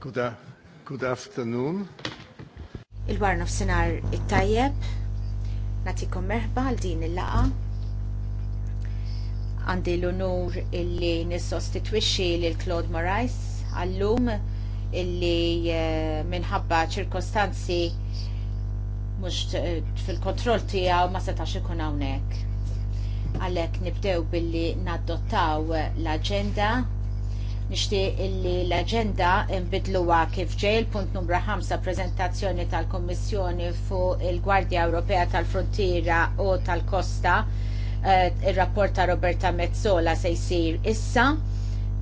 Good, good afternoon. Il-war nofsinar it-tajjeb, natikom merħba għal din il-laqa. Għandi l-onur illi nis-sostitwixi l-Claude Morais għallum illi eh, minħabba ċirkostanzi mux eh, fil-kontroll tijaw ma setax ikun hawnhekk. Għalhekk nibdew billi naddottaw l-agenda Nixtieq illi l-aġenda nbidluha kif ġej il-punt numru 5 preżentazzjoni tal-Kommissjoni fuq il-Gwardja Ewropea tal-Frontiera u tal-Kosta eh, ir-rapport ta' Roberta Mezzola se jsir issa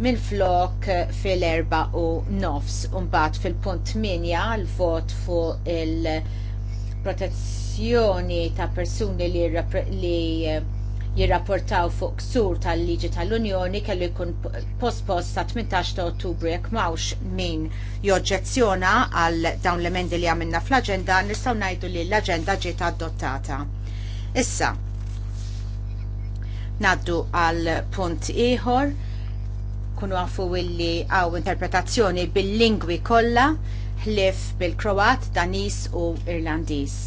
minn flok fil-erba u nofs mbagħad fil-punt 8 l-vot fuq il-protezzjoni ta' persuni li, li eh, jirrapportaw fuq ksur tal-liġi tal-Unjoni kellu jkun pospost sa' 18 ta' Ottubru jekk mawx min joġġezzjona għal dawn l-emendi li għamilna fl-aġenda nistgħu ngħidu li l-aġenda ġiet adottata. Issa, naddu għal punt ieħor kunu għafu illi għaw interpretazzjoni bil-lingwi kollha ħlif bil-Kroat, Danis u Irlandiż.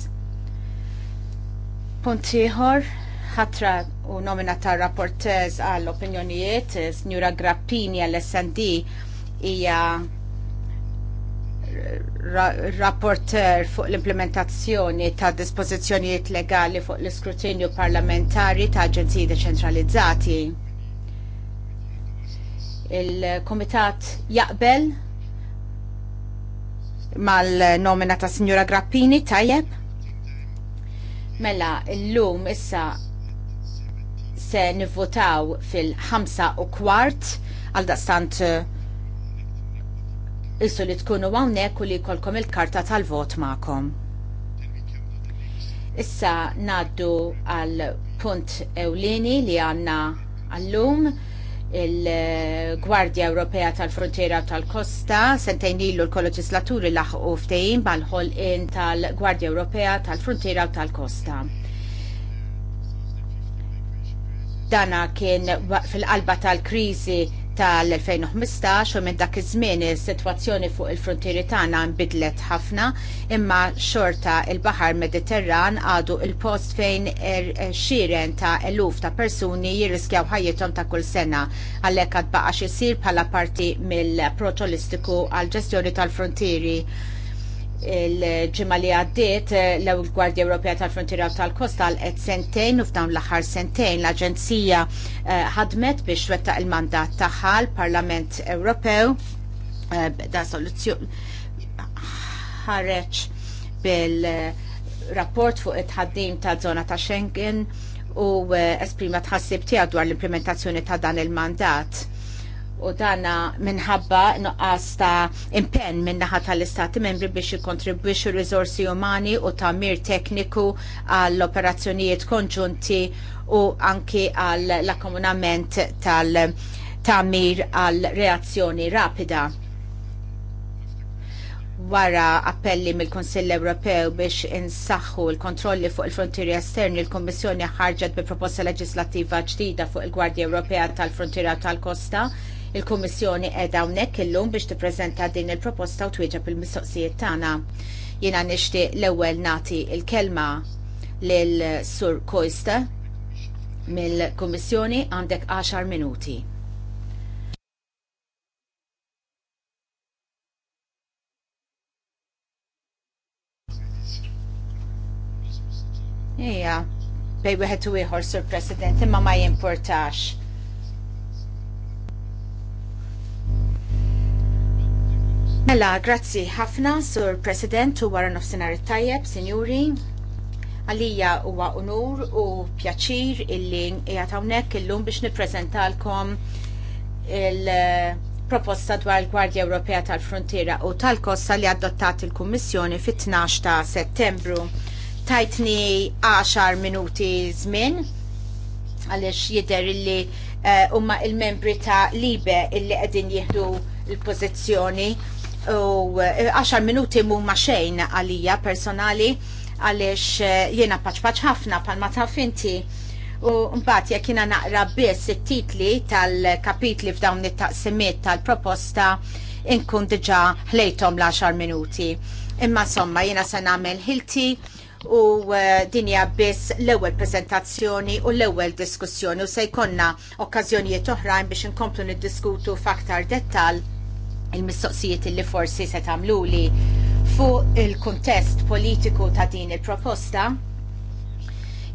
Punt ieħor ħatra u nomina ta' rapportez għall opinjonijiet Njura Grappini għall-SND hija rapporter fuq l-implementazzjoni ta' dispożizzjonijiet legali fuq l-iskrutinju parlamentari ta' aġenziji deċentralizzati. Il-Komitat jaqbel mal-nomina ta' Signora Grappini tajjeb? Mela, illum issa se nivvotaw fil-5 u kwart għal daqstant eh, issu li tkunu għawnek u li kolkom il-karta tal-vot ma'kom. Issa naddu għal punt ewlini li għanna għallum il-Gwardja Ewropea tal-Frontiera tal-Kosta sentejn lilu l-Koleġislaturi laħqu bħal-ħol-in tal-Gwardja Ewropea tal-Frontiera tal-Kosta. tal-Gwardja Ewropea tal-Frontiera tal-Kosta. Dana kien fil-qalba tal-kriżi tal-2015 u minn dak iż-żmien is-sitwazzjoni fuq il-frontieri tagħna nbidlet ħafna, imma xorta il-Baħar Mediterran għadu il-post fejn er xiren ta' eluf ta' persuni jirriskjaw ħajjithom ta' kull sena għalhekk għad baqa' isir bħala parti mill-approċċ holistiku għall ġestjoni tal-frontieri il-ġimma li għaddiet eh, l-ewwel Gwardja Ewropea tal-Frontiera tal-Kosta qed sentejn u f'dawn l-aħħar sentejn l-Aġenzija eh, ħadmet biex twettaq il-mandat tagħha l-Parlament Ewropew eh, da soluzzjoni ħareġ bil-rapport fuq it-ħaddim ta' zona ta' Schengen u esprima tħassib tiegħu dwar l-implementazzjoni ta' dan il-mandat u dana minħabba nuqqas ta' impenn minnaħa tal-istati membri biex jikontribwixu risorsi umani u ta' tekniku għall-operazzjonijiet konġunti u anki għall-akkomunament tal-tamir għall-reazzjoni rapida wara appelli mill-Konsill Ewropew biex insaħħu l-kontrolli fuq il-frontieri esterni, il-Kommissjoni ħarġet bi proposta leġislattiva ġdida fuq il-Gwardja Ewropea tal-Frontiera tal-Kosta Il-Kummissjoni qiegħda hawnhekk illum biex tippreżenta din il-proposta u twieġeb il-mistoqsijiet tagħna. Jiena nixtieq l-ewwel nagħti il-kelma lil Sur Koista mill-Kummissjoni għandek 10 minuti. Ija, bej wieħed u ieħor sur President, imma ma jimpurtax. Mela, grazzi ħafna, Sur President, u wara nofsinhar tajjeb, Sinjuri. Għalija huwa unur u pjaċir illi qiegħed hawnhekk illum biex nippreżentalkom il-proposta dwar il-Gwardja Ewropea tal-Frontiera u tal-Kosta li adottat il-Kummissjoni fit-12 ta' Settembru. Tajtni 10 minuti żmien għaliex jidher illi eh, huma uh, il-membri ta' Libe illi qegħdin jieħdu l-pożizzjoni u 10 eh, minuti mu xejn għalija personali għalix eh, jena paċpaċ ħafna palma taf inti u mbagħad jekk jiena naqra biss it-titli tal-kapitli f'dawn it-taqsimiet tal-proposta inkun diġà ħlejthom l-10 minuti. Imma somma jiena se nagħmel ħilti u eh, dinja biss l-ewwel prezentazzjoni u l-ewwel diskussjoni u se jkollna okkażjonijiet oħrajn biex inkomplu niddiskutu f'aktar dettall il-mistoqsijiet li forsi se tagħmluli fuq il-kuntest politiku ta' din il-proposta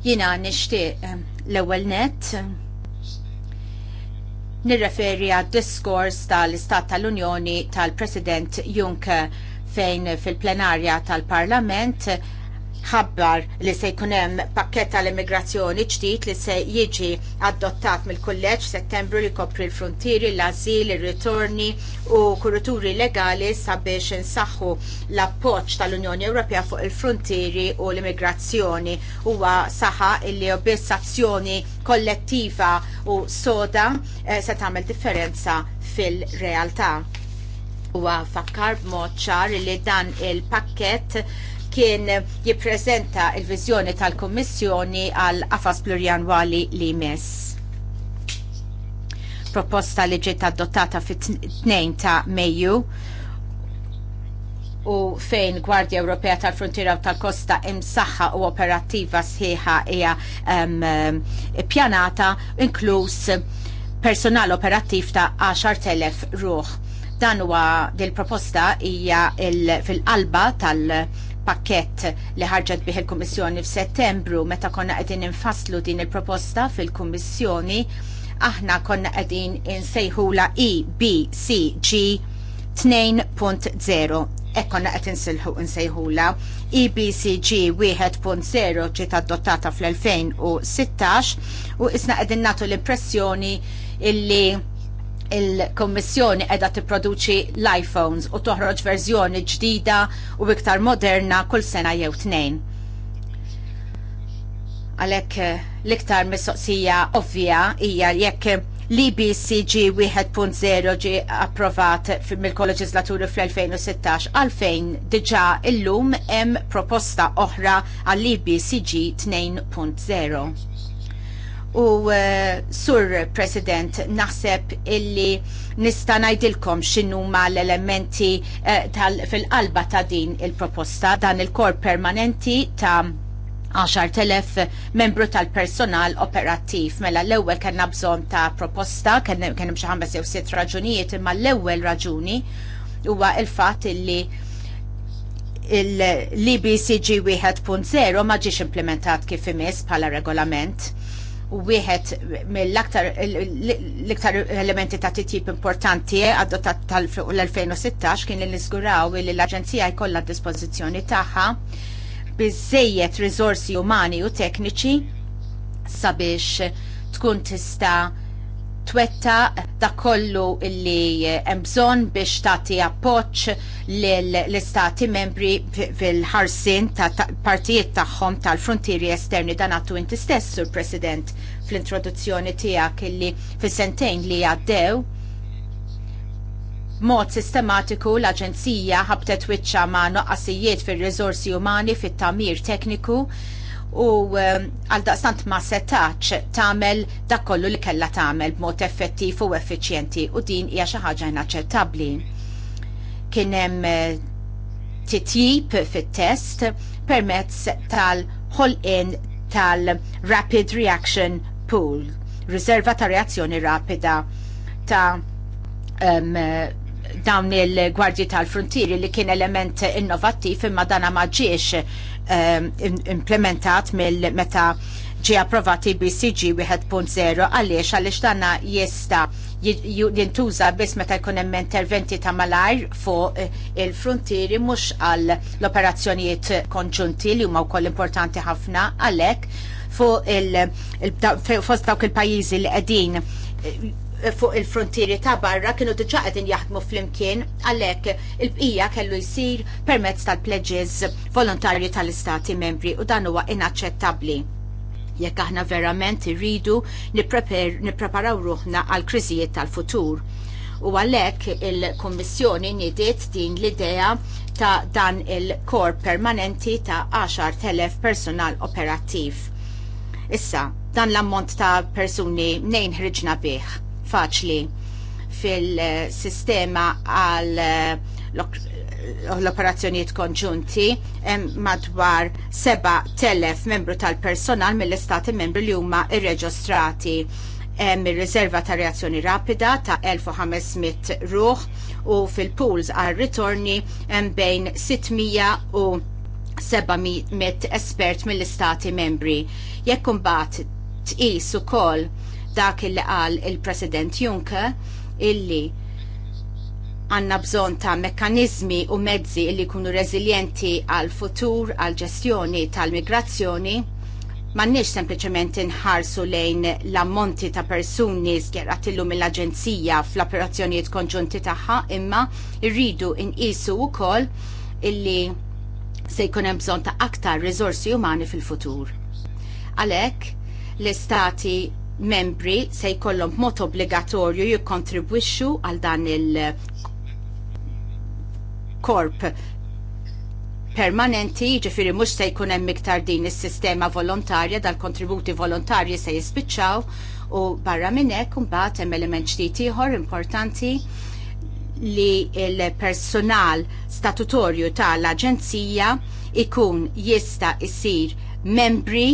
jina nixtieq eh, l-ewwel net nirreferi għad diskors tal-Istat tal-Unjoni tal-President Juncker fejn fil-plenarja tal-Parlament ħabbar li se jkun hemm pakkett tal-immigrazzjoni ġdid li se jiġi adottat mill-kulleġġ settembru li kopri l-frontieri, l-azil, ir-ritorni u kuraturi legali sabiex insaħħu l-appoġġ tal-Unjoni Ewropea fuq il-frontieri u l-immigrazzjoni huwa saħa illi azzjoni kollettiva u soda eh, se tagħmel differenza fil-realtà. Huwa fakkar b'mod ċar li dan il-pakket kien jippreżenta il-viżjoni tal-Kummissjoni għal qafas plurianwali li mess proposta li ġiet adottata fit-2 ta' Mejju u fejn Gwardja Ewropea tal-Frontiera u tal-Kosta imsaħħa u operattiva sħiħa hija um, pjanata inkluż personal operattiv ta' 10,000 ruħ. Dan huwa dil proposta hija fil-qalba tal- pakket li ħarġet bih il-Kummissjoni f'Settembru meta konna qegħdin infasslu din il-proposta fil-Kummissjoni aħna konna qegħdin insejħula EBCG 2.0 konna qed insilħu nsejħula EBCG 1.0 ġiet adottata fl-2016 u isna qegħdin nagħtu l-impressjoni illi il-Kommissjoni edha tipproduċi l-iPhones u toħroġ verżjoni ġdida u iktar moderna kull sena jew tnejn. Għalek eh, l-iktar mistoqsija ovvja hija jekk l-IBCG 1.0 ġi approvat mill-Kolleġislaturi fl-2016 għalfejn diġa illum hemm proposta oħra għall-IBCG 2.0. U eh, sur President, naħseb illi nista' ngħidilkom x'inhuma l-elementi eh, fil-qalba ta' din il-proposta dan il-korp permanenti ta' 10.000 membru tal-personal operattiv. Mela l-ewwel kellna bżonn ta' proposta, kien hemm xi ħames jew sitt raġunijiet, imma l-ewwel raġuni huwa l-fatt illi l punt 1.0 ma ġiex implementat kif imiss bħala regolament wieħed mill-aktar l-iktar elementi ta' titjib importanti adottat tal-2016 kien li niżguraw li l-Aġenzija jkollha dispożizzjoni tagħha biżejjed riżorsi umani u tekniċi sabiex tkun tista' twetta da kollu illi eh, hemm bżonn biex tagħti appoġġ l-istati membri fil-ħarsin ta' partijiet tagħhom tal-frontieri esterni dan għattu inti stess, Sur President, fl-introduzzjoni tiegħek illi fil sentejn li għaddew mod sistematiku l-Aġenzija ħabtet wiċċa ma' noqqasijiet fir-riżorsi umani fit-tamir tekniku u eh, għaldaqstant ma setax tagħmel dak kollu li kellha tagħmel b'mod effettiv u effiċjenti u din hija xi ħaġa inaċċettabbli. Kien hemm eh, titjib fit-test permezz tal-ħolqien tal-Rapid Reaction Pool, riserva ta' reazzjoni rapida ta' um, dawn il-gwardji tal-frontieri li kien element innovattiv imma dana ma ġiex Um, implementat mill meta ġie approvati BCG 1.0 għaliex għaliex danna jista jintuża biss meta jkun hemm interventi ta' malajr fuq eh, il-frontieri mhux għal l-operazzjonijiet konġunti li huma wkoll importanti ħafna għalhekk fuq il-fost dawk il-pajjiżi li qegħdin eh, fuq il-frontieri ta' barra kienu diġà qegħdin jaħdmu flimkien għalhekk il-bqija kellu jsir permezz tal-pledges volontarji tal-istati membri u dan huwa inaċċettabbli jekk aħna verament irridu nippreparaw ruħna għal kriżijiet tal-futur. U għalhekk il kummissjoni niedet din l-idea ta' dan il korp permanenti ta' 10.000 personal operattiv. Issa, dan l-ammont ta' persuni nejn ħriġna bih faċli fil-sistema għal eh, l-operazzjonijiet konġunti madwar 7.000 membru tal-personal mill-istati membri li huma irreġistrati mir ir-riserva ta' reazzjoni rapida ta' 1500 ruħ u fil-pools għal ritorni hemm bejn 600 u 700 espert mill-istati membri. Jekk imbagħad tqis ukoll dak il qal il-President Juncker illi għanna bżon ta' mekkanizmi u mezzi illi kunu rezilienti għal futur, għal ġestjoni tal-migrazzjoni, nix sempliciment inħarsu lejn l-ammonti ta' persuni zgeratillu mill-Aġenzija fl-operazzjonijiet konġunti tagħha, imma irridu inqisu wkoll illi se jkun hemm bżonn ta' aktar riżorsi umani fil-futur. Għalhekk l-istati membri se jkollhom b'mod obbligatorju jikkontribwixxu għal dan il-korp permanenti, ġifiri mux se jkun hemm iktar din is-sistema volontarja dal-kontributi volontarji se jispiċċaw u barra minn hekk imbagħad hemm element ġdid ieħor importanti li l-personal statutorju tal-Aġenzija ikun jista' isir membri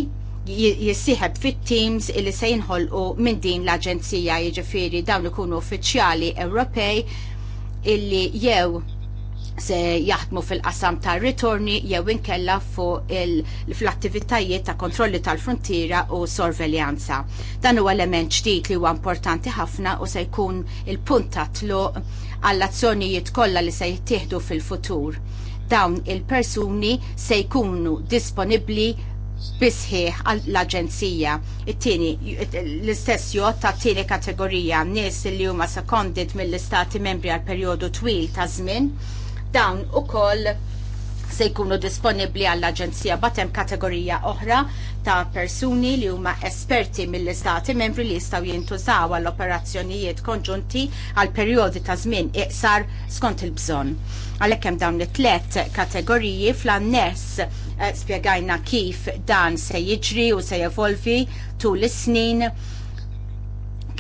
jissieħeb fit-teams illi se jinħolqu minn din l-Aġenzija jiġifieri dawn ikunu uffiċjali Ewropej illi jew se jaħdmu fil-qasam ta' ritorni jew inkella fuq fl-attivitajiet ta' kontrolli tal-frontiera u sorveljanza. Dan huwa element ġdid li huwa importanti ħafna u se jkun il-punt ta' tluq għall-azzjonijiet kollha li se jittieħdu fil-futur. Dawn il-persuni se jkunu disponibbli Bisħiħ l-Aġenzija. It-tieni l-istess jgħod ta' tieni kategorija nies li huma seconded mill-istati membri għal perjodu twil ta' żmien dawn ukoll se jkunu disponibli għall-Aġenzija batem kategorija oħra ta' persuni li huma esperti mill-istati membri li jistgħu jintużaw għall operazzjonijiet konġunti għal perjodi ta' żmien iqsar skont il-bżonn. Għalhekk hemm dawn it-tlet kategoriji fl-anness eh, spjegajna kif dan se jiġri u se jevolvi tul is-snin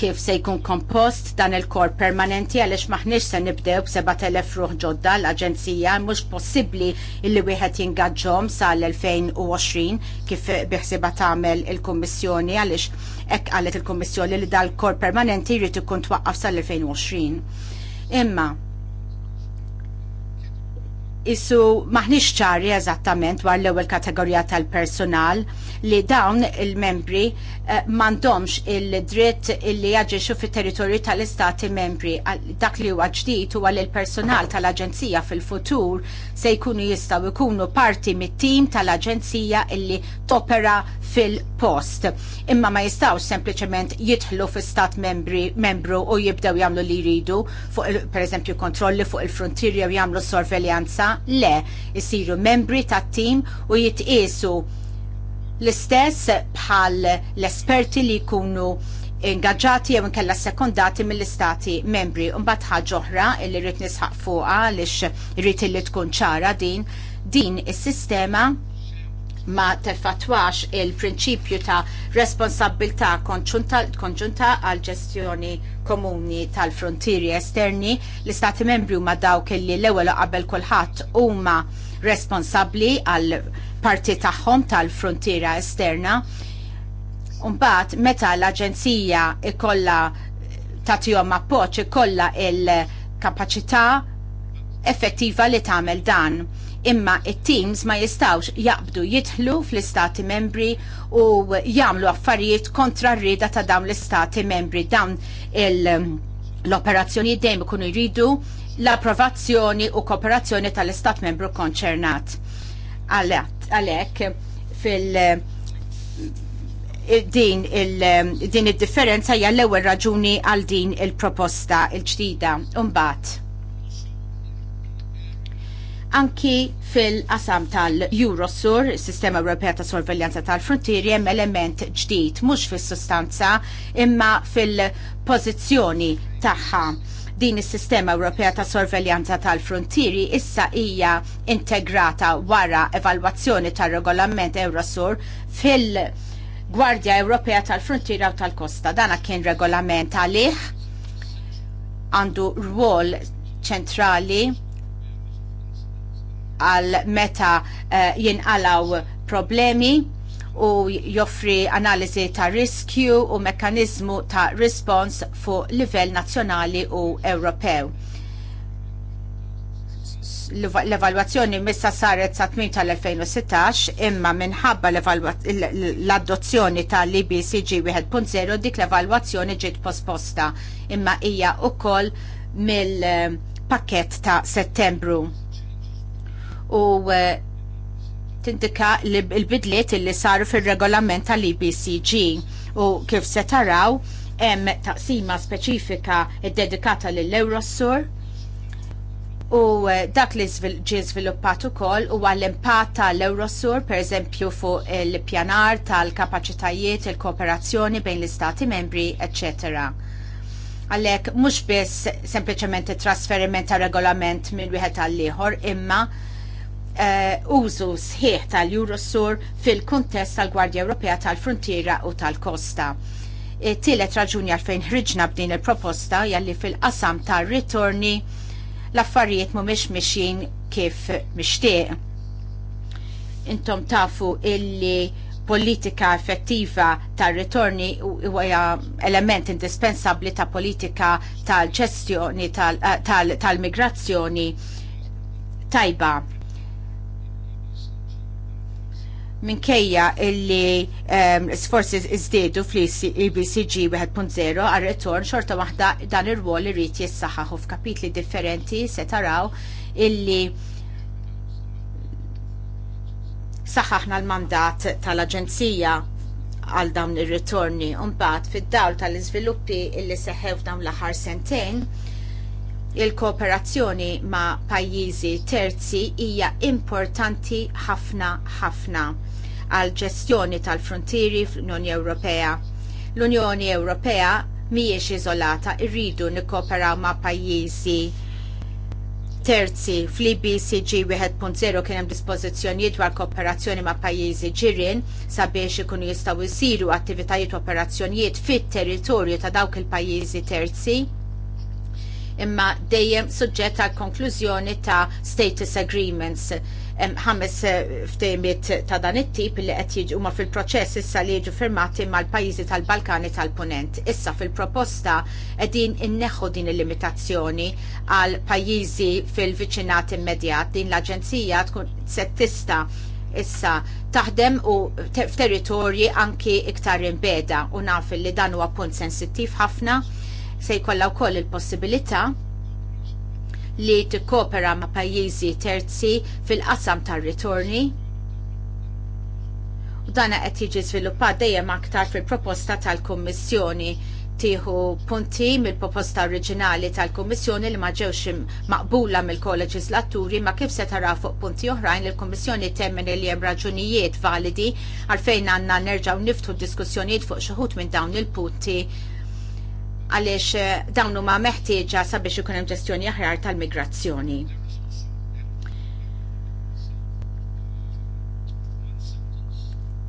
kif se jkun kompost dan il-kor permanenti għaliex maħniex se nibdew b-7000 ruħ ġodda l-Aġenzija mhux possibbli illi wieħed jingaġġhom sal-2020 kif biħsiba tagħmel il-Kummissjoni għaliex hekk qalet il-Kummissjoni li dal-kor permanenti jrid ikun twaqqaf sal-2020. Imma Isu maħniex ċari eżattament war l-ewwel kategorija tal-personal li dawn il-membri eh, m'għandhomx il-dritt illi jaġixxu fit-territorju tal-istati membri. Dak li huwa ġdid huwa li l-personal tal-Aġenzija fil-futur se jkunu jistgħu jkunu parti mit-tim tal-Aġenzija illi topera fil-post. Imma ma jistgħux sempliċement jidħlu fi stat membri, membru u jibdew jagħmlu li jridu fuq pereżempju kontrolli fuq il-frontier jew jagħmlu sorveljanza le jisiru membri tat-tim u jitqiesu l-istess bħal l-esperti li jkunu ingaġġati jew inkella sekondati mill-istati membri. Mbagħad ħaġa oħra li rrid nisħaq fuqha għaliex rrid li tkun ċara din din is-sistema ma tefatwax il-prinċipju ta' responsabilità konġunta għal ġestjoni komuni tal-frontieri esterni l-istati membri huma dawk li l-ewwel qabel kulħadd huma responsabbli għal parti tagħhom tal-frontiera esterna. Umbagħad meta l-Aġenzija ikolla tagħtihom appoġġ ikolla il-kapaċità effettiva li tagħmel dan imma it-teams ma jistawx jaqbdu jidħlu fl-istati membri u jagħmlu affarijiet kontra r-rieda ta' dawn l-istati membri dawn um, l-operazzjoni dejjem ikunu jridu l-approvazzjoni u kooperazzjoni tal-istat membru konċernat. Għalek fil- din il-differenza um, hija l-ewwel raġuni għal din il-proposta il-ġdida. mbagħad. Anki fil-qasam tal-Eurosur, sistema Ewropea ta' Sorveljanza tal-Frontieri, hemm element ġdid mhux fis-sustanza imma fil-pożizzjoni tagħha. Din is-sistema Ewropea ta' Sorveljanza tal-Frontieri issa hija integrata wara evalwazzjoni tar-regolament Eurosur fil-Gwardja Ewropea tal-Frontiera u tal-Kosta. Dana kien regolament għalih għandu rwol ċentrali għal meta eh, jinqalaw problemi u joffri analizi ta' riskju u mekkanizmu ta' respons fuq livell nazzjonali u Ewropew. L-evalwazzjoni missa saret sa' tmim tal-2016 imma minħabba l-adozzjoni ta' l-IBCG 1.0 dik l-evalwazzjoni ġiet posposta imma hija ukoll mill-pakket eh, ta' settembru u eh, tindika l-bidliet li saru fil-regolament tal-IBCG u kif se taraw hemm taqsima speċifika dedikata lill-Eurosur u eh, dak li ġie żviluppat ukoll huwa l-impatt tal-Eurosur pereżempju fuq il-pjanar tal-kapaċitajiet, il-kooperazzjoni bejn l-istati membri, eccetera Għalhekk mhux biss sempliċement it trasferiment ta' regolament minn wieħed għall ieħor imma Eh, użu sħiħ tal-Eurosur fil-kuntest tal-Gwardja Ewropea tal-Frontiera u tal-Kosta. Eh, Tielet raġuni għalfejn ħriġna b'din il-proposta jalli fil-qasam tal-ritorni l-affarijiet mhumiex mixin kif mixtieq. Intom tafu illi politika effettiva tal-ritorni huwa element indispensabbli ta' politika tal-ġestjoni eh, tal-migrazzjoni tal tal tal tajba minkejja illi um, sforzi iżdiedu fl-EBCG 1.0 għal return xorta waħda dan ir-rwol irrid jissaħħaħu f'kapitli differenti se taraw illi saħħaħna l-mandat tal-Aġenzija għal dawn ir-ritorni mbagħad fid-dawl tal-iżviluppi illi seħħew dawn l-aħħar sentejn il-kooperazzjoni ma' pajjiżi terzi hija importanti ħafna ħafna għal ġestjoni tal-frontieri fl-Unjoni Ewropea. L-Unjoni Ewropea mhijiex iżolata, irridu nikkooperaw ma' pajjiżi terzi fl-IBCG 1.0 kien hemm dispożizzjonijiet dwar kooperazzjoni ma' pajjiżi ġirien sabiex ikunu jistgħu jsiru attivitajiet u operazzjonijiet fit-territorju ta' dawk il-pajjiżi terzi imma dejjem suġġett għal konklużjoni ta' status agreements. Ħames eh, ftejmiet ta' dan it-tip li qed jiġu huma fil-proċess issa li jiġu firmati mal-pajjiżi tal-Balkani tal-Punent. Issa fil-proposta qegħdin inneħħu din il-limitazzjoni għal pajjiżi fil-viċinat immedjat. Din l-aġenzija tkun se tista' issa taħdem u f'territorji anki iktar imbeda u naf li dan huwa punt sensittiv ħafna se jkollha wkoll il-possibilità li tikkopera ma' pajjiżi terzi fil-qasam tar-ritorni. U dana qed jiġi żviluppat dejjem aktar fil-proposta tal-Kummissjoni tieħu punti mill-proposta oriġinali tal-Kummissjoni li ma ġewx maqbula mill-koleġislaturi ma kif se tara fuq punti oħrajn il kummissjoni temmen li hemm raġunijiet validi għalfejn għandna nerġgħu niftu diskussjonijiet fuq xi minn dawn il-punti għaliex eh, dawn huma meħtieġa sabiex ikun hemm ġestjoni aħjar tal-migrazzjoni.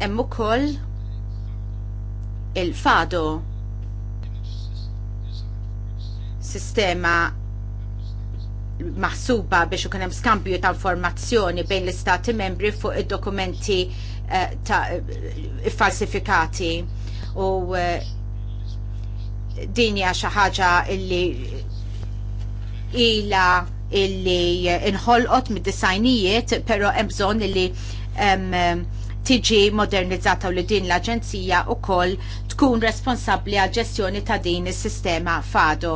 Hemm ukoll il-fado sistema maħsuba biex ikun hemm skambju ta' informazzjoni bejn l-istati membri fuq id-dokumenti uh, ta' eh, falsifikati u uh, dinja xi ħaġa illi ila illi inħolqot mid-disajnijiet, però hemm bżonn illi um, tiġi modernizzata u li din l-Aġenzija wkoll tkun responsabbli għal ġestjoni ta' din is-sistema fado.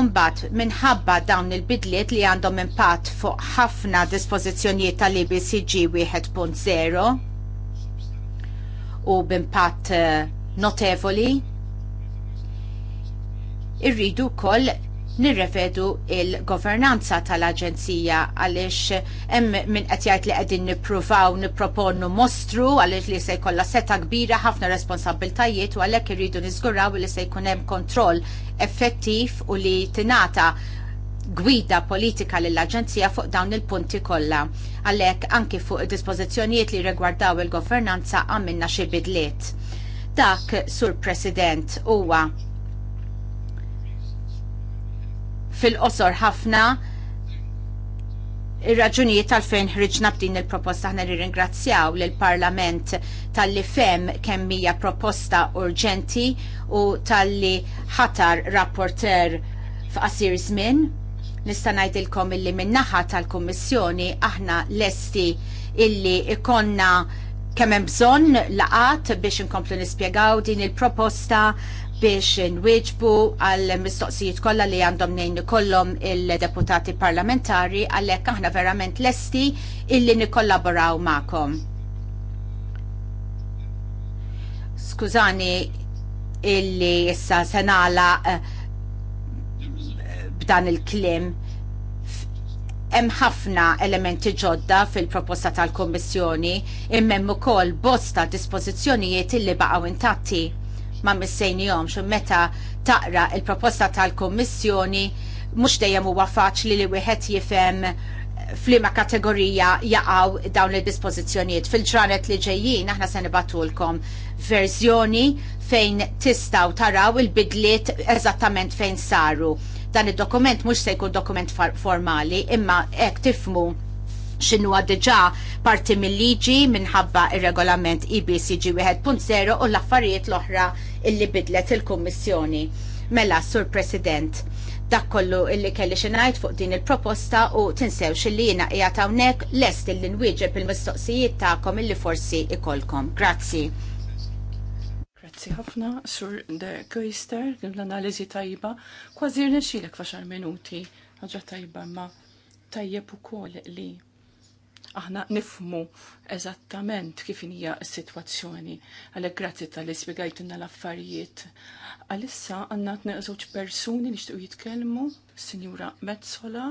Umbat, minħabba dawn il-bidliet li għandhom impatt fuq ħafna dispożizzjonijiet tal-IBCG 1.0 u b'impatt eh, notevoli irridu wkoll nirrevedu il-governanza tal-Aġenzija għaliex hemm min qed jgħid li qegħdin nippruvaw nipproponu mostru għaliex li se jkollha seta' kbira ħafna responsabiltajiet u għalhekk irridu niżguraw li se jkun hemm kontroll effettiv u li tingħata gwida politika lill-Aġenzija fuq dawn il-punti kollha. Għalhekk anki fuq dispożizzjonijiet li rigwardaw il-governanza għamilna xi bidliet. Dak, Sur President, huwa fil-qosor ħafna ir-raġunijiet tal-fejn ħriġna b'din il-proposta ħna ringrazzjaw lill parlament tal-li fem kemm hija proposta urġenti u tal-li ħatar rapporter f'qasir żmien. Nista' ngħidilkom illi min-naħa tal-Kummissjoni aħna lesti illi ikonna kemm hemm bżonn laqat biex inkomplu nispjegaw din il-proposta biex nwieġbu għall mistoqsijiet kollha li għandhom nejn kollhom il-deputati parlamentari għalhekk aħna verament lesti illi nikkollaboraw magħkom. Skużani illi issa senala eh, b'dan il-klim hemm ħafna elementi ġodda fil-proposta tal-Kommissjoni imma hemm ukoll bosta dispożizzjonijiet illi baqgħu intatti ma missejnijomx u meta taqra il-proposta tal-Kommissjoni mhux dejjem huwa faċli li wieħed jifhem flima kategorija jaqaw dawn il-dispozizjoniet. Fil-ġranet li ġejjin, aħna se nibatulkom verżjoni fejn tistaw taraw il-bidliet eżattament fejn saru. Dan il-dokument mux se jkun dokument formali, imma ek tifmu xinu għaddeġa parti mill-liġi minħabba il-regolament IBCG e 1.0 u l-affarijiet l-oħra illi bidlet il-Kommissjoni. Mela, Sur President, dak kollu illi kelli xinajt fuq din il-proposta u tinsewx illi jina ijata unnek lest illi nwieġeb il-mistoqsijiet ta'kom illi forsi ikolkom. Grazzi. Grazzi ħafna, Sur De Geister, l-analizi tajba, kważi rnexilek faxar minuti, ħagġa tajba ma tajjeb u koll li aħna nifmu eżattament kif hija s-sitwazzjoni. Għalhekk grazzi tal-li spjegajtuna l-affarijiet. Għalissa għandna tneqżewġ persuni li xtuq jitkellmu, Sinjura Mezzola.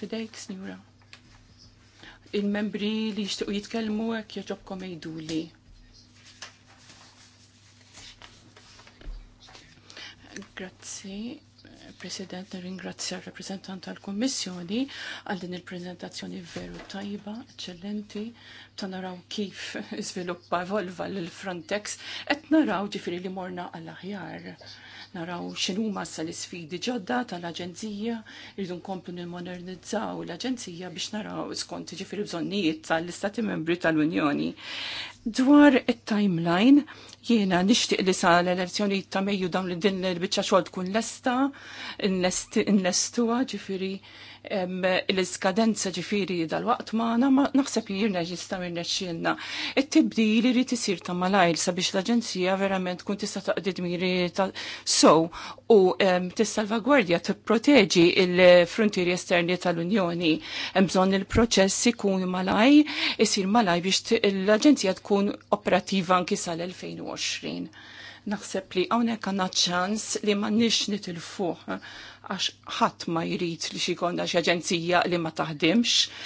Fidejk, Sinjura. Il-membri li jixtiequ jitkellmu hekk jogħġobkom jgħiduli. Grazzi President, ringrazzja r-rappresentant tal-Kommissjoni għal din il-prezentazzjoni veru tajba, eccellenti, ta' naraw kif sviluppa evolva l-Frontex, et naraw ġifiri li morna għall-aħjar. Naraw xinuma massa l-sfidi ġodda tal-Aġenzija, rridu nkomplu nimodernizzaw l-Aġenzija biex naraw skont ġifiri bżonnijiet tal-Istati Membri tal-Unjoni. Dwar it-timeline, Jiena nixtieq li sa l-elezzjoni ta' Mejju dawn li din l biċċa xogħol tkun lesta, innestuwa ġifieri l-iskadenza ġifiri dal-waqt maħna ma naħseb jirna ġista minna xilna. il li rriti isir ta' malajl sabiex l-Aġenzija verament kun tista' ta' miri ta' sow u tissalvagwardja tipproteġi il-frontieri esterni tal-Unjoni. Mżon il-proċess ikun malaj, isir malaj biex l-Aġenzija tkun operativa anki sal-2020 naħseb li għawnek għanna ċans li ma nix nitilfuħ għax ħadd ma jrid li xi jkollna xi aġenzija li ma taħdimx,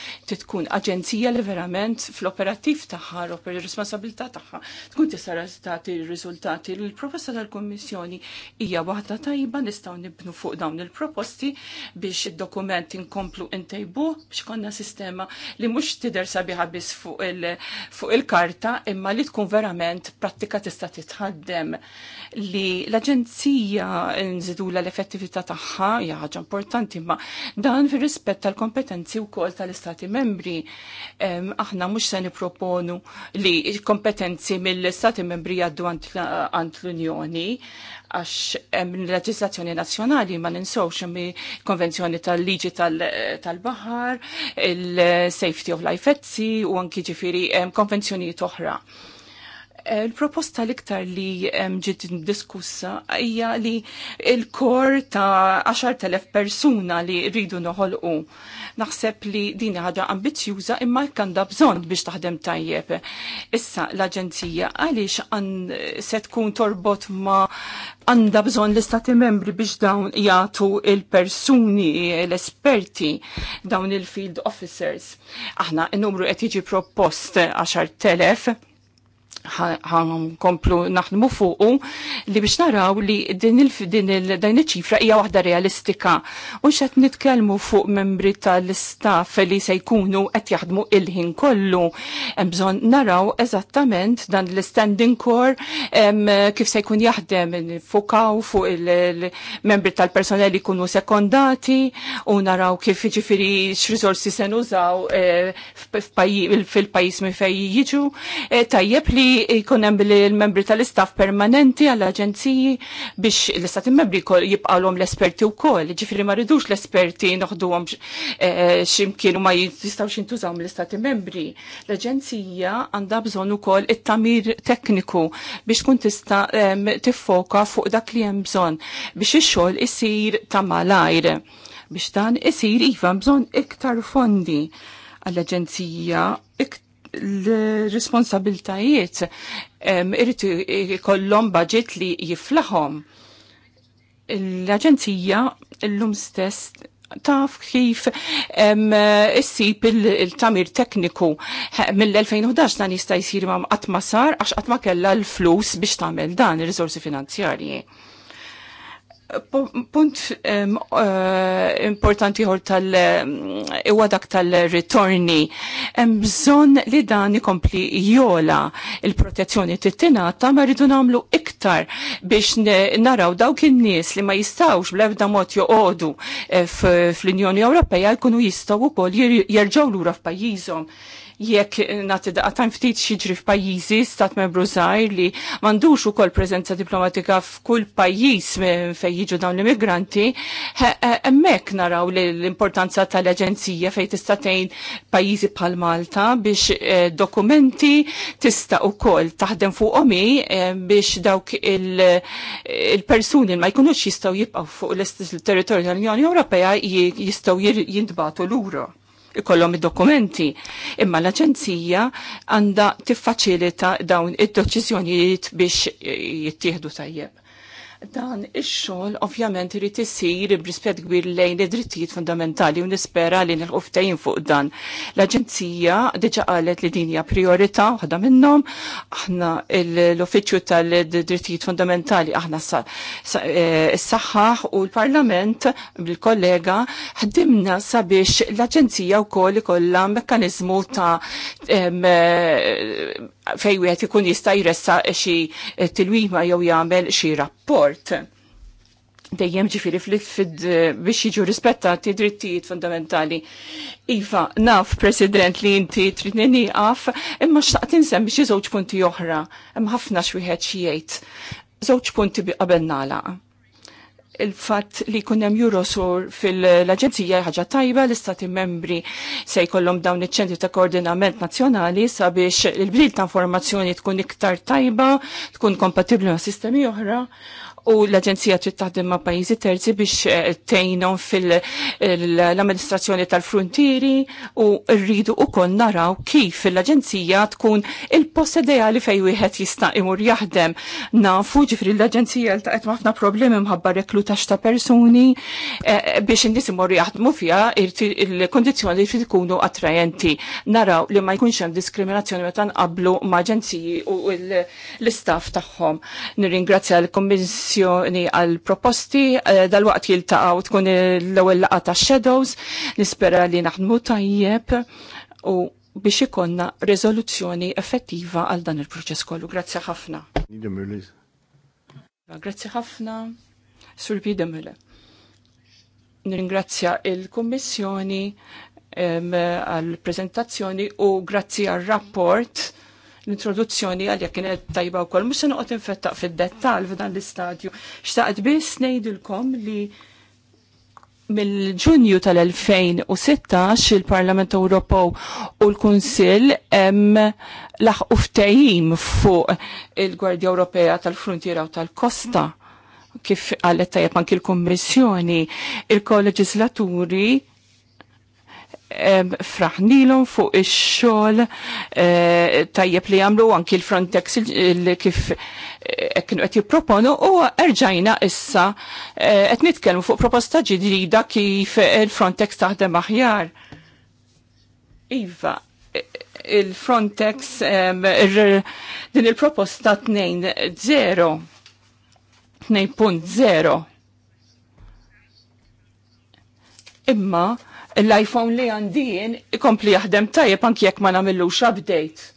tkun aġenzija li verament fl-operattiv tagħha, responsabilità tagħha, tkun tista' tagħti r-riżultati. Il-proposta tal-Kummissjoni hija waħda tajba nistgħu nibnu fuq dawn il-proposti biex id-dokument inkomplu intejbu biex konna sistema li mhux tidher sabiħa biss fuq il-karta imma li tkun verament prattika tista' titħaddem li l-aġenzija nżidula l-effettività tagħha hija ħaġa importanti, ma dan fir rispett tal-kompetenzi wkoll tal-Istati membri. Aħna mhux se nipproponu li kompetenzi mill-Istati membri jgħaddu għand l-Unjoni għax l-leġislazzjoni nazzjonali ma ninsowx mi konvenzjoni tal-liġi tal-bahar, il-safety of life u anki ġifiri konvenzjoni toħra. Il-proposta l-iktar li ġiet diskussa hija li il-kor ta' 10.000 persuna li rridu noħolqu. Naħseb li din ħaġa ambizjuża imma da bżonn biex taħdem tajjeb. Issa l-Aġenzija għaliex se tkun torbot ma' għanda bżon l-istati membri biex dawn jgħatu il-persuni, l-esperti, dawn il-field officers. Aħna, n-numru qed jiġi propost 10.000 komplu naħdmu fuqu li biex naraw li din il-ċifra hija waħda realistika. U xed nitkellmu fuq membri tal-istaff li se jkunu qed jaħdmu il-ħin kollu. Bżon naraw eżattament dan l-standing core kif se jkun jaħdem fukaw fuq il-membri tal-personel li jkunu sekondati u naraw kif ġifiri x rizorsi se nużaw eh, fil-pajis mi fej jiġu. Eh, tajjeb li li hemm bil-membri tal-istaff permanenti għall-aġenziji biex l-istati membri jibqalhom l-esperti wkoll, ġifieri ma rridux l-esperti noħduhom eh, x'imkien u ma jistgħux jintużaw mill-istati membri. L-aġenzija għandha bżonn ukoll it-tamir tekniku biex tkun tista' tiffoka fuq dak li hemm bżonn biex ix-xogħol isir ta' malajr biex dan isir iva bżonn iktar fondi għall-aġenzija iktar l-responsabiltajiet irrit kollom budget li jiflaħom. L-Aġenzija l-lum stess taf kif s-sip il-tamir tekniku mill-2011 dan jista' jisir ma' qatt ma sar għax għatma ma kellha l-flus biex tagħmel dan ir rizorsi finanzjarji Punt eh, importanti ħor tal iwa dak tal-ritorni. Hemm bżonn li dan ikompli jola il-protezzjoni tittinata ma rridu nagħmlu iktar biex naraw dawk in-nies li ma jistawx bl-ebda mod joqogħdu eh, fl-Unjoni Ewropea jkunu jistgħu wkoll jerġgħu lura f'pajjiżhom jekk nagħti daqatajn ftit xiġri f'pajjiżi stat membru zaħir li m'għandux ukoll preżenza diplomatika f'kull pajjiż fejn jiġu dawn l-immigranti, hemmhekk naraw l-importanza tal-aġenzija fejn tista' tgħin pajjiżi bħal Malta biex eh, dokumenti tista' kol taħdem omi eh, biex dawk il-persuni ma jkunux jistgħu jibqgħu fuq l-territorju tal-Unjoni Ewropea jistgħu l lura ikollhom id-dokumenti. Imma l-Aġenzija għandha tiffaċilita dawn id-deċiżjonijiet biex jittieħdu tajjeb. Dan ix-xogħol ovvjament irid isir b'rispett kbir lejn id-drittijiet fundamentali u nispera li nilħu ftehim fuq dan. L-Aġenzija diġà qalet li din hija priorità waħda minnhom, aħna l-Uffiċċju tal-Drittijiet Fundamentali aħna eh, s-saħħaħ u l-Parlament bil-kollega ħdimna sabiex l-Aġenzija wkoll ikollha mekkaniżmu ta' fej wieħed ikun jista' jressa xi tilwima jew jagħmel xi rapport dejjem ġifiri fil-fid biex jiġu rispettati drittijiet fundamentali. Iva, naf, President, li inti tritneni għaf, imma xtaqt insem biex punti oħra, imma ħafna xwieħed xiejt. Żewġ punti bi qabel nalaq il-fatt li kunem Eurosur fil-Aġenzija ħaġa tajba l-istati membri se jkollhom dawn iċ-ċentri ta' koordinament nazzjonali sabiex il-bdil ta' informazzjoni tkun iktar tajba, tkun kompatibbli ma' sistemi oħra u l-Aġenzija trid taħdem ma' pajjiżi terzi biex eh, tgħinhom fil-amministrazzjoni tal-fruntieri u rridu ukoll naraw kif l-Aġenzija tkun il-post ideali fejn wieħed jista' imur jaħdem. Nafu ġifri l-Aġenzija li taqgħet ħafna problemi mħabba reklutax ta' persuni eh, biex in-nies imorru jaħdmu fiha il-kondizzjoni li tkunu attrajenti. Naraw li ma jkunx hemm diskriminazzjoni meta nqablu ma' aġenziji u l-istaff tagħhom. Nirringrazzja l-Kommissjoni kontribuzzjoni għal proposti eh, dal-waqt jiltaqaw tkun l-ewwel laqgħa tax-shadows, nispera li naħdmu tajjeb u biex ikonna rezoluzzjoni effettiva għal dan il-proċess kollu. Grazzi ħafna. Grazzi ħafna. Sur Bidemele. Nirringrazzja il-Kommissjoni għal-prezentazzjoni u grazzi għal-rapport l-introduzzjoni jekk kienet tajba u koll, mux noqot infettaq fil-dettal f'dan l-istadju. Xtaqt bis nejdilkom li mill-ġunju tal-2016 il-Parlament Ewropew u l-Kunsill hemm laħqu ftehim fuq il-Gwardja Ewropea tal-Frontiera u tal-Kosta kif għallet tajab anki l-Kommissjoni, il-Kolleġislaturi fraħnilhom fuq ix-xogħol eh, tajjeb li jagħmlu anki l-Frontex kif eh, kienu qed jipproponu u erġajna issa eh, qed nitkellmu fuq proposta ġidida kif il-Frontex taħdem aħjar. Iva, il-Frontex din il-proposta 2.0 2.0 imma l-iPhone li għandin ikompli jaħdem tajjeb anki jekk ma nagħmilux update.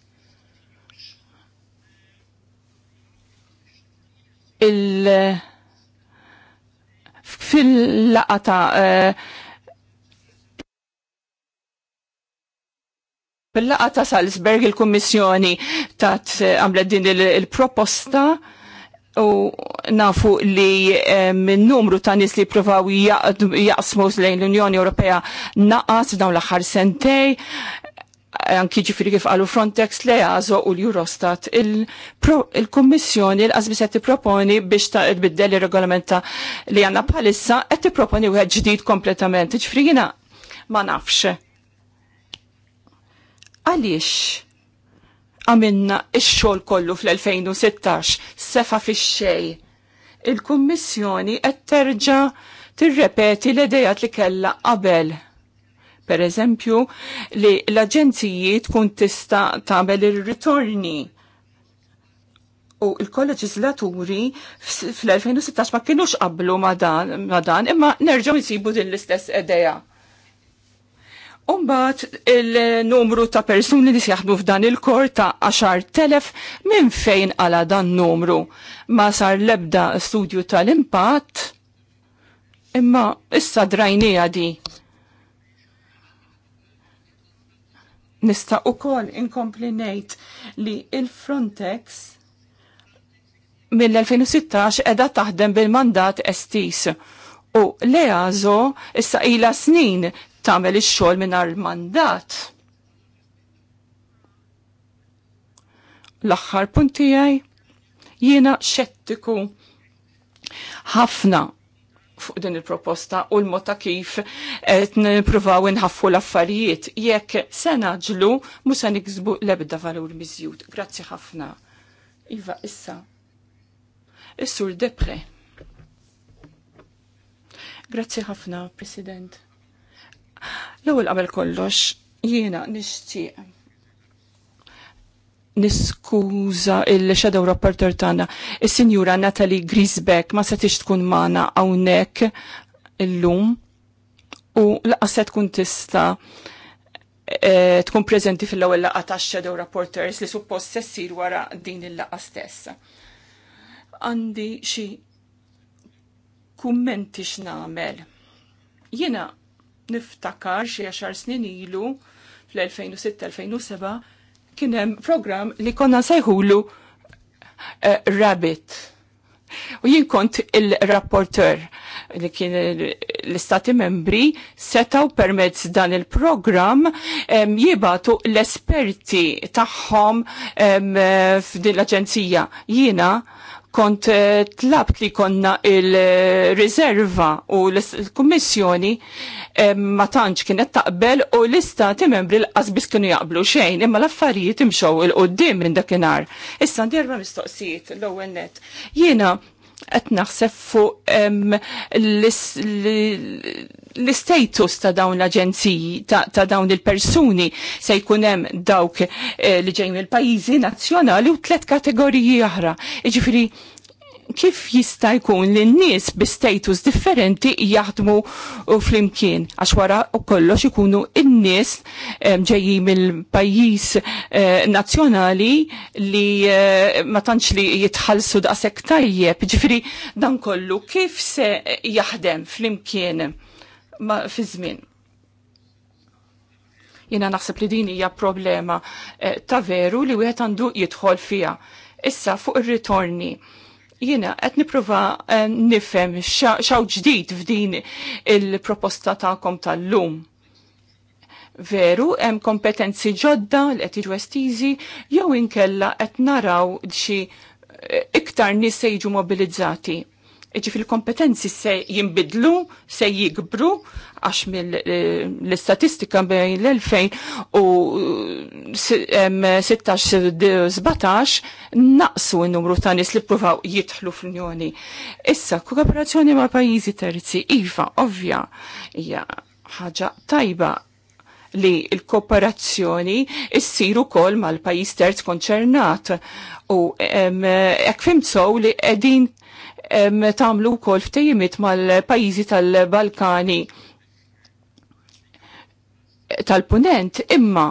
Il fil-laqa ta' eh, fil-laqa ta' Salzburg il-Kummissjoni ta' eh, għamlet din il-proposta il proposta u nafu li eh, minn numru ta' nis li provaw jaqsmu lejn l-Unjoni Ewropea naqas dawn l-aħħar sentej, anki ġifiri kif għalu Frontex, le għazo u l-Eurostat, il-Kommissjoni l-qasbi se proponi biex ta' il regolamenta li għanna bħalissa, qed proponi wieħed ġdid kompletament. Ġifiri ma nafx. Għaliex? għamilna ix-xogħol kollu fl-2016 sefa fix-xej. Il-Kummissjoni qed terġa' tirrepeti l-idejat li kellha qabel. Per eżempju, li l-aġenziji tkun tista' tagħmel ir-ritorni u il-kolleġislaturi fl-2016 ma kienux qablu ma dan, imma nerġgħu nsibu din l-istess idea. Umbat il-numru ta' persuni li sjaħdu f'dan il-kor ta' 10.000 minn fejn għala dan numru. Ma sar lebda studju tal-impatt, imma issa drajnija di. Nista' ukoll inkompli ngħid li il-Frontex mill-2016 qiegħda taħdem bil-mandat estis u Leazo issa ila snin tagħmel ix-xogħol mingħajr mandat. L-aħħar punt tiegħi jiena xettiku ħafna fuq din il-proposta u l-mod ta' kif qed nippruvaw inħaffu l-affarijiet. Jekk se naġlu mhux se niksbu l-ebda valur miżjud. Grazzi ħafna. Iva issa. Is-sur Depre. Grazzi ħafna, President. L-ewwel qabel kollox jiena nixtieq niskuża il-Shadow Rapporter tagħna, is-Sinjura Natalie Grisbeck ma setix tkun magħna hawnhekk illum u laqas se tkun tista' e, tkun preżenti fil-ewwel laqgħa tax-shadow reporters li suppost se ssir wara din il-laqgħa stess. Għandi xi kummenti x'namel. Jiena niftakar xi għaxar snin ilu fl-2006-2007 kien hemm programm li konna sejħulu uh, eh, Rabbit. U jien kont il-rapporter li kien l-istati membri setaw permezz dan il-program jibatu l-esperti tagħhom f'din l-aġenzija. Jiena kont eh, tlabt li konna il-riserva u l-Kummissjoni eh, ma tantx kienet taqbel u l-istati membri l-qasbis kienu jaqblu xejn imma l-affarijiet imxew il-qoddim minn dakinhar. Issa ndirba mistoqsijiet l-ewwel net. Jiena qed naħseb fuq l-istatus ta' dawn l-aġenziji ta' dawn il-persuni se jkun hemm dawk eh, li ġejn mill-pajjiżi nazzjonali u tliet kategoriji oħra. Jiġifieri kif jista' jkun li n-nies bi status differenti jaħdmu flimkien għax wara u kollox ikunu n-nies ġejjin mill-pajjiż eh, nazzjonali li eh, ma tantx li jitħallsu daqshekk tajjeb, ġifieri dan kollu kif se jaħdem flimkien fi żmien. Jiena naħseb li din hija problema eh, ta' veru li wieħed għandu jidħol fiha. Issa fuq ir-ritorni Jiena qed nipprova eh, nifhem xaw ġdid f'din il-proposta tagħkom tal-lum. Veru, hemm kompetenzi ġodda l qed jiġu estiżi jew inkella qed naraw xi eh, iktar nies se jiġu mobilizzati Iġi fil-kompetenzi se jimbidlu, se jikbru, għax mill-istatistika eh, bejn l 2016 u 16-17 eh, naqsu n-numru ta' nis li pruvaw jitħlu fl-Unjoni. Issa, kooperazzjoni ma' pajizi terzi, iva, ovvja, hija ħaġa tajba li l-kooperazzjoni issiru kol mal pajiz terz konċernat u eh, ek li edin tagħmlu wkoll f'tejmit mal-pajjiżi tal-Balkani tal-punent imma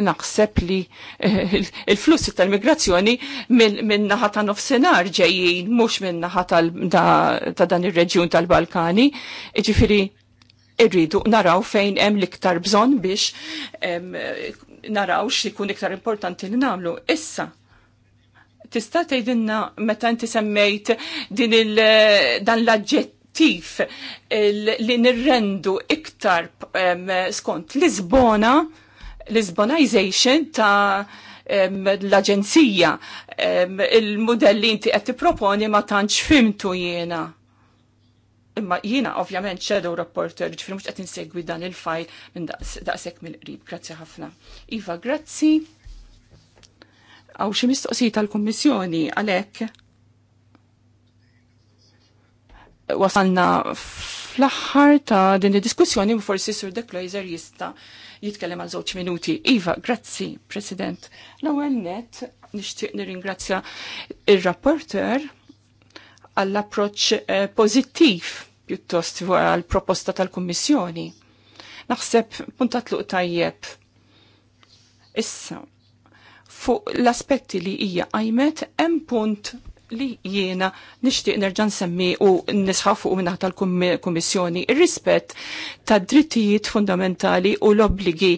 naħseb li eh, il-flussi tal-migrazzjoni minn naħa ta' nofsenar ġejjin, mux minn naħa ta' dan il-reġjun tal-Balkani. Ġifiri, irridu naraw fejn hemm l-iktar bżonn biex eh, naraw x'ikun iktar importanti li nagħmlu. Issa, tista' tgħidilna meta inti semmejt din il dan l-aġġettiv li nirrendu iktar skont Lisbona, Lisbonization ta' l-aġenzija il-modelli inti qed tipproponi ma tantx fimtu jiena. Imma jiena ovvjament xedu reporter, ġifri mhux qed insegwi dan il-fajl minn daqshekk mill-qrib. Grazzi ħafna. Iva, grazzi għaw xi mistoqsijiet tal-Kummissjoni għalhekk wasalna fl-aħħar ta' din id-diskussjoni forsi Sur De Kleiser jista' jitkellem għal żewġ minuti. Iva, grazzi, President. L-ewwel net nixtieq nirringrazzja ir-rapporter għall-approċċ eh, pożittiv pjuttost għall proposta tal-Kummissjoni. Naħseb puntat luq tajjeb. Issa, fuq l-aspetti li hija qajmet hemm punt li jiena nixtieq nerġa' nsemmi u nisħaw fuq minn tal-Kummissjoni ir-rispett tad drittijiet fundamentali u l-obbligi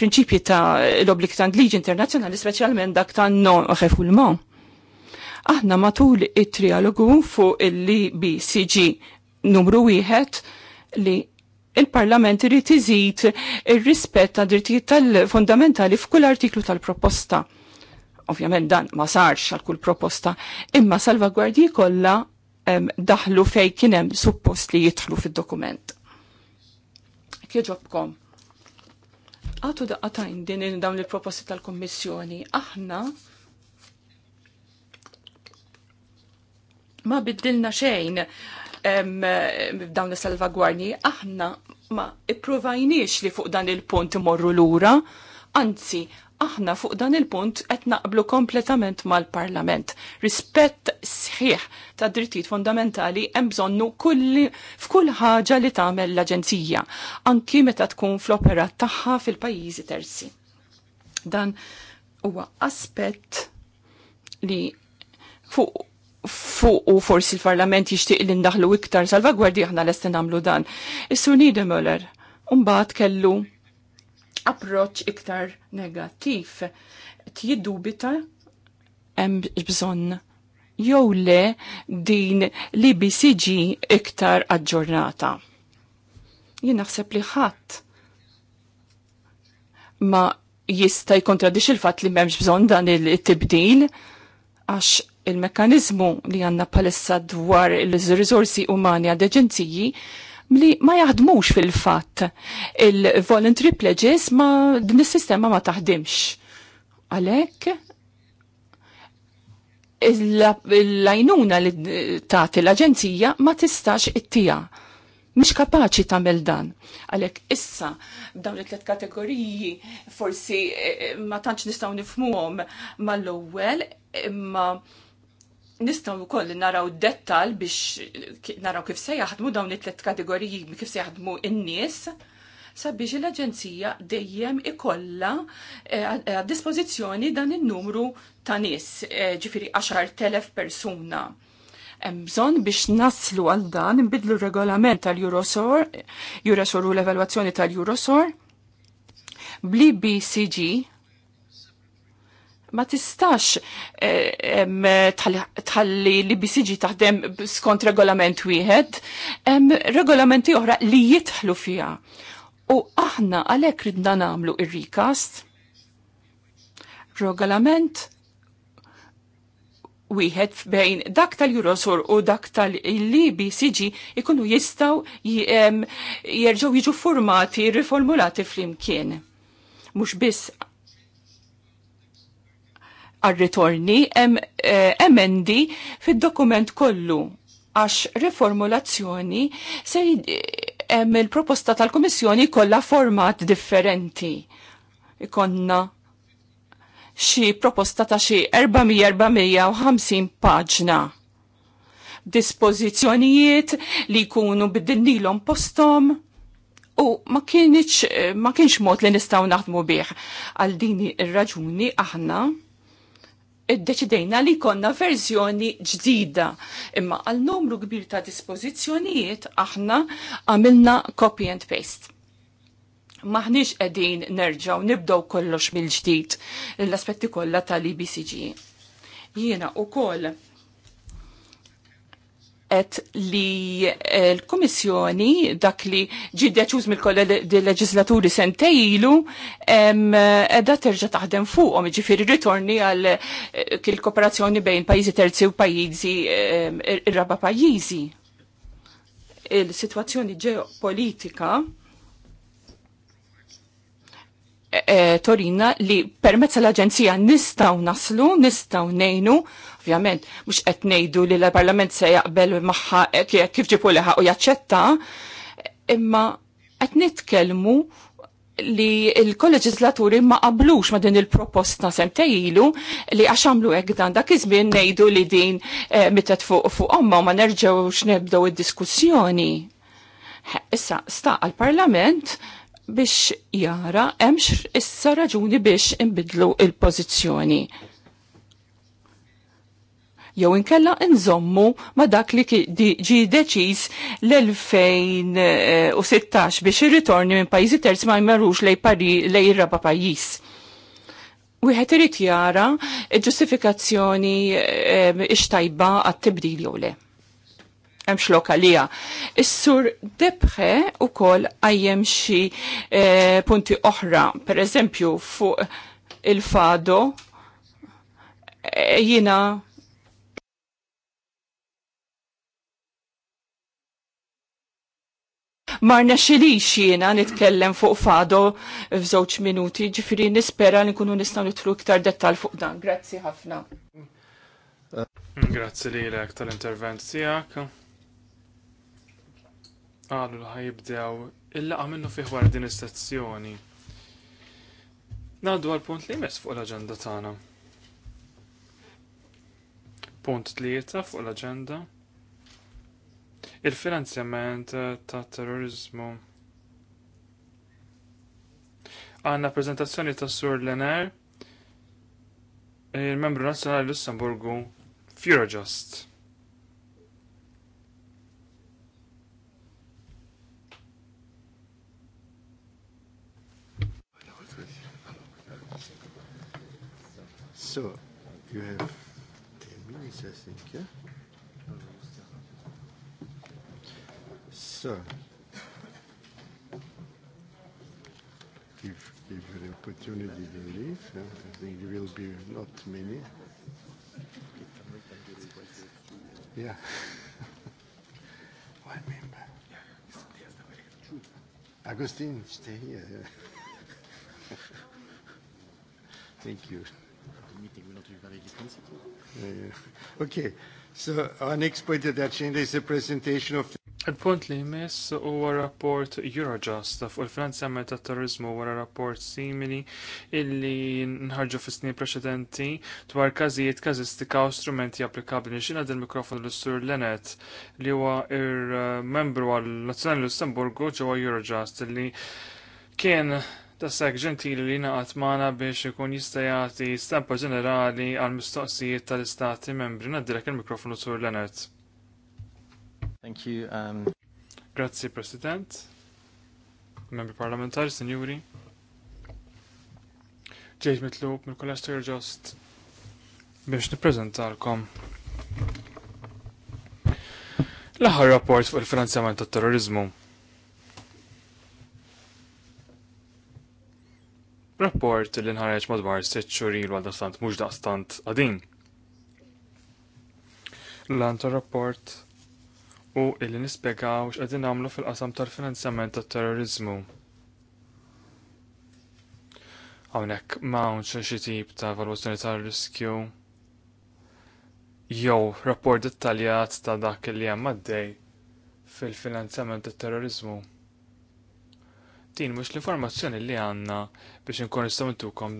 prinċipji ta' l-obbligi ta' liġi internazzjonali speċjalment dak ta' non refoulement. Aħna matul it-trialogu fuq il-LBCG numru wieħed li il-Parlament irid iżid ir-rispett ta' drittijiet tal-fundamentali f'kull artiklu tal-proposta. Ovvjament dan ma sarx għal kull proposta, imma salvagwardji kollha daħlu fej kienem suppost li jitħlu fil-dokument. Kieġobkom. Għatu daqqatajn din dawn il-proposti tal-Kommissjoni. Aħna ma biddilna xejn dawn is-salvagwarji, aħna ma ipprovajniex li fuq dan il-punt imorru lura, anzi, aħna fuq dan il-punt qed naqblu kompletament mal-Parlament. Rispett sħiħ ta' drittijiet fundamentali hemm bżonnu f'kull ħaġa li tagħmel l-Aġenzija, anki meta tkun fl-opera tagħha fil-pajjiżi terzi. Dan huwa aspett li fuq fuq u forsi l-Parlament jixtieq li ndaħlu iktar salvagwardi aħna lest nagħmlu dan. Is-Suni de Muller mbagħad kellu approċċ iktar negattiv. Tiddubita hemm bżonn jew le din li bisiġi iktar aġġornata. Jien naħseb li ħadd ma jista' jkontradix il-fatt li m'hemmx bżonn dan il-tibdil għax il mekanizmu li għanna palissa dwar il-rizorsi umani għad eġenziji li ma jaħdmux fil-fatt. Il-voluntary pledges ma din is-sistema ma taħdimx. Għalek, l-lajnuna li tagħti l-aġenzija ma tistax it-tija. Mhix kapaċi tagħmel dan. Għalhekk issa b'dawn it-tliet kategoriji forsi eh, eh, ma tantx nistgħu nifhmuhom mal ewel ma' nistaw ukoll naraw dettal biex naraw kif se jaħdmu dawn it-tlet kategoriji kif se jaħdmu in-nies sabiex l-Aġenzija dejjem ikolla għad eh, dispożizzjoni dan in-numru ta' nies, e, ġifiri 10,000 persuna. Hemm bżonn biex naslu għal dan nbidlu regolament tal-Eurosor, Eurosor u l-evalwazzjoni tal-Eurosor, bli BCG ma tistax eh, tħalli li bisiġi taħdem skont regolament wieħed, regolamenti oħra li jitħlu fija. U aħna għalek ridna namlu ir-rikast, regolament wieħed bejn dak tal jurosur u dak tal-Libi siġi ikunu jistaw jerġgħu jiġu formati, riformulati flimkien. Mhux biss għal-ritorni eh, emendi fil-dokument kollu għax riformulazzjoni se hemm il-proposta tal-Komissjoni kollha format differenti. Ikonna xi proposta ta' xi 400-450 paġna. Dispozizjonijiet li jkunu biddinnilhom postom u ma kienx ma kienx mod li nistgħu naħdmu bih għal din ir-raġuni aħna id-deċidejna li konna verżjoni ġdida. Imma għal numru kbir ta' dispożizzjonijiet aħna għamilna copy and paste. Maħniex edin nerġaw nibdow kollox mill-ġdid l-aspetti kollha tal-IBCG. Jiena u koll et li eh, l-Komissjoni dak li ġi deċuż mill-leġislaturi sentejlu edha terġa taħdem fuqhom ġifieri ritorni għal eh, kil kooperazzjoni bejn pajjiżi terzi u pajjiżi ir-raba pajjiżi. Il-sitwazzjoni ġeopolitika politika Eh, Torina li permezz l-Aġenzija nistaw naslu, nistaw nejnu, ovvjament, mux qed nejdu li l-Parlament se jaqbel maħħa eh, kif ġipu liħa u jaċċetta, imma qed nitkellmu li l kolleġislaturi ma qablux ma din il-proposta semtejilu li għaxamlu dan dak kizmin nejdu li din eh, mitet fuq fuq omma ma nerġew nebdew id-diskussjoni. Issa, sta għal-parlament biex jara hemmx issa raġuni biex inbidlu il-pożizzjoni. Jew inkella nżommu ma dak li ġi deċiż l-2016 biex irritorni minn pajjiżi terz ma jmerux lej pari lej raba pajjiż. Wieħed irid jara ġustifikazzjoni eh, x'tajba għat-tibdil jew le hemm xlokalija. Is-sur Debħe ukoll għajjem xi eh, punti oħra, pereżempju fuq il-fado jiena. Eh, jina Marna xilix jiena nitkellem fuq fado f'żewġ minuti, ġifiri nispera li nkunu nistgħu nitlu iktar dettal fuq dan. Grazzi ħafna. Grazzi li l-ek tal-intervent tiegħek. Għalu li ħajibdew il-laqa minnu fih wara din is-sezzjoni. Ngħaddu għal punt li jmess fuq l-aġenda tagħna. Punt tlieta fuq l-aġenda. Il-finanzjament ta' terrorizmu. Għanna prezentazzjoni ta' Sur Lener, il-membru nazzjonali Lussemburgu, Fjurġost. So, you have 10 minutes, I think, yeah? So, if, if the opportunity to leave, yeah, I think there will be not many. Yeah. Agustin, stay here. Thank you. Meeting not eh, Okay, so our next point of agenda is the presentation of... Il-punt li jmiss huwa rapport Eurojust fuq il-finanzjament ta' terrorizmu wara rapport simili illi nħarġu fis-snin preċedenti dwar każijiet kazistika u strumenti applikabbli. Xina din mikrofon l sur Lenet li huwa ir-membru għal nazjonali Lussemburgu ġewwa Eurojust illi kien Tassak ġentili li naqat maħna biex ikun jistajati stampa ġenerali għal mistoqsijiet tal-istati membri. Naddilek il-mikrofonu sur Leonard. Thank you. Um... Grazie, President. Membri parlamentari, senjuri. Ġejt mitlub mill-Kolleġ Tirġost biex niprezentalkom. l-aħħar rapport fuq il-finanzjament tat-terrorizmu. Rapport li nħareġ madwar sitt xuril għal dastant mhux daqstant għadin. L-għan rapport u illi nispjegaw x'qegħdin nagħmlu fil-qasam tal-finanzjament tat-terrorizmu. Hawnhekk m'hawnx xi tip ta' evalwazzjoni tar-riskju jew rapport dettaljat ta' dak li hemm għaddej fil-finanzjament tat-terrorizmu. Din mhux l-informazzjoni li għandna biex inkun nistgħu ntukom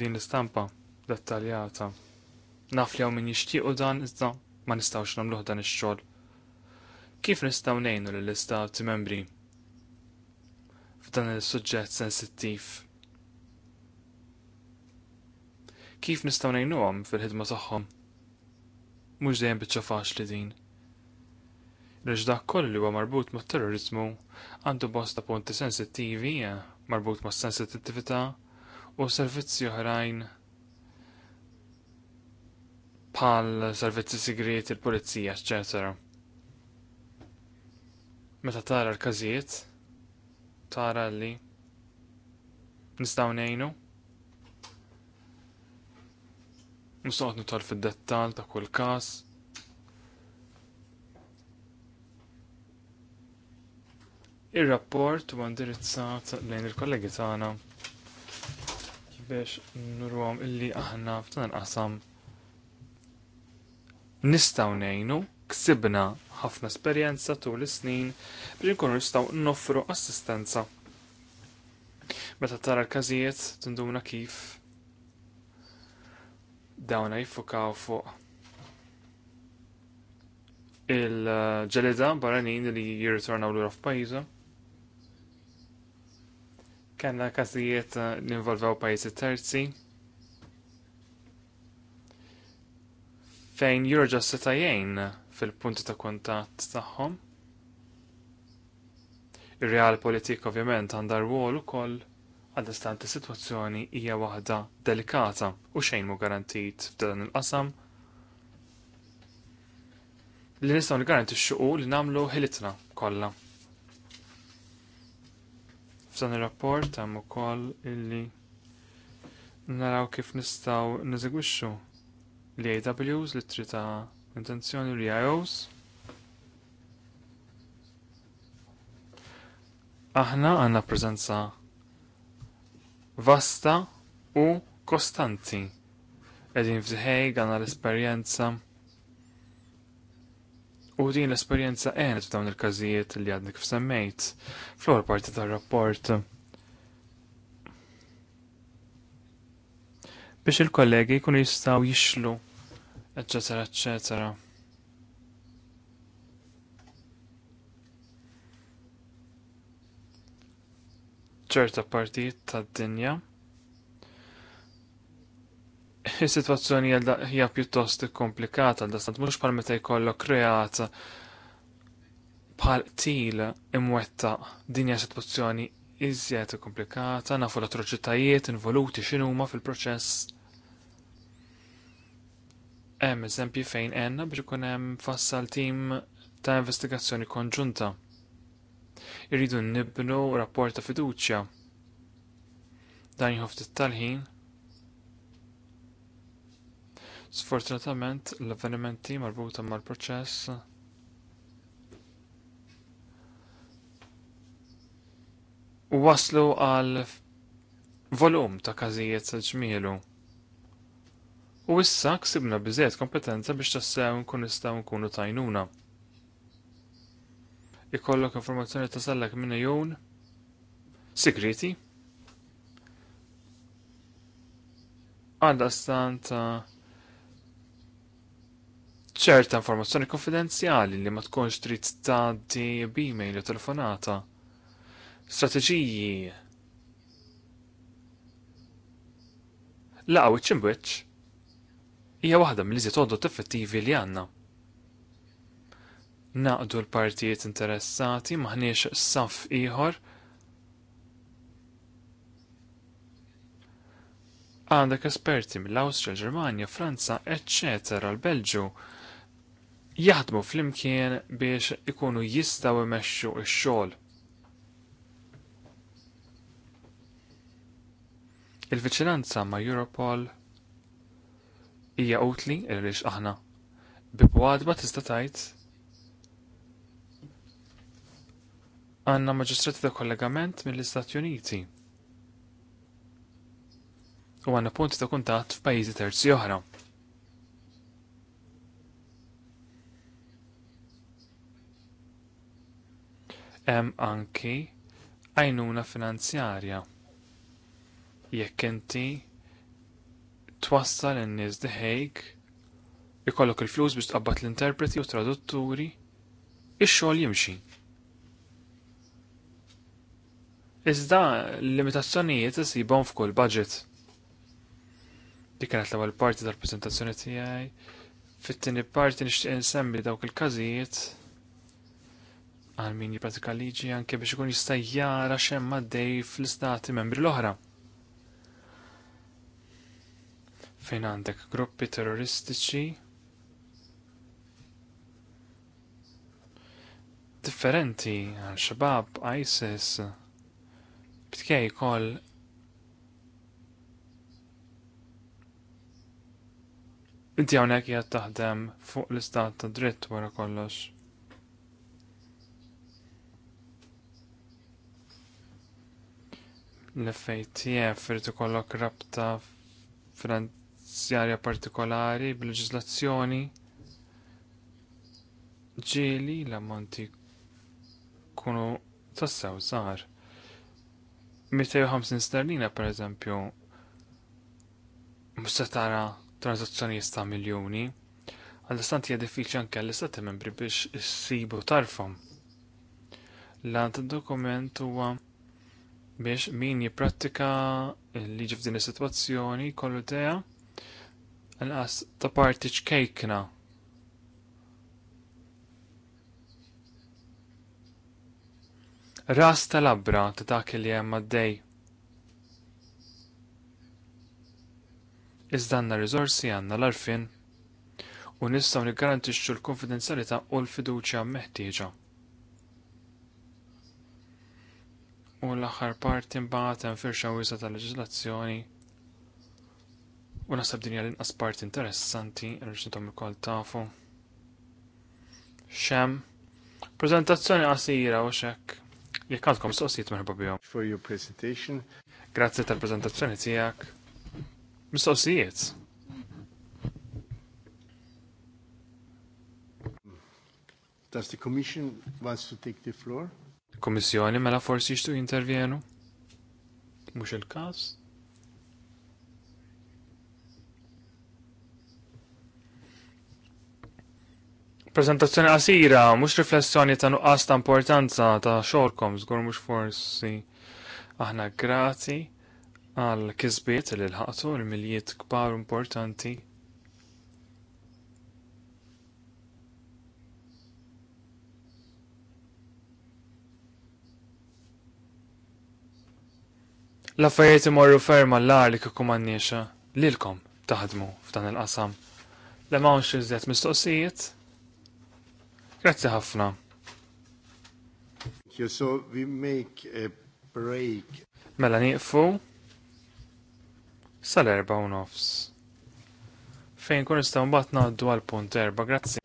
din l-istampa dettaljata. Naf li għaw min jixtiequ dan iżda ma nistgħux nagħmluh dan ix-xogħol. Kif nistgħu nejnu lill-istati membri f'dan il-suġġett sensittiv? Kif nistgħu għom fil-ħidma tagħhom? Mhux dejjem biċċa faċli din lex dak kollu li huwa marbut mat terrorizmu għandu bosta punti sensittivi eh, marbut ma' sensittività u servizzi oħrajn bħal servizzi segreti, il-pulizija, eccetera. Meta tara l-każijiet, tara li nistgħu ngħinu Mustaqt nitol fid-dettal ta' kull każ Ir-rapport u indirizzat lejn il-kollegi tagħna biex nurwom illi aħna f'dan qasam nistgħu ngħinu ksibna ħafna esperjenza tul is-snin biex nkunu nistgħu noffru assistenza. Meta tara l-każijiet tinduna kif dawna jiffukaw fuq il ġelida barranin li jirritornaw l-ura f'pajza. Kanna kazijiet li eh, involvaw pajjiżi terzi. Fejn Eurojust setajjejn fil-punti ta' kontat tagħhom. Ir-real politik ovvjament għandha rwol ukoll għal is situazzjoni hija waħda delikata u xejn mu garantit f'dan il-qasam. Li nistgħu nigarantixxu li nagħmlu ħilitna kollha. F'dan ir-rapport hemm ukoll illi naraw kif nistgħu neżegwixxu li AWs li trid ta' intenzjoni li IOs. Aħna għandna preżenza vasta u kostanti. Qegħdin f'Dhejg għandna l-esperjenza U din l-esperjenza għenet f'dawn il-każijiet li għadni f'semmejt, fl għor parti tar-rapport. Biex il-kollegi jkunu jistgħu jixlu, eccetera eccetera. ċerta partijiet tad-dinja Is-sitwazzjoni hija pjuttost komplikata għal dastant mhux bħal meta jkollok kreat bħal til imwetta dinja sitwazzjoni iżjed komplikata, nafu l-atroċitajiet involuti x'inhuma fil-proċess. Hemm eżempji fejn għenna biex ikun hemm fassal tim ta' investigazzjoni konġunta. Irridu nibnu rapport ta' fiduċja. Dan jħof tal talħin Sfortunatament l-avvenimenti marbuta mal-proċess waslu għal volum ta' każijiet ġmielu. U issa ksibna biżejt kompetenza biex tassew nkun nistgħu nkunu tajnuna. Ikollok informazzjoni ta' tasallek minn jun sigriti għanda stanta uh, ċerta informazzjoni konfidenzjali li ma tkunx trid tgħaddi b'email u telefonata. Strateġiji. Laqgħu iċ-ċimbiċ hija waħda mill-iżjed għodot effettivi li għandna. Naqdu l-partijiet interessati maħniex saf ieħor għandek esperti mill-Awstrija, Ġermanja, Franza, eċċetera, l-Belġu, jaħdmu flimkien biex ikunu jistaw imexxu x-xogħol. Il-viċinanza ma' Europol hija utli irrix aħna. Bibwadba tista' tgħid għandna maġistrati ta' kollegament mill-Istati Uniti u għandna punti ta' kuntatt f'pajjiżi terzi oħra. hemm anki għajnuna finanzjarja. Jekk inti twassal in-nies diħejk, ikollok il-flus biex tqabbad l-interpreti u tradutturi, ix-xogħol jimxi. Iżda l-limitazzjonijiet isibhom f'kull budget. Dik kienet l-ewwel parti tal-preżentazzjoni tiegħi, fit-tieni parti nixtieq insemmi dawk il-każijiet għal min jipratika liġi anke biex ikun jista' jara maddej fl-istati membri l-oħra. Fejn għandek gruppi terroristiċi differenti għal xabab, ISIS, bitkej kol Inti għonek jgħat taħdem fuq l-istat ta' dritt wara kollox. l tiegħek irid ikollok rabta finanzjarja partikolari bil-leġiżlazzjoni ġieli l-ammonti kunu tassew żgħar. 250 sterlina pereżempju mhux se tara transazzjonijiet ta' miljuni, għal-istant hija diffiċli anke l-istati membri biex issibu tarfhom. L-dokument huwa biex min jipprattika liġi f'din is-sitwazzjoni kollu teja inqas ta' parti ċkejkna. Ras tal labra ta' dak li hemm għaddej. Iżda għandna riżorsi għandna l-arfin u nistgħu niggarantixxu l-konfidenzjalità u l-fiduċja meħtieġa. u l-aħħar parti mbagħad hemm firxa wiesa tal-leġiżlazzjoni u nasab dinja l-inqas parti interessanti rridx nitom ikoll tafu. Xem, prezentazzjoni qasira u xek. Jekk għandkom soqsijiet merħba bihom. For your presentation. Grazzi tal-prezentazzjoni tiegħek. Mistoqsijiet. Does the commission wants to take the floor? Kommissjoni mela forsi jixtu jintervjenu? Mux il-kas? Prezentazzjoni qasira, mhux riflessjoni ta' nuqqas ta' importanza ta' xorkom, żgur mhux forsi aħna grati għal kisbiet li l ħatu l-miljiet kbar importanti L-affarijiet imorru ferma l-għar li kikum għanniexa lilkom taħdmu f'dan il-qasam. Le mawnx iżjed mistoqsijiet. Grazzi ħafna. So we make a break. Mela nieqfu sal-erba u nofs. Fejn kun istaw mbagħad ngħaddu għal punt erba' grazzi.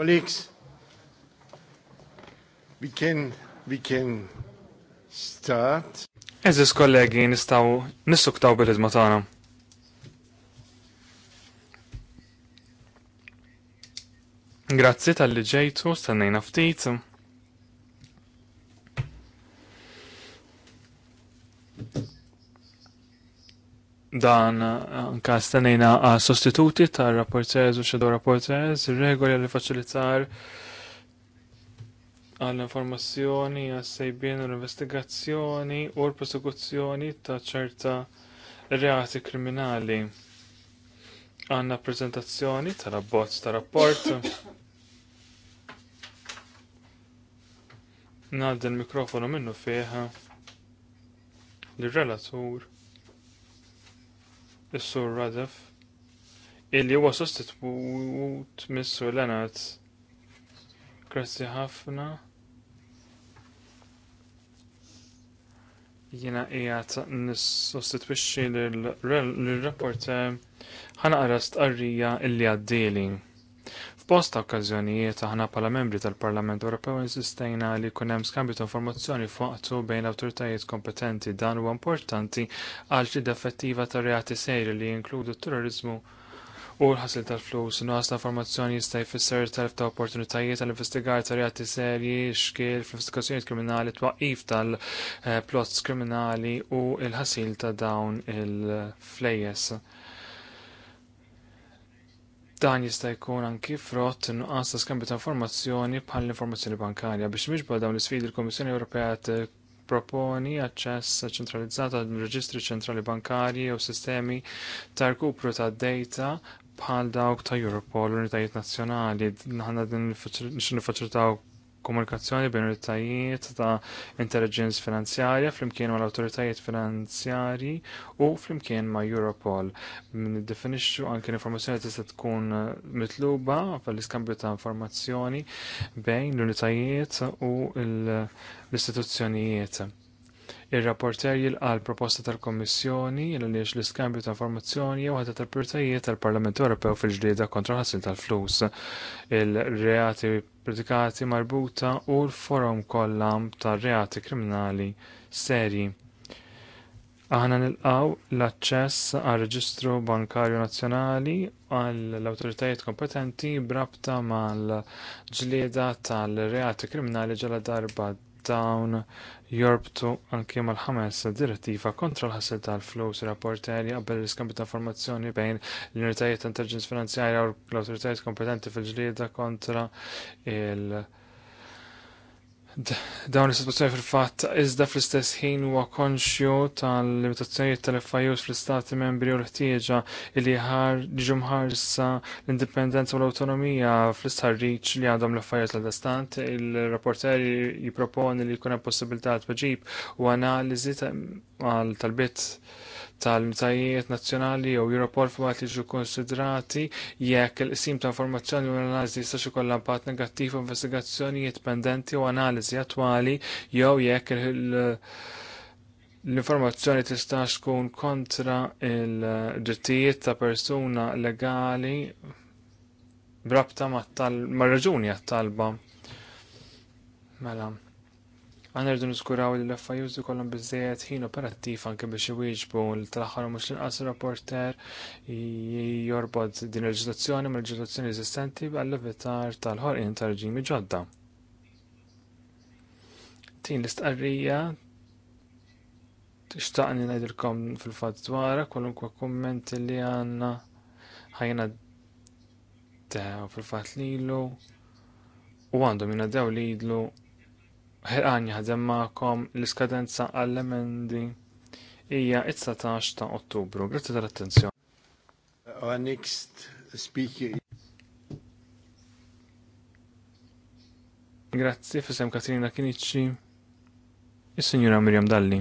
Colleagues, we can, we can start. Eżis kollegi nistaw nissuktaw bil-ħidma tagħna. Grazzi tal-li ġejtu, stennejna ftit. dan eh, anka stanejna sostituti tar rapporteż u xedo rapporters, regoli li faċilitar għall informazzjoni għas sejbien u l-investigazzjoni u l-prosekuzzjoni ta' ċerta reati kriminali. Għanna prezentazzjoni tal-abbozz ta' rapport. Nadden mikrofonu minnu fieħa l-relatur is-sur Radef illi huwa sostitut mis-sur Grazzi ħafna. Jiena qiegħed nissostitwixxi lir-rapport ħanaqra stqarrija illi għaddieli. F'bosta okkażjonijiet aħna bħala membri tal-Parlament Ewropew insistejna li jkun hemm skambju ta' informazzjoni fuqtu bejn l-awtoritajiet kompetenti dan huwa importanti għal xi effettiva ta' reati sejri li jinkludu terrorizmu U l-ħasil tal-flus, nuqqas ta' formazzjoni jista' jfisser telf ta' opportunitajiet għal investigar ta' reati serji, xkiel fl-investigazzjoni kriminali, twaqif tal-plots kriminali u l-ħasil ta' dawn il-flejjes. Dan jista' jkun anki frott nuqqas ta' skambju ta' informazzjoni bħal l-informazzjoni bankarja biex miġbal dawn l sfidi l-Kommissjoni Ewropea proponi aċċess ċentralizzata għal reġistri ċentrali bankarji u sistemi ta' rkupru ta' data bħal dawk ta' Europol l-unitajiet nazzjonali. Naħna din nifaċilitaw komunikazzjoni bejn l-autoritajiet ta' intelligence finanzjarja flimkien mal autoritajiet finanzjarji u flimkien ma' Europol. Definixxu anke l-informazzjoni tista' tkun mitluba fl-iskambju ta' informazzjoni bejn l-unitajiet u l-istituzzjonijiet. Ir-rapporter jilqal proposta tal-Kommissjoni għaliex l-iskambju ta' informazzjoni jew ħadet tal-prioritajiet tal-Parlament Ewropew fil ġdida kontra ħassil tal-flus. Il-reati predikati marbuta u l-forum kollha tar-reati kriminali serji. Aħna nilqaw l-aċċess għal reġistru bankarju nazzjonali għall awtoritajiet kompetenti brabta mal-ġlieda tal-reati kriminali ġala darba dawn jorbtu anke mal-ħames direttiva kontra l-ħassil tal-flus rapporteri qabel l-iskambju ta' informazzjoni bejn l-unitajiet ta' intelligence finanzjarja u l-autoritajiet kompetenti fil-ġlieda kontra il- dawn l-istituzzjoni fil-fatt iżda fl-istess ħin huwa konxju tal-limitazzjonijiet tal-FIUs fl-istati membri u l-ħtieġa li ġu mħarsa l-indipendenza u l-autonomija fl-istħarriġ li għandhom l-affarijiet tal-destant, il-rapporteri jiproponi li jkun hemm possibilità tweġib u analiżi tal-bit tal mitajiet nazzjonali jew Europol f'waqt li ġu konsidrati jekk il-qsim ta' informazzjoni u analizi jistax ikollha impatt negattiv investigazzjonijiet pendenti u analiżi attwali jew jekk l-informazzjoni tistax tkun kontra il-drittijiet ta' persuna legali brabta ma' raġuni għat-talba. Mela, għan rridu niskuraw li l-affarijiet ikollhom biżejjed ħin operattiv anke biex iwieġbu l tlaħħar aħħar mhux l-inqas rapporter jorbod din il ma' mal ġitazzjoni eżistenti għall-levitar tal-ħorqien tal-reġimi ġodda. Tin l-istqarrija tixtaqni ngħidilkom fil-fatt dwarha kwalunkwe kumment li għandna ħajna fil-fatt lilu u għandhom jingħadew lidlu li ħerqan jaħdem magħkom l-iskadenza għall-emendi hija 19 ta' Ottubru. Grazzi tal-attenzjoni. Our next speaker Grazzi, fissem Katrina Kinici, il-Signora Miriam Dalli.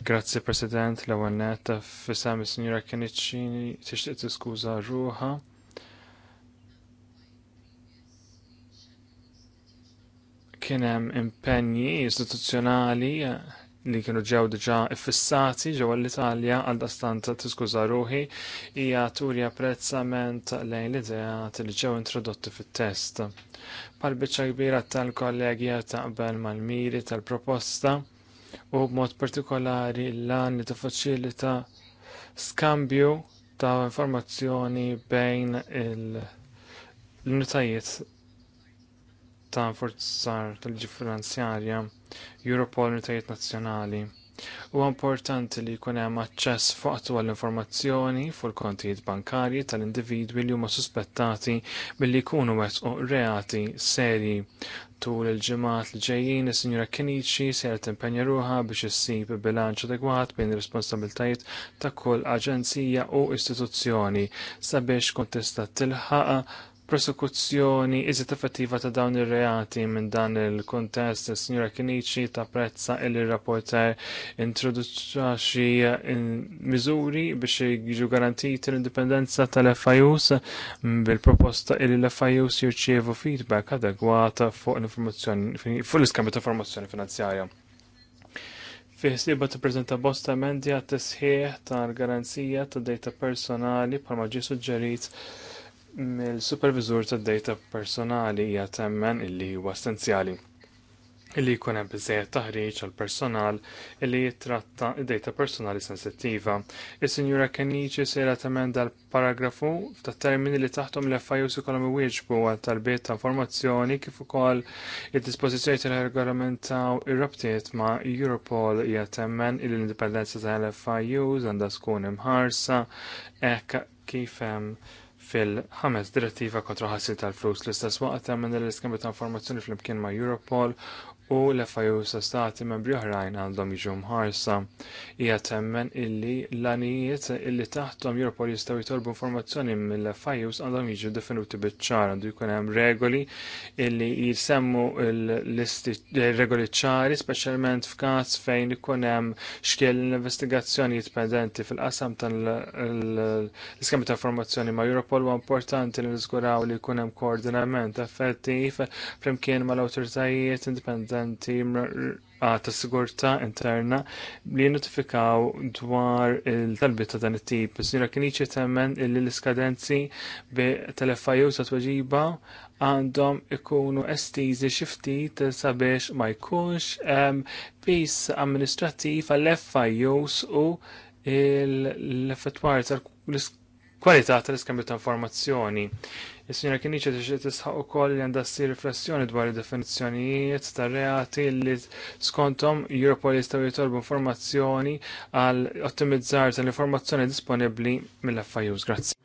Grazzi, President, l-għannet, fissem il-Signora Kinici, tixtiq t-skuza ruħa kien hemm impenji istituzzjonali li kienu ġew diġà iffissati ġewwa l-Italja għal dastant tiskuża ruħi hija turi apprezzament lejn l-idea li ġew introdotti fit-test. Pal-biċċa kbira tal-kollegi taqbel mal-miri tal-proposta u b'mod partikolari l-lan li tiffaċilita skambju ta' informazzjoni bejn il unitajiet ta' forzar tal-ġi finanzjarja, Europol Unitajiet Nazzjonali. U importanti li jkun hemm aċċess fuq għall informazzjoni fuq kontijiet bankarji tal-individwi li huma suspettati billi jkunu wetqu reati serji. Tul il-ġimgħat li ġejjin is-Sinjura Kinici se impenja ruħa biex issib bilanċ adegwat bejn ir-responsabiltajiet ta' kull aġenzija u istituzzjoni sabiex kontista tilħaq prosekuzzjoni iżit effettiva ta' dawn ir-reati minn dan il-kontest il-Sinjura Kinici ta' prezza il-rapporter introduċa xie eh, miżuri biex jiġu garantiti l-indipendenza tal-FIUs mm, bil-proposta il l-FIUs jirċievu feedback adegwata fuq l-informazzjoni fuq l-iskambju ta' informazzjoni finanzjarja. Fiħsibba t prezenta bosta emendi għat-tisħieħ tal-garanzija ta' data personali bħalma ġie suġġerit mill supervisur tad data personali hija temmen illi huwa essenzjali illi jkun hemm biżejjed taħriġ għal personal illi jitratta data personali sensittiva. Is-Sinjura Kennici sejra temenda l-paragrafu ta' termini li taħtom l-FIUs ikollhom iwieġbu għal talbiet ta' informazzjoni kif ukoll id-dispożizzjoni tal regolamentaw ir-rabtiet ma' Europol hija temmen l indipendenza tal-FIUs għandha tkun imħarsa hekk kif hemm fil-ħames direttiva kontra ħassil tal-flus l-istess waqt minn l-iskambju ta' informazzjoni fl-imkien ma' Europol u l-FIU sa stati membri oħrajn għandhom jiġu mħarsa. Ija temmen illi l-anijiet illi taħtom Europol jistgħu jitolbu informazzjoni mill-FIUs għandhom jiġu definuti biċ-ċar għandu jkun hemm regoli illi jisemmu l-regoli ċari speċjalment f'każ fejn ikun hemm xkiel l-investigazzjonijiet pendenti fil-qasam tal-iskemi ta' informazzjoni ma' Europol huwa importanti li niżguraw li jkun hemm koordinament effettiv flimkien mal-awtoritajiet indipendenti kompetenti ta' sigurta interna li notifikaw dwar il-talbi ta' dan it-tip. Sinjora Kinici temmen illi l-iskadenzi bi telefajju ta' tweġiba għandhom ikunu estizi xiftit sabiex ma jkunx pis amministrativ għall-FIUs u l-effettwar tal-kwalità tal-iskambju ta' informazzjoni. Is-sinjora Kiniċa tixtieq tisħaq ukoll li għandha ssir riflessjoni dwar id-definizzjonijiet ta' reati li skontom Europol jistaw jitolbu informazzjoni għal ottimizzar tal-informazzjoni disponibbli mill-FIUs. Grazzi.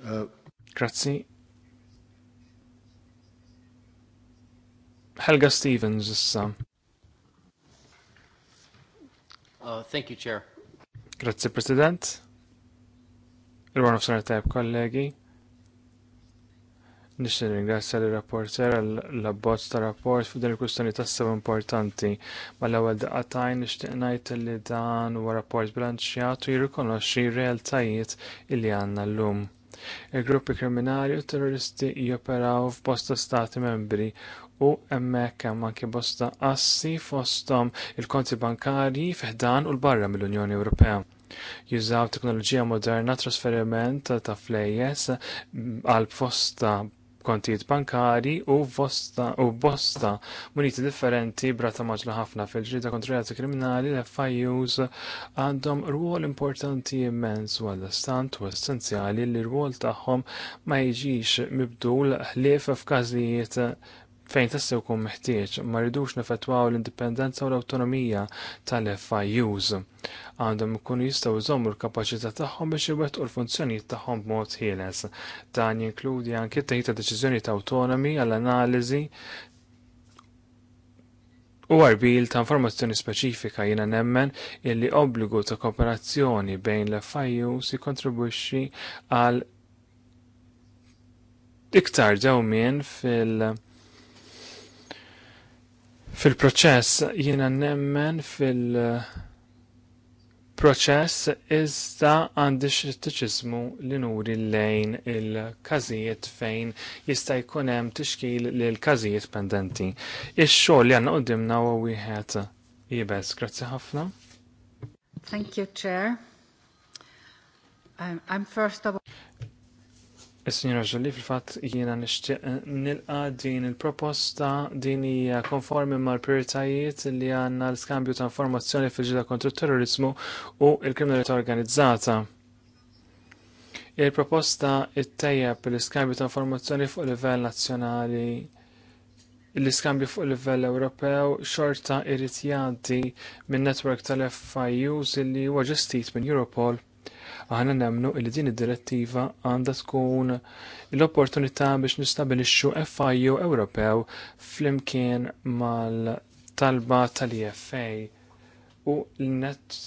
Uh. Grazzi. Helga Stevens issa. Uh, thank you, Chair. Grazzi, President. il warnof ufsanar kollegi. Nixtieq ringrazzja l rapporter l-abbozz ta' rapport f'din din il-kwistjoni tassew importanti. Mal-ewwel daqatajn nixtieq ngħid li dan huwa rapport bilanċjat u jirrikonoxxi r-realtajiet illi għandna llum. Il-gruppi kriminali u terroristi joperaw f'bosta stati membri u hemmhekk hemm anke bosta assi fosthom il-konti bankarji fiħdan u l-barra mill-Unjoni Ewropea jużaw teknoloġija moderna trasferiment ta' flejjes għal fosta kontijiet bankari u bosta u bosta muniti differenti brata maġla ħafna fil-ġrida kontrolati kriminali l-FIUs għandhom rwol importanti immens u għall-istant u essenzjali li rwol tagħhom ma jiġix mibdul ħlief f'każijiet fejn tassew jkun meħtieġ ma rridux nefetwaw l-indipendenza u l-autonomija tal-FIUs. Għandhom ikunu jistgħu jżommu l-kapaċità tagħhom biex iwettqu l-funzjonijiet tagħhom b'mod ħieles. Dan jinkludi anke ta' deċiżjoni ta' autonomi għall-analiżi U għarbil ta' informazzjoni speċifika jina nemmen illi obbligu ta' kooperazzjoni bejn l-FIU si kontribuixi għal iktar dewmien fil- Fil-proċess jiena nemmen fil-proċess iżda għandi xittiċizmu li nuri lejn il-każijiet fejn jista' jkun hemm tixkil lil każijiet pendenti. Ix-xogħol li għandna qudiemna huwa wieħed jibes. Grazzi ħafna. Thank you, Chair. I'm, I'm first of all... Is-Sinjora fil-fatt jiena nixtieq nilqa din il-proposta din hija konformi mal-prioritajiet li għandna l-skambju ta' informazzjoni fil-ġida kontra terrorizmu u l-kriminalità organizzata. Il-proposta ttejjeb l-iskambju ta' informazzjoni fuq livell nazzjonali l-iskambju fuq livell Ewropew xorta irrit jgħaddi minn netwerk tal-FIUs li huwa ġestit minn Europol Aħna nemnu li din id-direttiva għandha tkun l-opportunità biex nistabilixxu FIU Ewropew flimkien mal-talba tal-EFA u l nets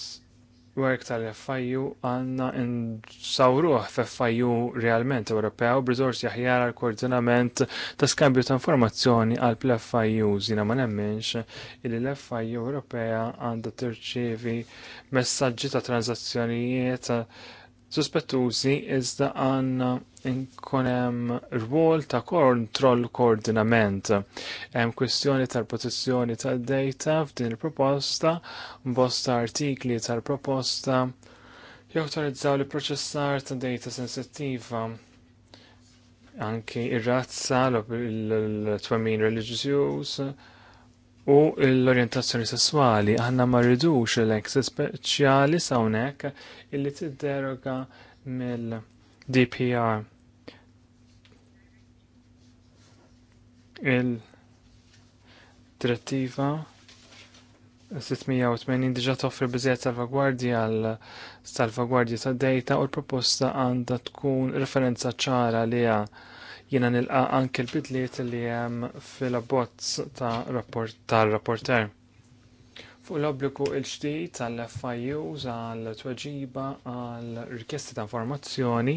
work tal-FIU għanna nsawruħ f-FIU realment Ewropew b'rizors jaħjar għal koordinament ta' skambju ta' informazzjoni għal pl-FIU zina ma' nemminx illi l-FIU Ewropea għanda tirċivi messaġġi ta' tranzazzjonijiet Suspettużi iżda għanna inkunem rwol ta' kontroll koordinament. Hemm kwestjoni tal-protezzjoni tal-data f'din il-proposta, bosta artikli tal-proposta jawtorizzaw li proċessar ta' data sensittiva anki ir-razza, l-twemmin use u l-orientazzjoni sessuali aħna ma rridux l-eks speċjali sawnek illi tidderoga mill-DPR. Il-direttiva 680 diġa toffri biżjed salvagwardji għal salvagwardji ta' data u l-proposta għandha tkun referenza ċara li għal Jiena nilqa anke l-bidliet li hemm fil-abbozz ta' rapport tal-rapporter. Fuq l-obbligu il-ġdid tal-FIUs għal-tweġiba għal-rikjesti ta' informazzjoni,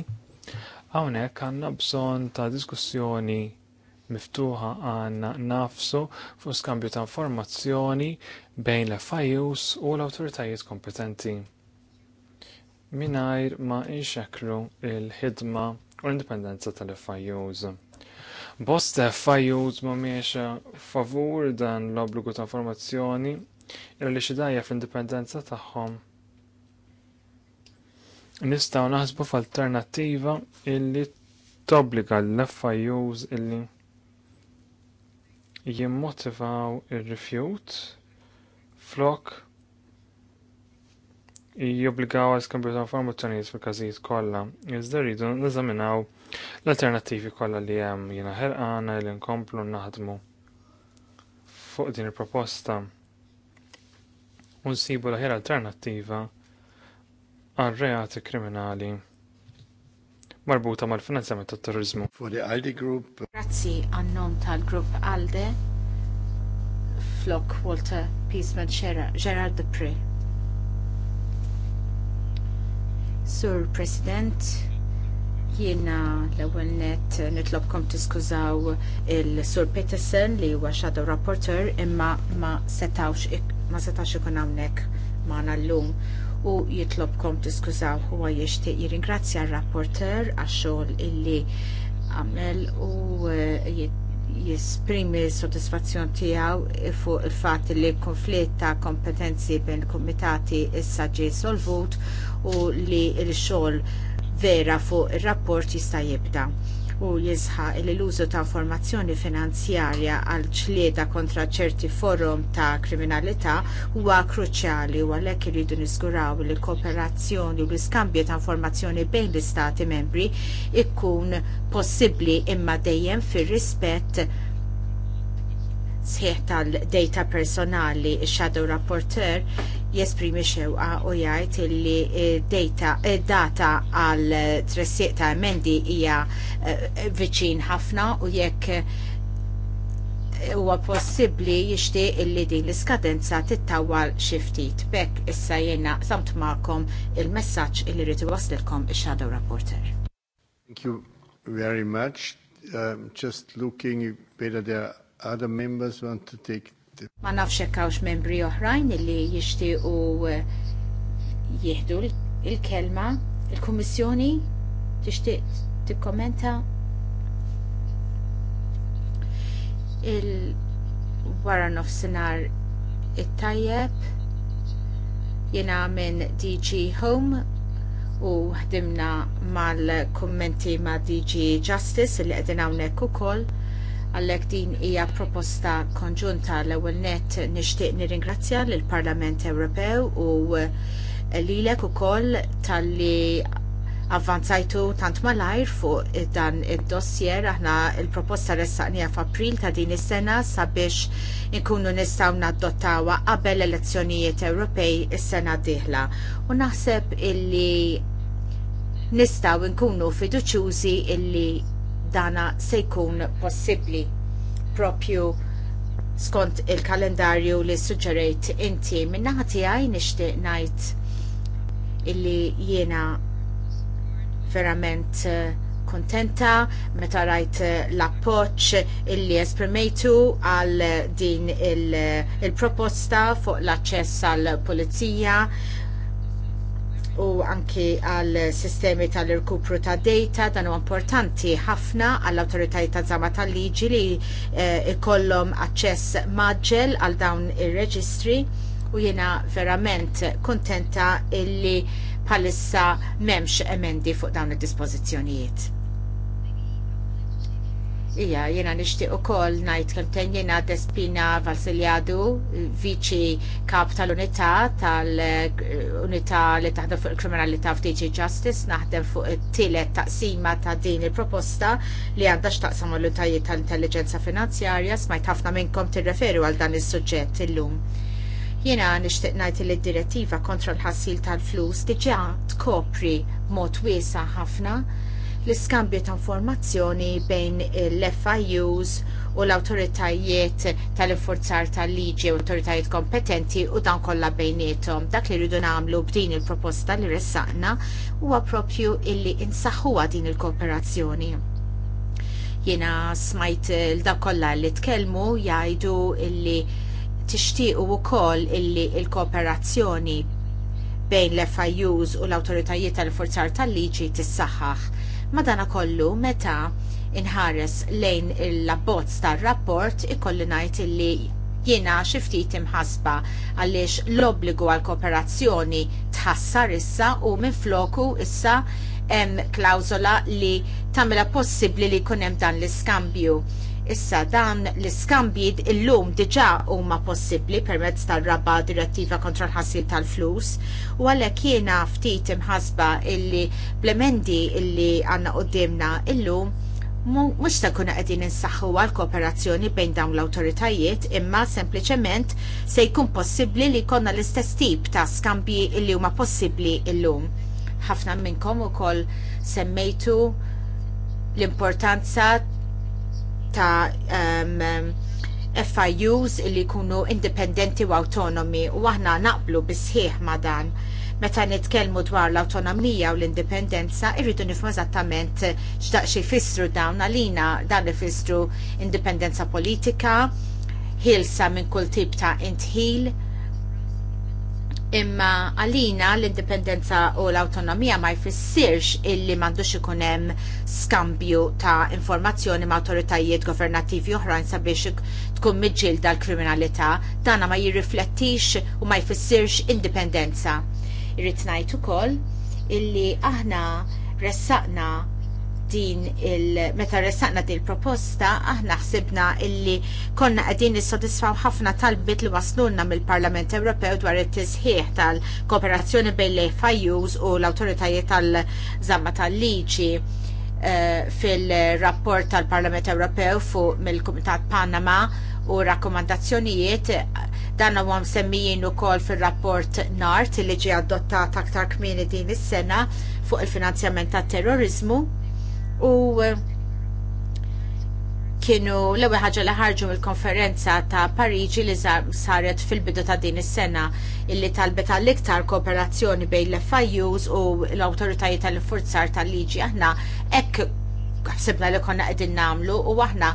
hawnhekk għandna bżonn ta' diskussjoni miftuħa għan nafsu fuq skambju ta' informazzjoni bejn l-FIUs u l-autoritajiet kompetenti. Minajr ma inxekru il-ħidma u l-indipendenza tal-FIUs. Bost FIUs mhumiex favur dan l-obbligu ta' informazzjoni illi xi dajja fl-indipendenza tagħhom. Nistgħu naħsbu f'alternattiva illi tobbliga l-FIUs illi jimmotivaw ir refjut flok jobbligaw għal skambju ta' informazzjonijiet fil każijiet kollha. Iżda rridu neżaminaw l-alternattivi kollha li hemm jiena ħerqana li nkomplu naħdmu fuq din il-proposta u nsibu l-ħer alternattiva għal reati kriminali marbuta mal-finanzjament tat-terrorizmu. For the ALDE Group. Grazzi għannom tal-Grupp ALDE flok Walter Peaceman Gerard Dupree. Sur President, jiena l-ewwel net nitlobkom tiskużaw il-Sur Peterson li huwa Shadow Rapporteur imma ma setawx ma setax ikun hawnhekk magħna llum u jitlobkom tiskużaw huwa jixtieq jirringrazzja r-rapporter għax-xogħol illi għamel u eh, Jesprimi s-sodisfazzjon tiegħu fuq il-fatt li l-konflitt ta' kompetenzi bejn kumitati issa ġie solvut u li l-xogħol vera fuq ir-rapport jista' jibda u jisħaq li l-użu ta' informazzjoni finanzjarja għal ċlieda kontra ċerti forum ta' kriminalità huwa kruċjali u għalhekk iridu niżguraw li l-kooperazzjoni u l-iskambju ta' informazzjoni bejn l-istati membri ikun possibbli imma dejjem fir-rispett sħiħ tal-data personali, shadow rapporteur jesprimi xewqa u jgħid illi data, data għal tressieq ta' emendi hija eh, viċin ħafna u jekk eh, huwa possibbli jixtieq illi din l-iskadenza tittawal xi ftit. Bekk issa jiena samt magħkom il-messaġġ illi rrid iwaslilkom ix-shadow rapporteur. Thank you very much. Um, just looking whether there other members want to take the... Ma nafx hekk hawnx membri oħrajn illi jixtiequ eh, jieħdu il-kelma. Il-Kummissjoni tixtieq tikkommenta il wara nofsinhar it-tajjeb jiena minn DG Home u ħdimna mal kummenti ma' DG Justice li qegħdin hawnhekk ukoll għallek din hija proposta konġunta l-ewwel net nixtieq nirringrazzja lill parlament Ewropew u lilek ukoll talli avvanzajtu tant malajr fuq dan id-dossier aħna il-proposta ressaqnija f'April ta' din is-sena sabiex inkunu nistgħu naddottawha qabel elezzjonijiet Ewropej is-sena d-dieħla. U naħseb illi nistgħu nkunu fiduċjużi illi dana se jkun possibbli propju skont il-kalendarju li suġġerejt inti minnaħa tiegħi nixtieq ngħid illi jiena verament eh, kontenta meta rajt eh, l-appoċ illi esprimejtu għal eh, din il-proposta il fuq l-aċċess għall pulizija u anki għal sistemi tal-irkupru ta' data dan huwa importanti ħafna għall awtoritajiet ta' żama tal-liġi li eh, ikollhom aċċess maġġel għal dawn ir-reġistri u jiena verament kuntenta illi bħalissa m'hemmx emendi fuq dawn id-dispożizzjonijiet. Ija, jena nishtiq u kol najt kemten jena Despina Valsiljadu, viċi kap tal-unità, tal-unità li taħdem fuq il-kriminalità f'DG Justice, naħdem fuq it-tielet taqsima ta' din il-proposta li għandha x'taqsam l-unitajiet tal-intelligenza finanzjarja, smajt ħafna minnkom tirreferu għal dan is-suġġett illum. Jena nishtiq najt li d-direttiva kontra l-ħassil tal-flus diġa tkopri mod wiesa ħafna l-iskambju ta' informazzjoni bejn l-FIUs u l-autoritajiet tal forzar tal-liġi u autoritajiet kompetenti u dan kollha bejnietom. Dak li rridu nagħmlu b'din il-proposta li ressaqna huwa propju illi insaħħuha din il-kooperazzjoni. Jiena smajt l-dak kollha li tkellmu jgħidu illi tixtiequ wkoll illi l kooperazzjoni bejn l-FIUs u l-autoritajiet tal-forzar tal-liġi tissaħħaħ. Madanakollu meta inħares lejn il-labbozz tar-rapport ikolli ngħid illi jiena xi ftit imħasba għaliex l-obbligu għal kooperazzjoni tħassar issa u minfloku issa hemm klawżola li tagħmilha possibbli li jkun hemm dan l-iskambju. Issa dan l-iskambji illum diġà huma possibbli permezz tal-rabba direttiva kontra l-ħassil tal-flus u għalhekk jiena ftit imħasba illi blemendi illi għandna qudiemna illum mux ta' kuna għedin insaħħu għal kooperazzjoni bejn dawn l-autoritajiet imma sempliciment se jkun possibbli li konna l-istess tip ta' skambji illi huma possibbli illum. ħafna minnkom ukoll semmejtu l-importanza ta' um, FIUs li jkunu indipendenti u autonomi u aħna naqblu bisħieħ ma' dan. Meta nitkellmu dwar l-autonomija u l-indipendenza, irridu nifhmu eżattament x'daqs jfissru dawn għalina dan ifissru indipendenza politika, ħilsa minn kull tip ta' intħil, imma għalina l-indipendenza u l-autonomija ma jfissirx illi m'għandux ikun hemm skambju ta' informazzjoni ma' awtoritajiet governattivi oħrajn sabiex tkun miġġielda l-kriminalità, dana ma jirriflettix u ma jfissirx indipendenza. Irrid ngħid ukoll illi aħna ressaqna din il- meta ressaqna din il-proposta, aħna ħsibna illi konna qegħdin nissodisfaw ħafna talbit li waslunna mill-Parlament Ewropew dwar it-tisħiħ tal-kooperazzjoni bejn l-FIUs u l-awtoritajiet tal-żamma tal-liġi eh, fil-rapport tal-Parlament Ewropew fuq mill-Kumitat Panama u rakkomandazzjonijiet dan huwa msemmijin ukoll fir-rapport NART li ġie adottat aktar kmieni din is-sena fuq il-finanzjament tat-terrorizmu u eh, kienu l-ewwel ħaġa li ħarġu mill-konferenza ta' Pariġi li saret fil-bidu ta' din is-sena illi talbet għall iktar kooperazzjoni bejn l-FIUs u l-awtoritajiet tal-infurzar tal-liġi aħna hekk ħsibna li konna qegħdin nagħmlu u aħna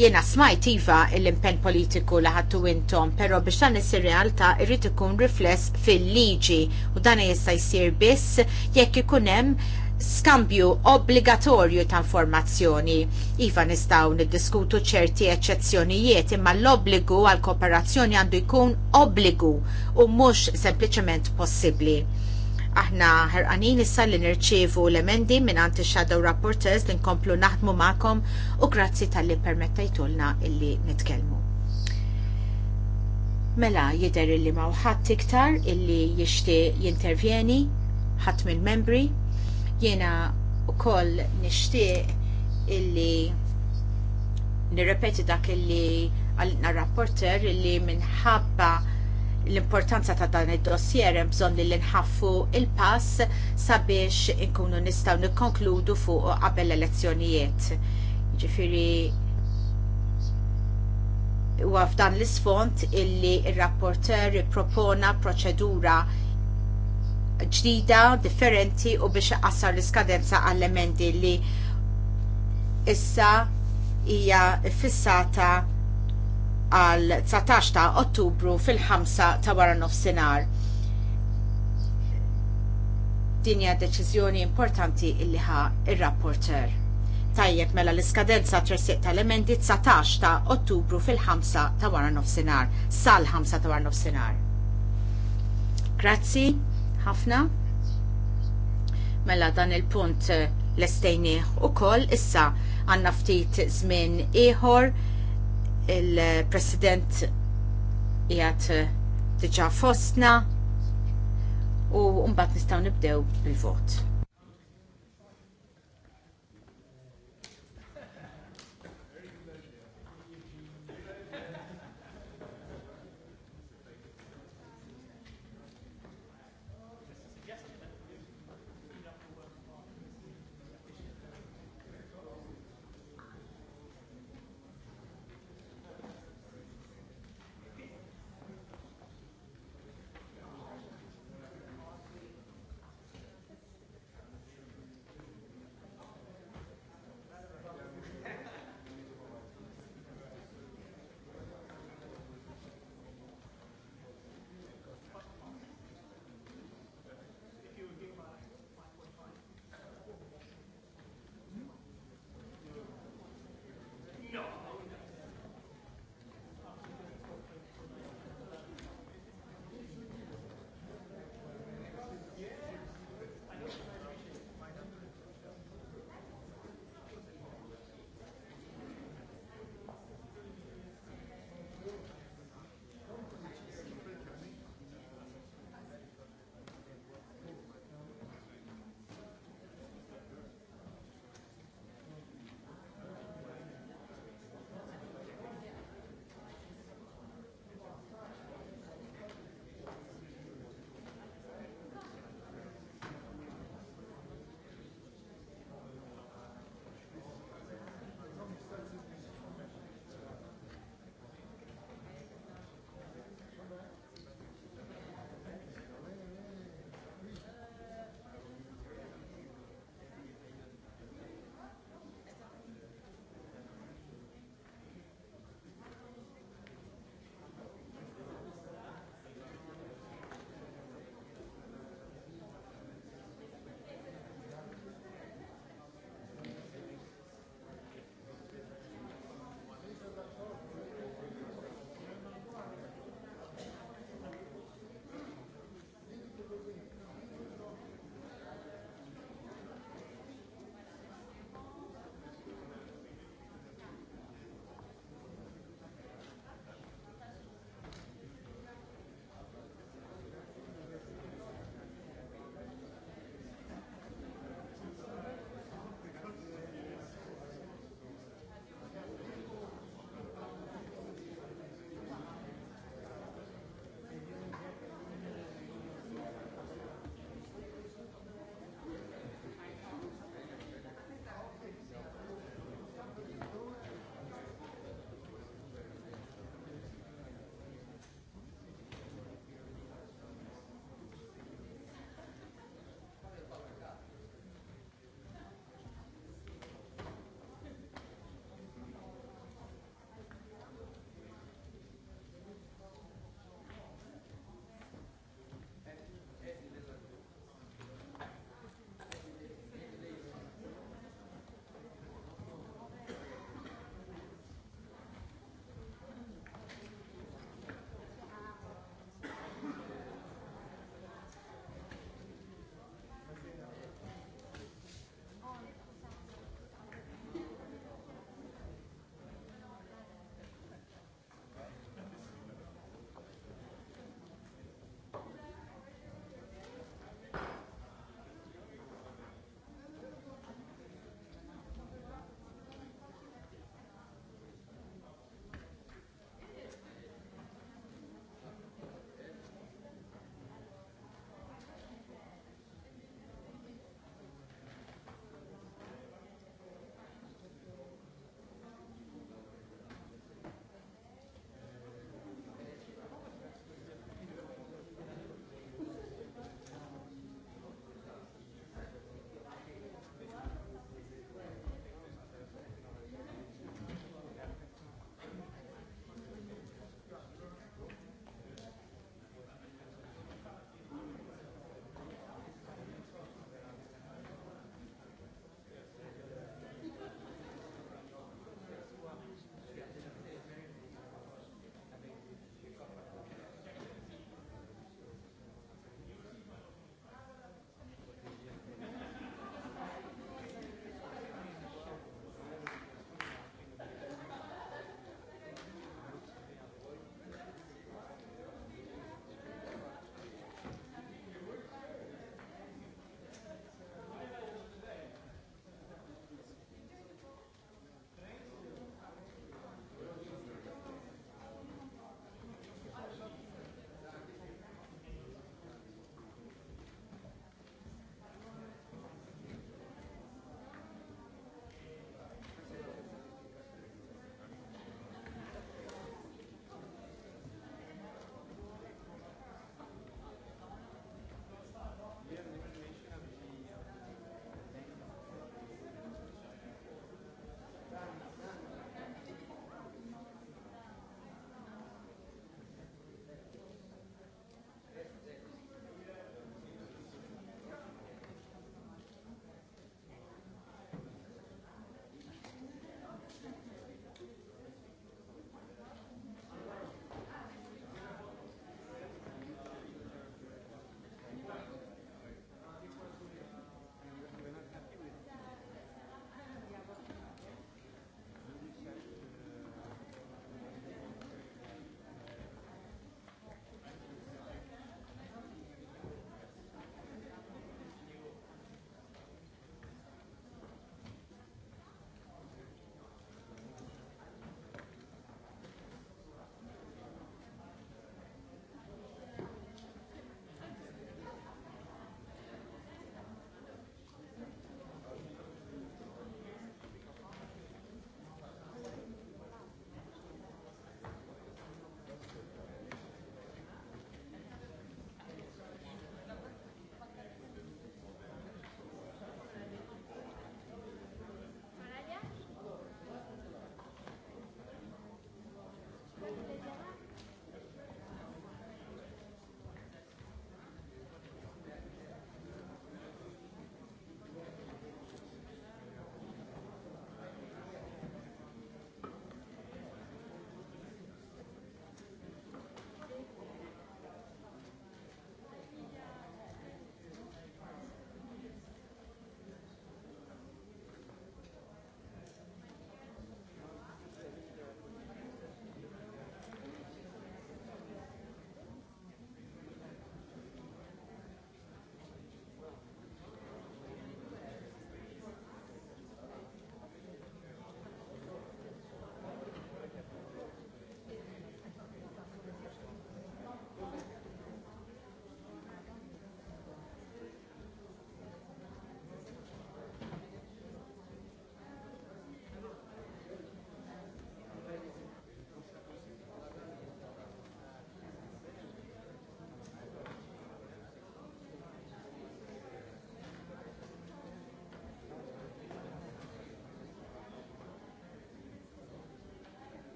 jiena smajt iva l-impenn politiku li ħadtu intom, però biex dan isir realtà irrid ikun rifless fil-liġi u dan jista' jsir biss jekk ikun hemm skambju obbligatorju ta' informazzjoni. Iva nistgħu niddiskutu ċerti eċċezzjonijiet imma l-obbligu għal kooperazzjoni għandu jkun obbligu u mhux sempliċement possibbli. Aħna ħerqanin issa li nirċievu l-emendi minn għanti shadow rapporters li nkomplu naħdmu magħkom u grazzi tal-li permettajtulna illi nitkellmu. Mela jidher illi ma' ħadd iktar illi jixtieq jintervjeni ħadd mill-membri Jiena wkoll nixtieq illi nirrepeti dak illi għalitna rapporter illi minħabba l-importanza ta' dan id-dossier hemm bżonn li nħaffu il-pass sabiex inkunu nistgħu nikkonkludu fuq qabel l-elezzjonijiet. Ġifieri huwa f'dan l-isfond illi r il rapporter ippropona proċedura ġdida, differenti u biex qassar l-iskadenza għall-emendi li issa hija fissata għal 19 ta' Ottubru fil-5 ta' wara nofsinhar. Din hija deċiżjoni importanti illi ħa ir-rapporter. Tajjeb mela l-iskadenza tressiq tal-emendi 19 ta' Ottubru fil-5 ta' wara nofsinhar sal-5 ta' wara nofsinhar. Grazzi ħafna. Mela dan il-punt eh, l-estejnieħ u koll issa għanna ftit żmien ieħor il-President jgħat eh, diġa fostna u mbagħad nistgħu nibdew il vot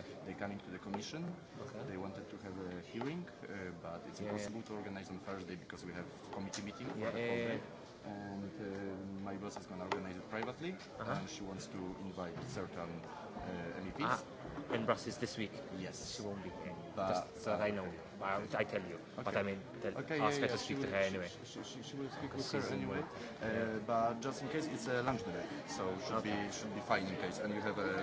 Okay. They came into the commission. Okay. They wanted to have a hearing, uh, but it's yeah, impossible yeah. to organize on Thursday because we have committee meeting yeah, for the whole day. And uh, my boss is going to organize it privately, uh -huh. and she wants to invite certain uh, MEPs. Ah, in Brussels this week. Yes. She won't be here. But, Just but uh, I know. But I tell you. Okay. But I mean, tell, okay, ask yeah, her yeah, to speak to her anyway. She, she, she will speak with her anyway. Uh, yeah. But just in case, it's a lunch delay, so should okay. be should be fine in case. And you have a.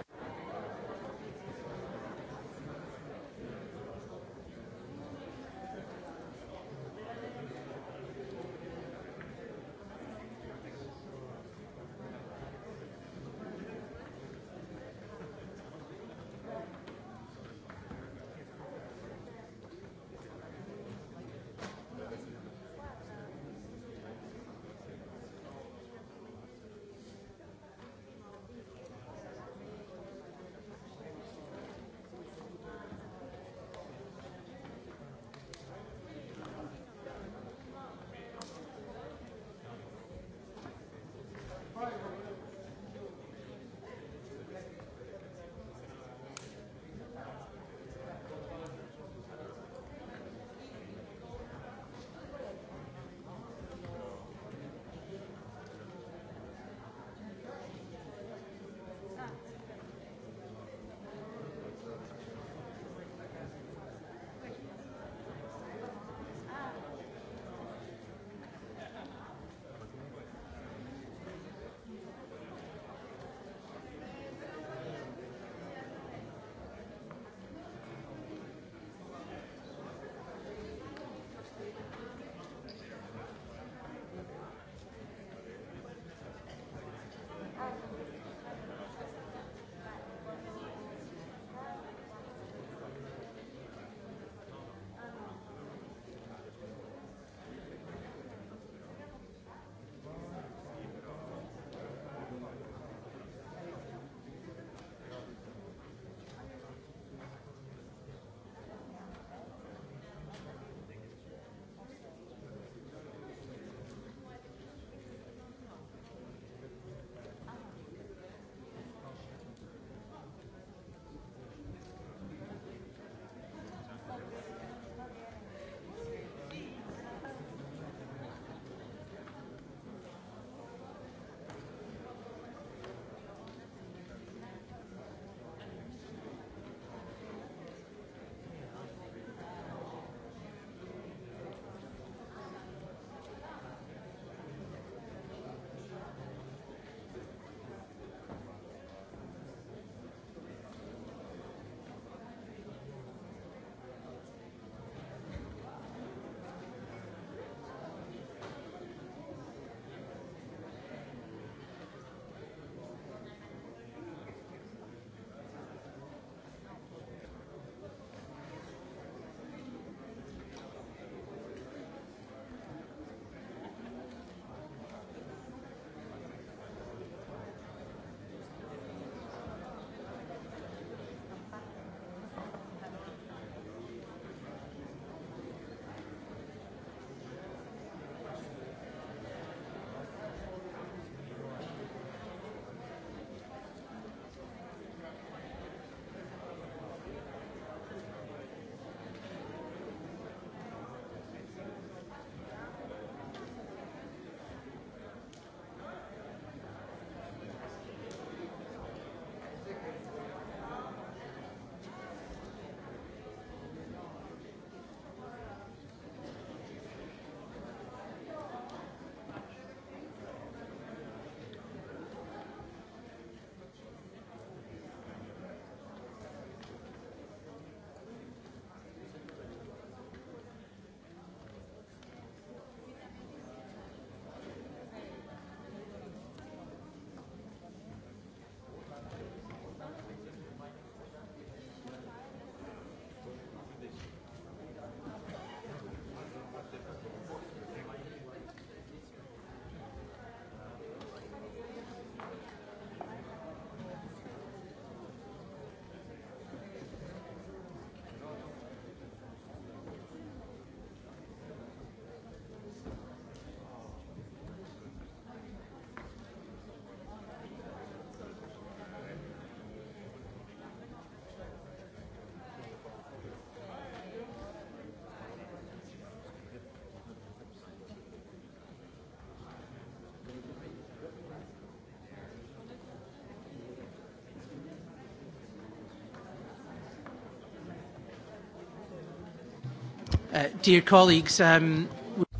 Uh, dear colleagues, um...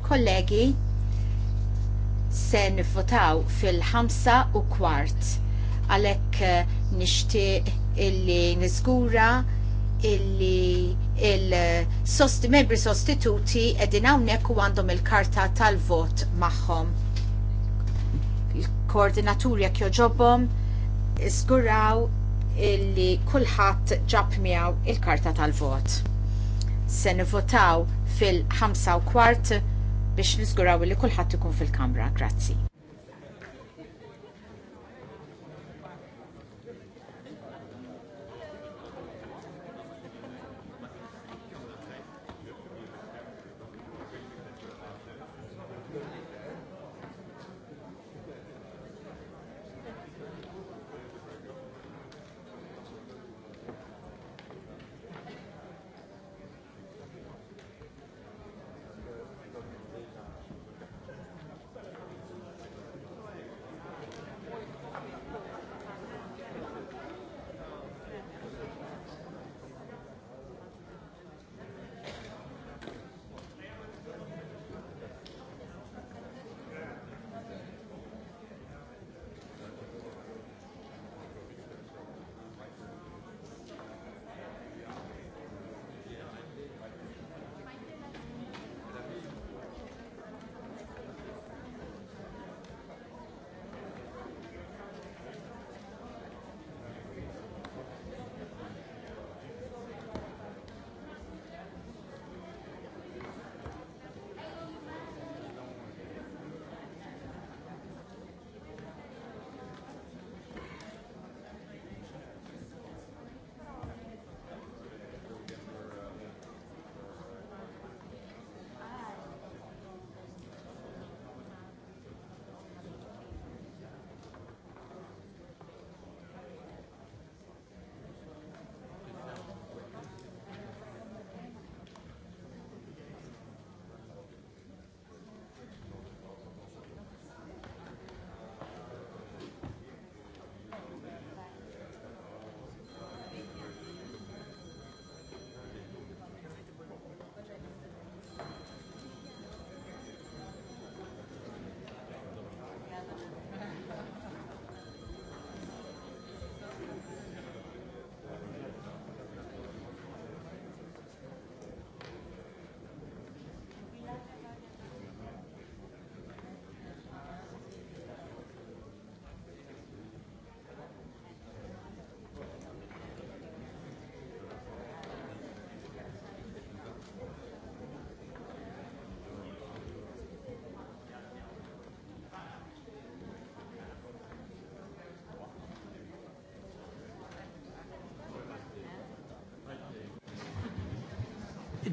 Kollegi, se nivvotaw fil-ħamsa u kwart. Għalek uh, nishti illi nizgura illi il-membri -sost sostituti edin hawnhekk u għandhom il-karta tal-vot magħhom. Il-koordinaturi jekk joġobhom izguraw illi kulħadd ġab miaw il-karta tal-vot se nivotaw fil-5 kwart biex nizguraw li kulħadd ikun fil-kamra. Grazzi.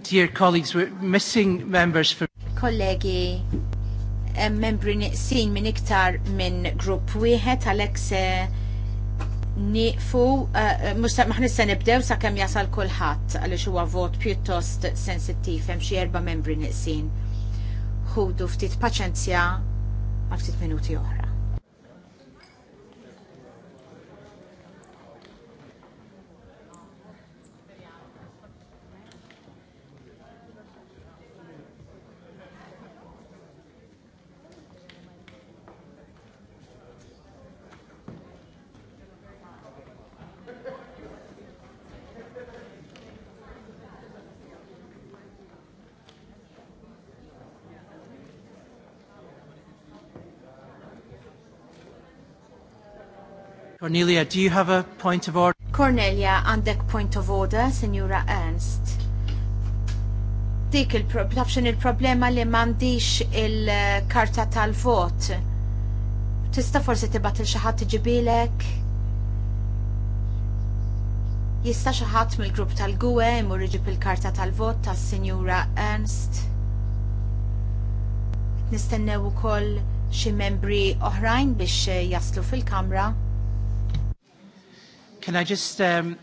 Dear colleagues, we're missing members from... Kollegi, membri niqsin minn iktar minn grupp wieħed għalhekk se niqfu eh, eh, mhux maħna nibdew sakemm jasal kulħadd għaliex huwa vot pjuttost sensittiv hemm xi erba' membri niqsin. Ħudu ftit paċenzja għal ftit minuti oħra. Cornelia, do you have a point of order? Cornelia, għandek point of order, Signora Ernst. Dik il problema il-problema li mandiċ il-karta tal-vot. Tista forsi tibat il-xaħat iġibilek? Jista xaħat mill-grupp tal-gwe imur iġib il-karta tal-vot tas Signora Ernst. Nistennew ukoll xi membri oħrajn biex jaslu fil-kamra. Can I just... Um,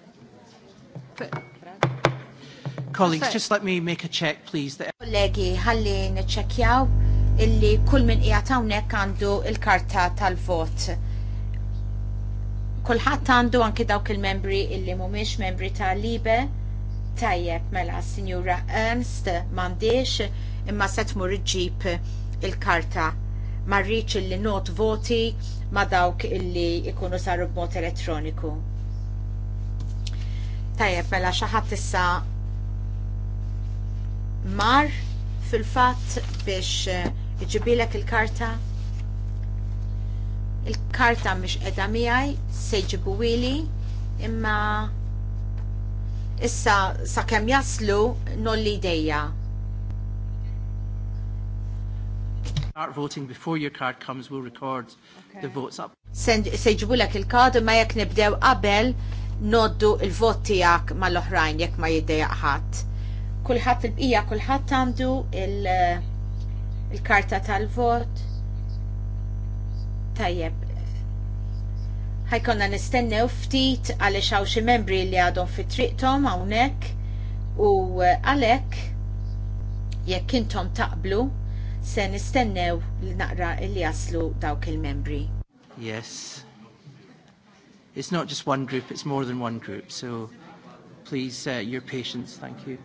colleagues, just let me make a check, please. Kollegi, ħalli neċekjaw illi kull min qiegħed hawnhekk għandu il-karta tal-vot. Kulħadd għandu anke dawk il-membri illi mhumiex membri tal-Libe. Tajjeb, mela, Sinjura Ernst m'għandix imma se tmur iġġib il-karta marriċ illi not voti ma dawk illi ikunu saru b'mod elettroniku. Tajjeb, mela xi ħadd issa mar fil fatt biex eh, iġibilek il-karta il-karta mhix qiegħda miegħi se jġibu wili imma issa sakemm jaslu nolli dejja. Start voting before your card comes, we'll record okay. the votes up. Sejġibu l-ek il-kadu ma jek nibdew qabel noddu il-vot tiegħek mal-oħrajn jekk ma jiddejjaq ħadd. Kulħadd fil-bqija kulħadd għandu eh, il-karta il karta tal vot Tajjeb. Ħajkonna nistennew ftit għaliex hawn xi membri li għadhom fit-triqthom hawnhekk u eh, għalhekk jekk intom taqblu se nistennew li naqra li jaslu dawk il-membri. Yes it's not just one group, it's more than one group. So please, uh, your patience. Thank you.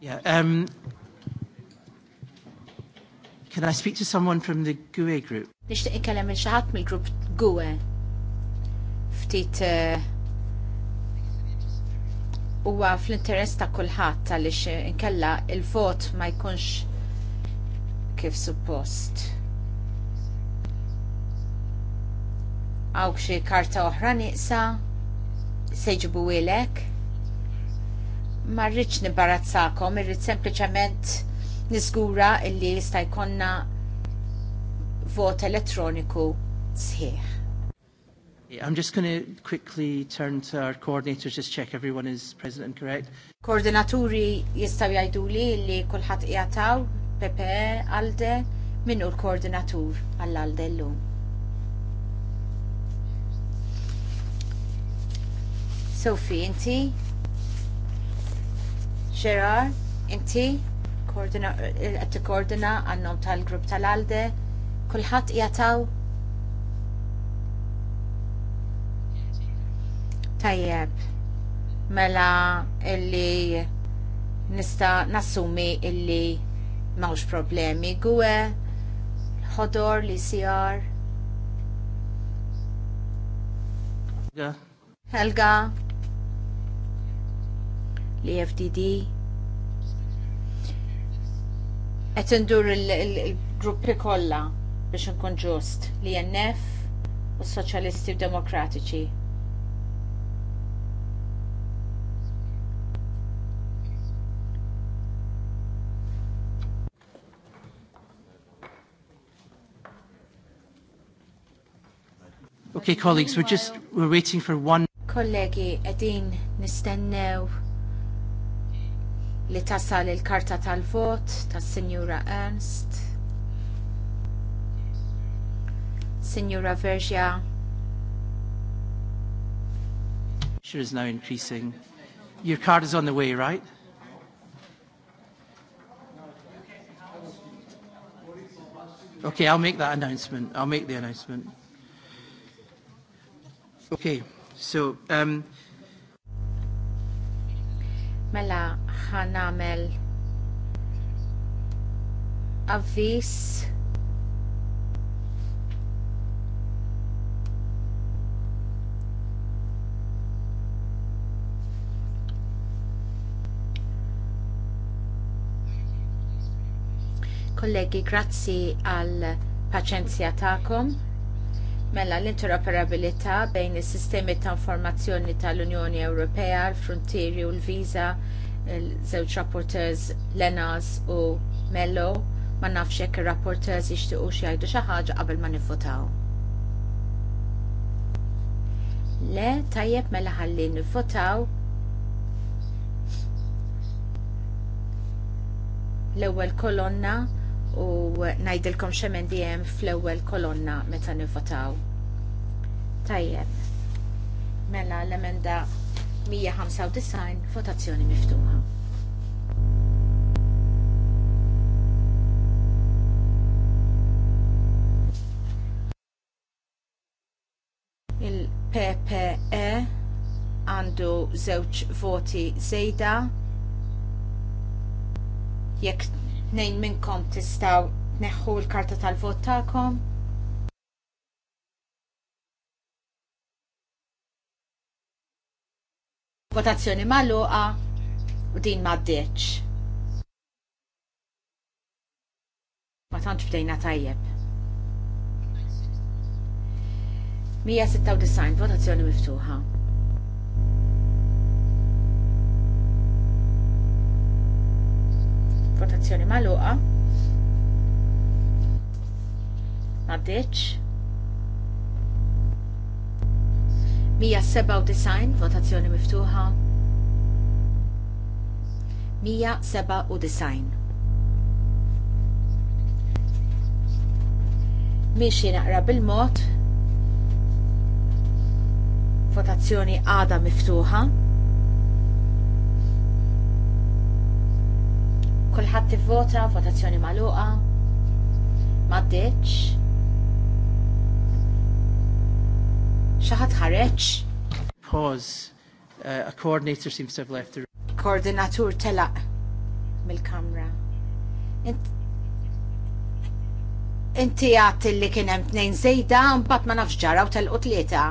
Yeah, um, can I speak to someone from the GUE group? Nishtiq ikellem il xaħat mill-grupp GUE. Ftit uh, huwa fl-interess ta' kulħadd għaliex inkella il-vot ma jkunx kif suppost. Għawk xi karta oħra nieqsa, se jġibu ma rridx nibbarazzakom irrid sempliċement niżgura illi jista' jkollna vot elettroniku sħiħ. I'm just going to quickly turn to our coordinators, just check everyone is present and correct. Koordinaturi jistaw jajdu li li kullħat jgħataw, Pepe, Alde, minnu l-koordinatur għall-Alde l-lum. Sofi, inti Xerar, inti eh, qed tikkoordina għannom tal-grupp tal-Alde, kulħadd jataw. Tajjeb, mela illi nista nassumi illi mawx problemi gwe, ħodor li sijar. Helga. Helga li e FDD qed indur il-gruppi kolla biex nkun ġust li jennef u soċjalisti demokratiċi. Okay, colleagues, we're just, we're waiting for one. Kollegi, edin nistennew li tasal il-karta tal-vot tas-Sinjura Ernst. Sinjura Vergia. Sure is now increasing. Your card is on the way, right? Okay, I'll make that announcement. I'll make the announcement. Okay, so um, Mela ħanamel avvis kollegi, grazzi għal paċenzja ta'kom. Mela l-interoperabilità bejn is-sistemi ta' informazzjoni tal-Unjoni Ewropea, l-frontieri u l-viża, żewġ rapporteurs Lenas u Mello, ma nafx jekk ir-rapporteurs jixtiequ xi jgħidu xi ħaġa qabel ma nivvotaw. Le, tajjeb mela ħalli nivvotaw l-ewwel kolonna u ngħidilkom x'emendi hemm fl-ewwel kolonna meta nivvotaw. Tajjeb. Mela l-emenda 195 votazzjoni miftuħa. il-PPE għandu żewġ voti żejda jekk Nejn minnkom tistaw neħħu l-karta tal-vot tagħkom. Votazzjoni magħluqa u din m'għaddiex. Ma tantx bdejna tajjeb. 196 votazzjoni miftuħa. votazzjoni maluqa maddeċ 197 votazzjoni miftuħa 197 Miexi naqra bil-mod votazzjoni għada miftuħa Kulħadd tivvota, votazzjoni magħluqa. M'għaddiċ. Xi ħadd ħareġ. Pause. Uh, a coordinator seems to have left the room. Koordinatur telaq mill-kamra. Inti għat li kienem tnejn zejda, mbatt ma nafx ġara u telqu tlieta.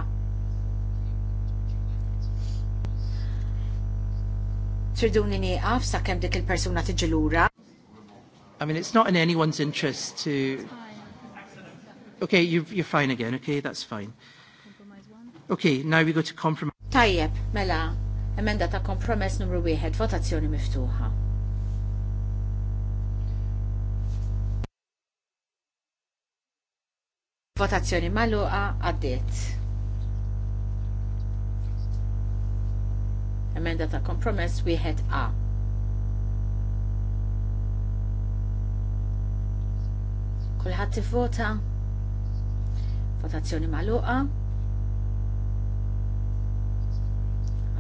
Triduni nieqaf sakemm dik il-persuna tiġi lura. I mean, it's not in anyone's interest to... Okay, you're, you're fine again, okay, that's fine. Okay, now we go to compromise. Tajjeb, mela, emenda ta' kompromess numru wieħed, votazzjoni miftuħa. Votazzjoni maluqa għaddiet. Emenda ta' kompromess wieħed A. Kulħadd ivvota. Votazzjoni magħluqa.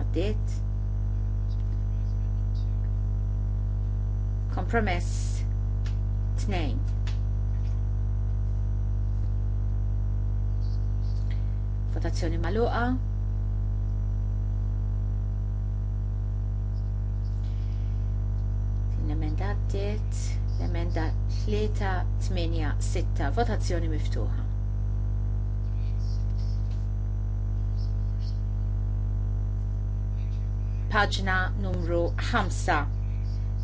Għaddiet. Kompromess tnejn. Votazzjoni magħluqa. l-emenda l l-emenda 3-8-6, votazzjoni miftuħa. Paġna numru 5,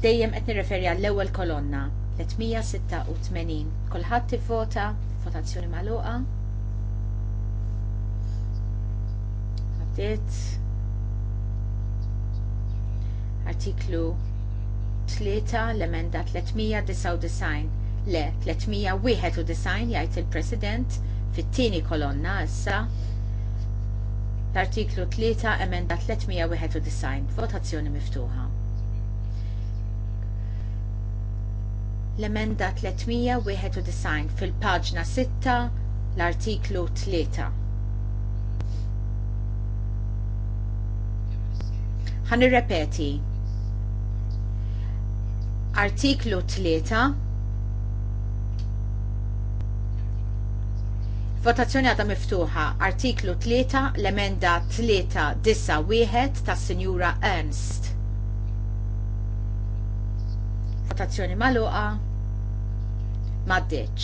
dejjem qed nirreferi għall-ewwel kolonna, 386. Kulħadd tivvota, votazzjoni magħluqa. Għaddiet artiklu tlieta l-emenda 399. Le, 391 jgħid il-President fit-tieni kolonna issa. L-artiklu 3 emenda 391 votazzjoni miftuħa. L-emenda 391 fil-paġna 6 l-artiklu 3. Ħanirrepeti. Artiklu 3 Votazzjoni għadha miftuħa. Artiklu 3, l-emenda 3 disa wieħed tas Sinjura Ernst. Votazzjoni magħluqa. Maddeċ.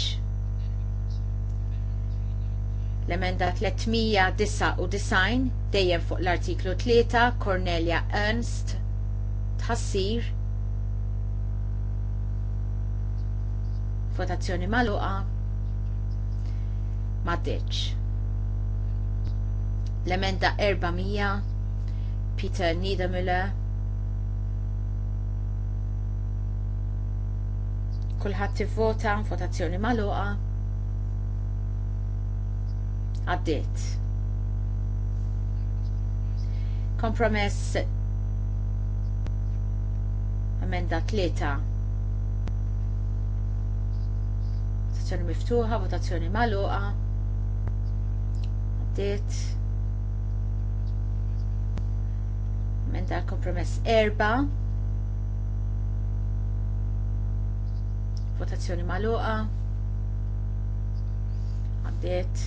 L-emenda 399 dejjem fuq l-artiklu 3 Cornelia Ernst tħassir votazzjoni maluqa ma deċ. L-emenda 400 Peter Niedermüller Kulħadd tivvota votazzjoni maluqa għaddiet. Kompromess emenda 3 votazzjoni miftuħa, votazzjoni magħluqa. Għaddiet. Menda kompromess erba. Votazzjoni magħluqa. Għaddiet.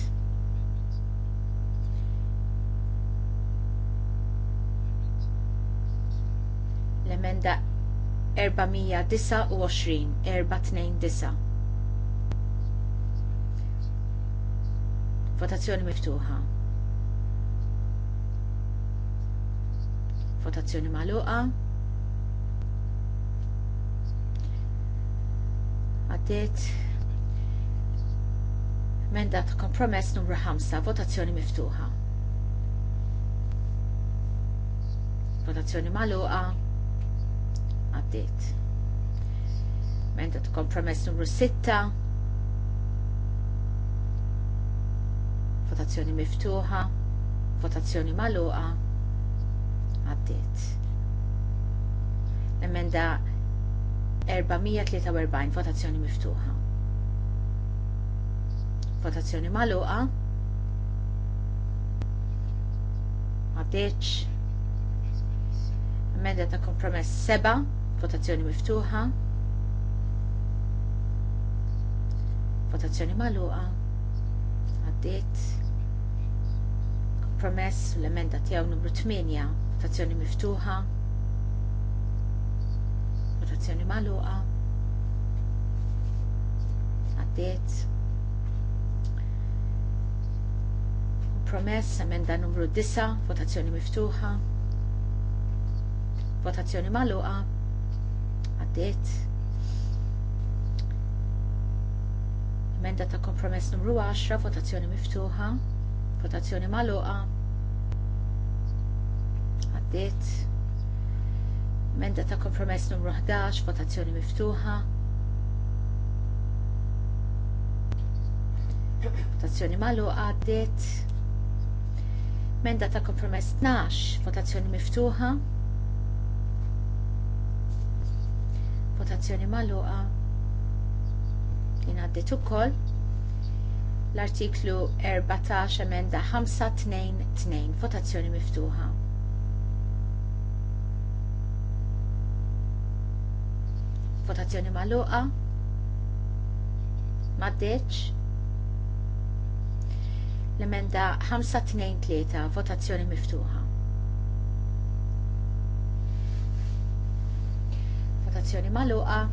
L-emenda 429, 429. Votazzjoni miftuħa. Votazzjoni magħluqa. Għaddit. Mendat kompromess numru 5, votazzjoni miftuħa. Votazzjoni magħluqa. Għaddit. Mendat kompromess numru 6, Votazzjoni miftuħa, votazzjoni magħluqa, għaddit. emenda 443, votazzjoni miftuħa. Votazzjoni magħluqa, għaddit. Emenda ta' kompromess 7, votazzjoni miftuħa, votazzjoni magħluqa għaddiet promess l-emenda tiegħu numru 8 votazzjoni miftuħa votazzjoni magħluqa għaddiet promess emenda numru 9 votazzjoni miftuħa votazzjoni maluqa għaddit Emenda ta' kompromess numru 10, votazzjoni miftuħa, votazzjoni magħluqa. għaddit, Emenda ta' kompromess numru 11, votazzjoni miftuħa. Votazzjoni magħluqa għaddit, Emenda ta' kompromess 12, votazzjoni miftuħa. Votazzjoni magħluqa Jien għaddit ukoll l-artiklu 14 emenda 522 votazzjoni miftuħa. Votazzjoni magħluqa. Maddeċ l-emenda 523 votazzjoni miftuħa. Votazzjoni maluqa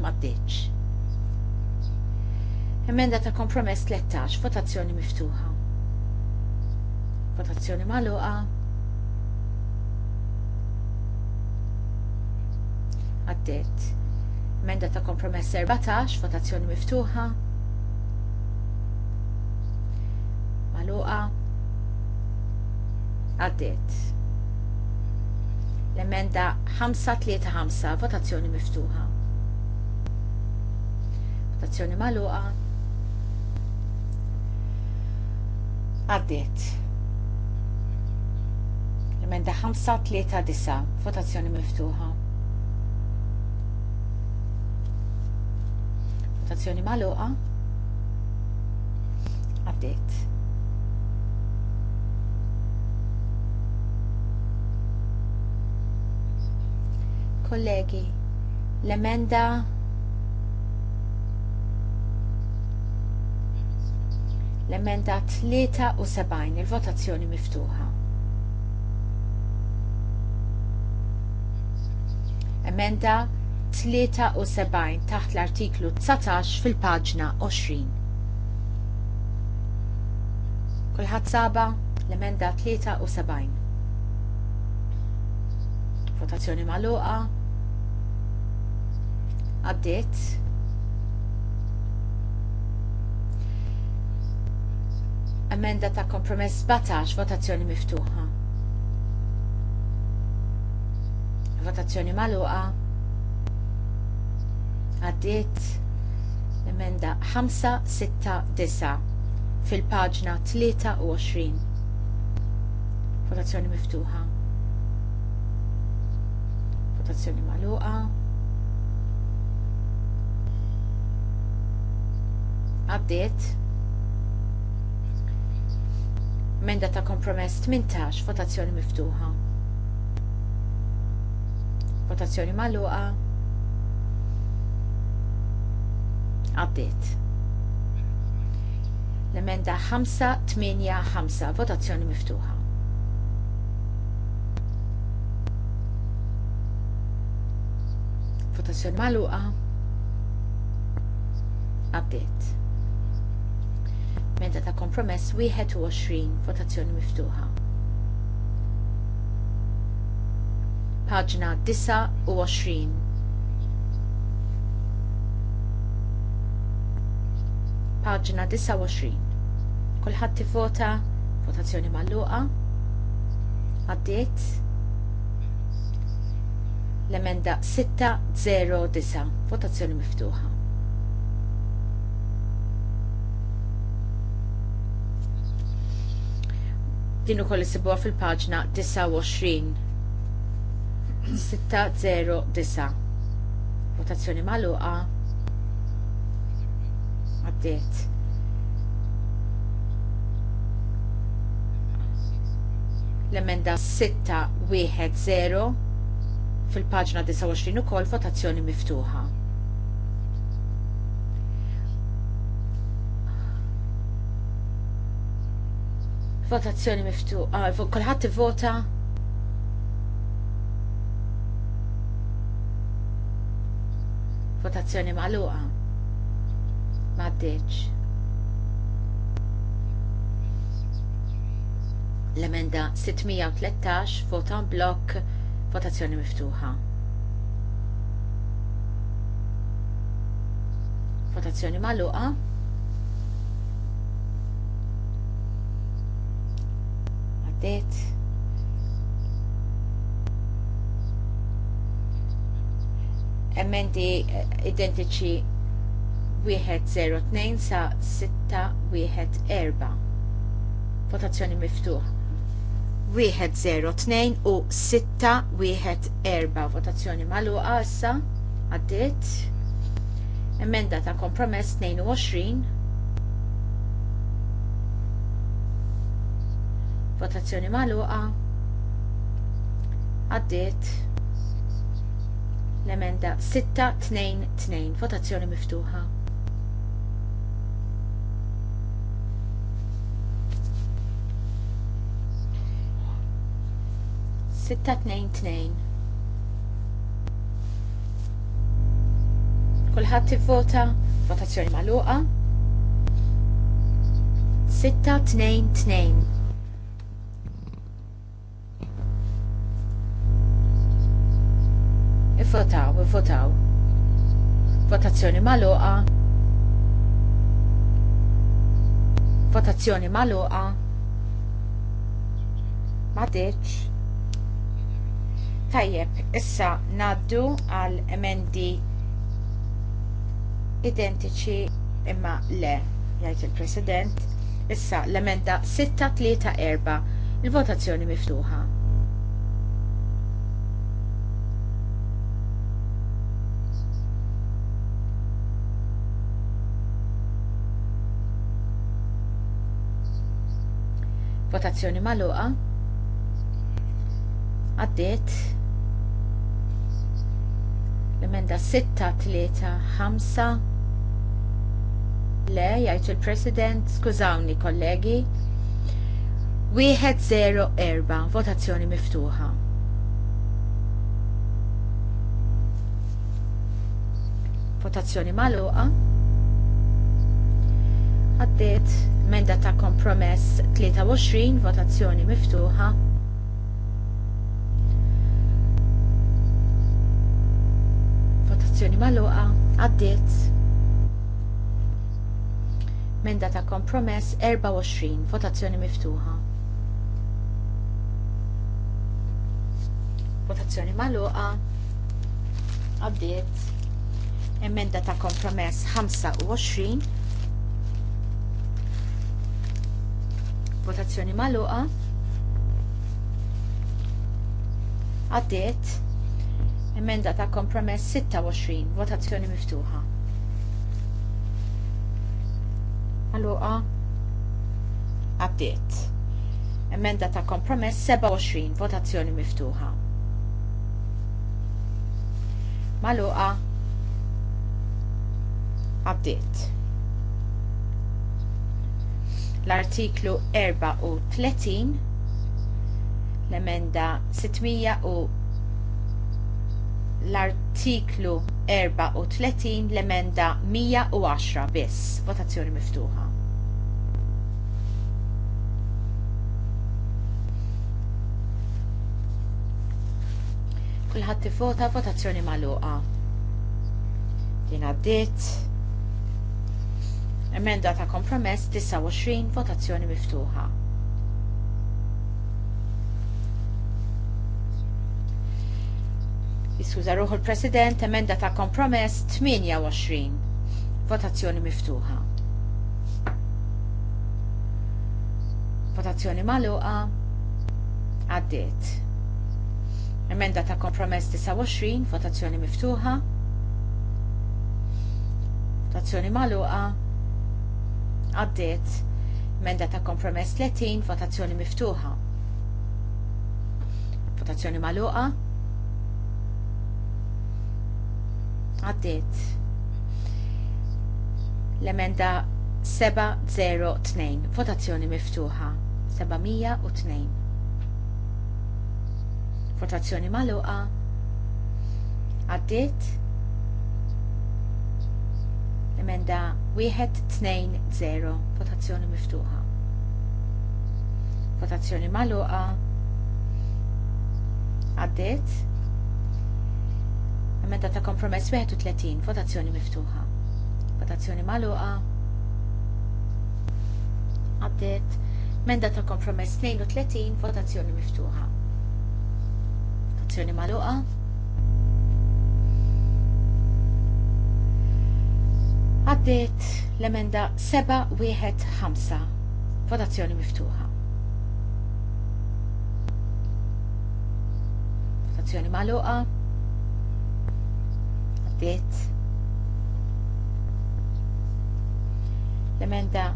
maddiċ. Emenda ta' kompromess 13, votazzjoni miftuħa. Votazzjoni maluqa. Għaddiet. Emenda ta' kompromess 14, votazzjoni miftuħa. Maluqa. Għaddiet. l emenda 535, 5 votazzjoni miftuħa l-azzjoni maluqa. Għaddiet. menda 5-3-9. Votazzjoni miftuħa. Votazzjoni maluqa. Għaddiet. kollegi, l-emenda L-emenda 73 il-votazzjoni miftuħa. Emenda 73 taħt l-artiklu 19 fil-paġna 20. Kulħadd saba l-emenda 73. Votazzjoni magħluqa għaddiet Emenda ta' kompromess batax votazzjoni miftuħa. Votazzjoni maluqa. Għaddiet emenda 569 fil-paġna 23. Votazzjoni miftuħa. Votazzjoni maluqa. Għaddiet Menda ta' kompromess 18, votazzjoni miftuħa. Votazzjoni magħluqa. Għaddit. L-emenda 5-8-5, votazzjoni miftuħa. Votazzjoni maluqa. Għaddit. Meta ta' kompromess 21 votazzjoni miftuħa. Paġna 29 Paġna 29 Kulħadd tivvota votazzjoni magħluqa għaddiet l-emenda 609 votazzjoni miftuħa. Din ukoll isibuha fil-paġna 29. 609. Votazzjoni magħluqa. Għaddiet. L-emenda 610 fil-paġna 29 ukoll votazzjoni miftuħa. Votazzjoni miftuqa, kulħadd vota Votazzjoni magħluqa. maddeċ. L-emenda 613 vota blok votazzjoni miftuħa. Votazzjoni magħluqa. għaddiet. Emendi eh, identiċi 102 sa 614. Votazzjoni miftuħ. 102 u 614 votazzjoni magħluqa issa għaddiet. Emenda ta' kompromess 22 Votazzjoni magħluqa. Għaddiet l-emenda 6-2-2. Votazzjoni miftuħa. Sitta tnejn tnejn. Kulħadd tivvota, votazzjoni magħluqa. Sitta tnejn tnejn. votaw, votaw. Votazzjoni maluqa. Votazzjoni maluqa. deċ. Tajjeb, issa naddu għal emendi identiċi imma le, jgħid il-President. Issa l-emenda 6-3-4, il-votazzjoni miftuħa. Votazzjoni magħluqa. Għaddiet. L-emenda 6-3-5. Le, jgħid il-President, skużawni kollegi. 1-0-4, votazzjoni miftuħa. Votazzjoni magħluqa għaddiet menda ta' kompromess 23 votazzjoni miftuħa votazzjoni magħluqa għaddiet menda ta' kompromess 24 votazzjoni miftuħa votazzjoni magħluqa għaddiet emenda ta' kompromess 25 votazzjoni maluqa. Għaddiet. Emenda ta' kompromess 26, votazzjoni miftuħa. Maluqa. Għaddiet. Emenda ta' kompromess 27, votazzjoni miftuħa. Maluqa. Update. L-artiklu 34 l-emenda 600 u l-artiklu 34 l-emenda 110 biss. Votazzjoni miftuħa. Kulħadd tivvota votazzjoni magħluqa. Din għaddiet. Emenda ta' kompromess 29 votazzjoni miftuħa. Iskuża ruħu l-President, emenda ta' kompromess 28. Votazzjoni miftuħa. Votazzjoni maluqa għaddiet. Emenda ta' kompromess 29, votazzjoni miftuħa. Votazzjoni maluqa għaddiet menda ta' kompromess 30 votazzjoni miftuħa. Votazzjoni maluqa. Għaddiet. L-emenda 702 votazzjoni miftuħa. 702. Votazzjoni maluqa. Għaddiet Emenda 1-2-0. Votazzjoni miftuħa. Votazzjoni maluqa. Għaddit. Emenda ta' kompromess 31. Votazzjoni miftuħa. Votazzjoni maluqa. Għaddit. Menda ta' kompromess 32. Votazzjoni miftuħa. Votazzjoni maluqa. Għaddiet l-emenda 715. Votazzjoni miftuħa. Votazzjoni maluqa. Għaddiet. L-emenda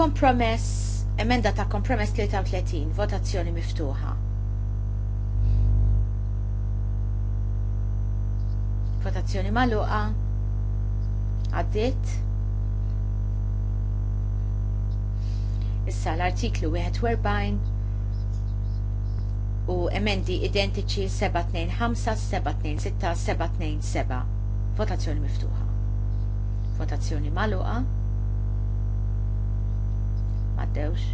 kompromess Emenda ta' kompromess 33, votazzjoni miftuħa. Votazzjoni maluqa. Għaddit. Issa l-artiklu 41 u emendi identiċi 725, 726, 727. Votazzjoni miftuħa. Votazzjoni maluqa m'għaddewx.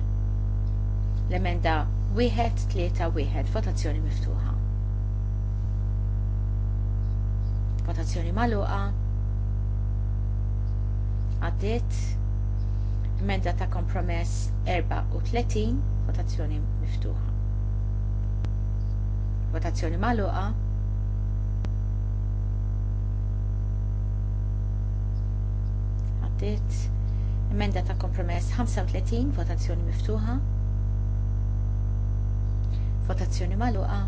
L-emenda wieħed tlieta wieħed votazzjoni miftuħa. Votazzjoni magħluqa. Għaddit. emenda ta' kompromess 34 votazzjoni miftuħa. Votazzjoni magħluqa. Għaddiet Emenda ta' kompromess 35, votazzjoni miftuħa. Votazzjoni magħluqa.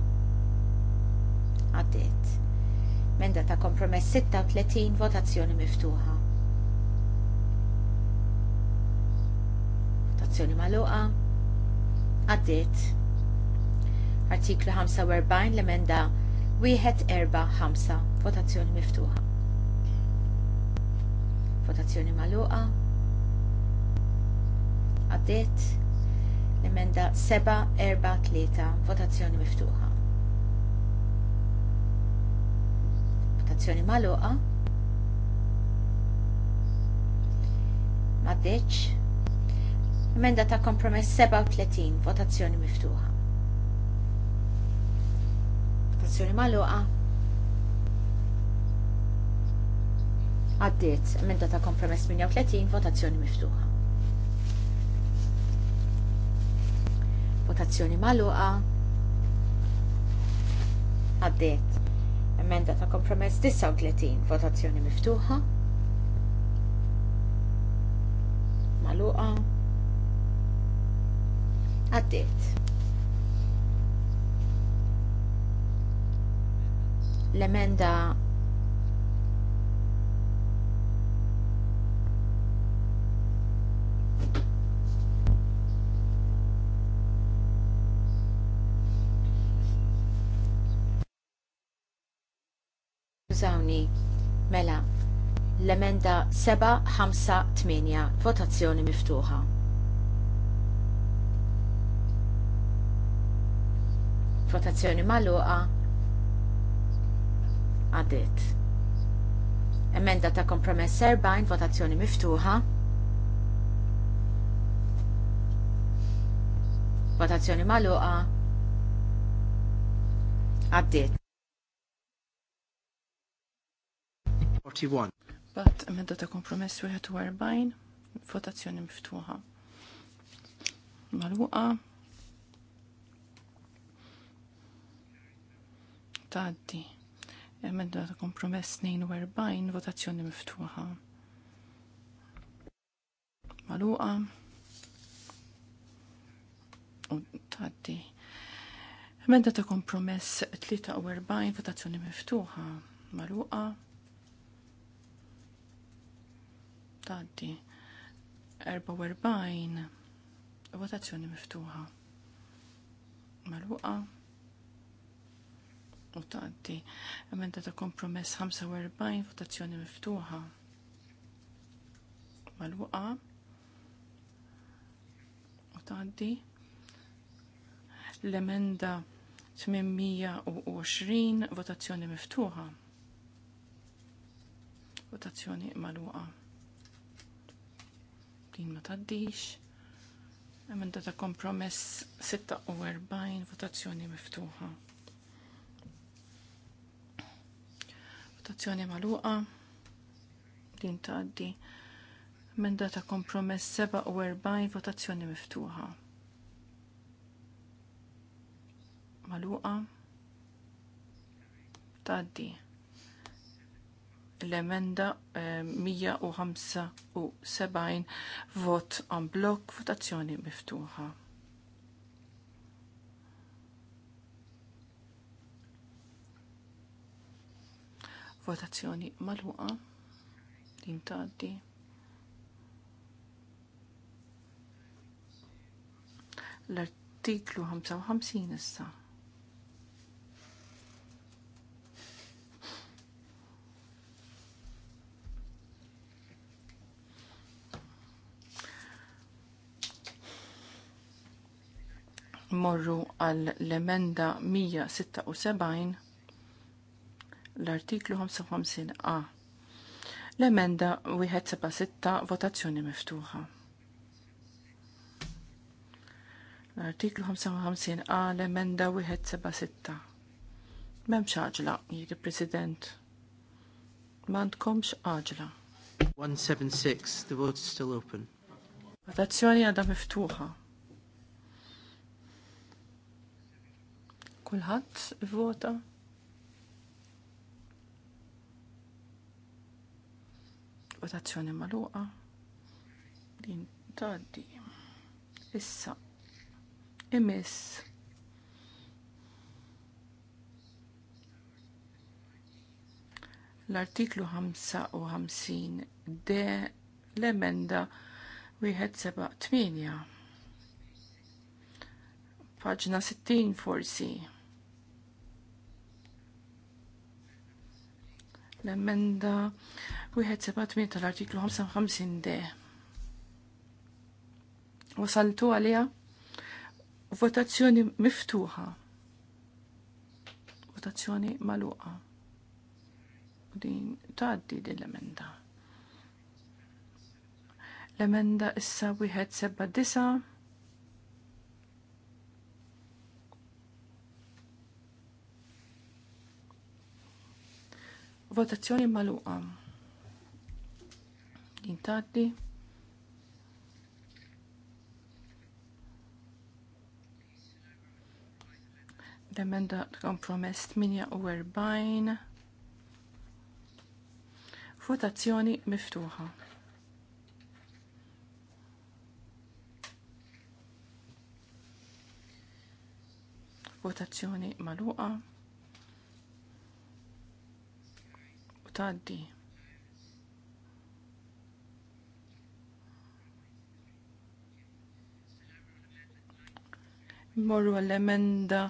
Għaddiet. Emenda ta' kompromess 36, votazzjoni miftuħa. Votazzjoni magħluqa. Għaddiet. Artiklu 45, l-emenda 145, votazzjoni miftuħa. Votazzjoni magħluqa għaddiet l-emenda 743 votazzjoni miftuħa. Votazzjoni magħluqa. M'għaddietx. Emenda ta' kompromess 37 votazzjoni miftuħa. Votazzjoni magħluqa. Għaddiet emenda ta' kompromess 38 votazzjoni miftuħa. votazzjoni magħluqa. Għaddiet. Emenda ta' kompromess 39, votazzjoni miftuħa. Magħluqa. Għaddiet. L-emenda votazzjoni mela l-emenda 758 votazzjoni miftuħa. Votazzjoni magħluqa għaddiet. Emenda ta' kompromess 40 votazzjoni miftuħa. votazzjoni maluqa għaddiet. 41. Bat emenda ta' kompromess 41, votazzjoni miftuħa. Maluqa. Taddi. Emenda ta' kompromess 42, votazzjoni miftuħa. Maluqa. U taddi. Emenda ta' kompromess 43, votazzjoni miftuħa. Maluqa. taddi 44 votazzjoni miftuħa maluqa u tgħaddi. emenda ta' kompromess 45 votazzjoni miftuħa maluqa u taddi l-emenda 820 votazzjoni miftuħa votazzjoni maluqa din ma taddix. Emenda ta' kompromess 46 votazzjoni miftuħa. Votazzjoni maluqa din taddi. Emenda ta' kompromess 47 votazzjoni miftuħa. Maluqa taddi l-emenda 175 eh, vot on blok votazzjoni miftuħa. Votazzjoni maluqa din tgħaddi. L-artiklu 55 issa. morru għal l-emenda 176 l-artiklu 55a. L-emenda 176 votazzjoni miftuħa. L-artiklu 55a l-emenda 176. Memx ħaġla, jiri President. Mandkomx ħaġla. 176, the is still open. Votazzjoni għadha miftuħa. Kulħadd vota. Votazzjoni maluqa. Din tgħaddi. Issa imiss. L-artiklu 55 de l-emenda 178 paġna 60 forsi. l-emenda 178 tal-artiklu 55 d. Wasaltu għalija votazzjoni miftuħa. Votazzjoni maluqa. Din taddi din l-emenda. L-emenda issa wieħed seba' disa' Votazzjoni maluqa. Din Demenda L-emenda kompromess 48. Votazzjoni miftuħa. votazzjoni maluqa. tgħaddi. Morru għall-emenda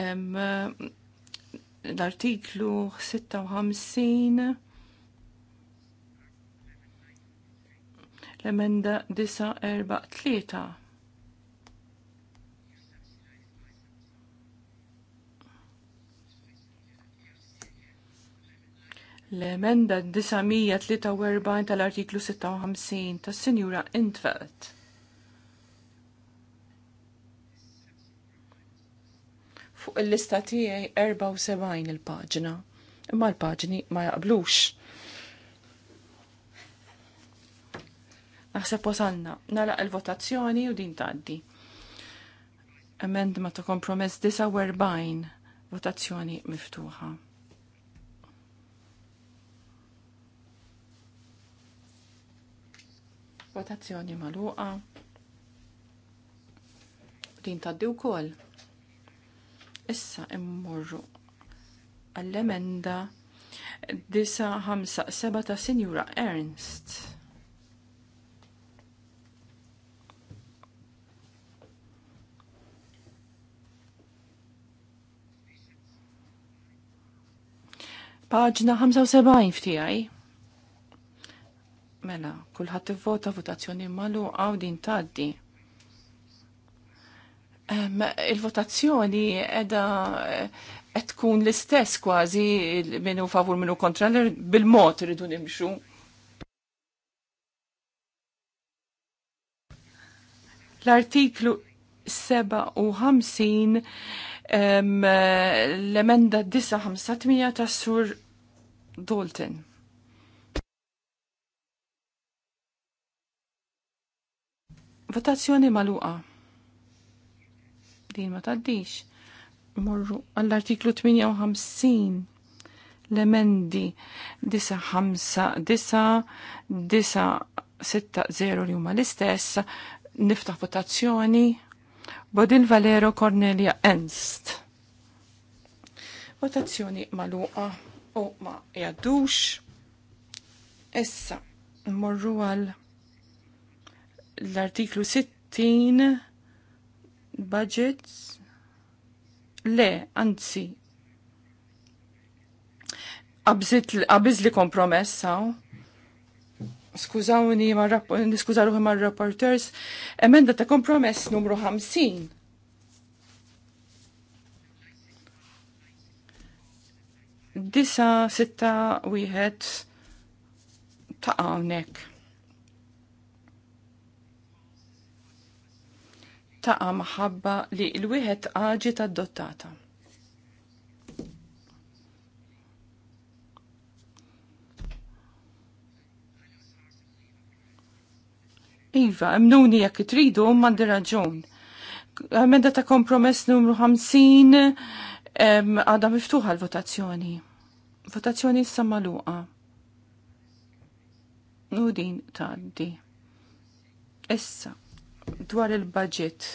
l-artiklu 56 l-emenda 943 L-emenda 943 tal-artiklu 56 tas-Sinjura Intfeld. Fuq il-lista tiegħi 74 il-paġna, imma l-paġni ma jaqblux. Naħseb wasalna, nalaq il-votazzjoni u din tgħaddi. Amendment ta' kompromess 49, votazzjoni miftuħa. Votazzjoni maluqa. Din taddi wkoll. Issa immurru għall-emenda 957 ta' Sinjura Ernst. Paġna 75 ftijaj. Mela, kullħat vota votazzjoni malu għaw din taddi. Um, Il-votazzjoni edha eh, qed tkun l-istess kważi hu favur minnu kontra bil-mod iridu nimxu. L-artiklu 57 um, l-emenda 95 ta' Sur Dalton. Votazzjoni maluqa. Din ma taddix. Morru għall-artiklu 58 l-emendi 9-5-9-6-0 li huma l-istess, niftaħ votazzjoni Bodil Valero Cornelia Enst. Votazzjoni maluqa u ma jaddux. Issa, morru għal l-artiklu 60 budgets le, anzi għabiz li kompromess saw skużawni niskużaruħi ma' reporters emenda ta' kompromess numru 50 disa sitta wieħed ta' hawnhekk. taqa maħabba li l wihet għagġi tad-dottata. Iva, mnuni jekk tridu mandi raġun. Menda ta' kompromess numru 50 għadha miftuħa l-votazzjoni. Votazzjoni issa maluqa. U din tgħaddi. Issa dwar il-budget.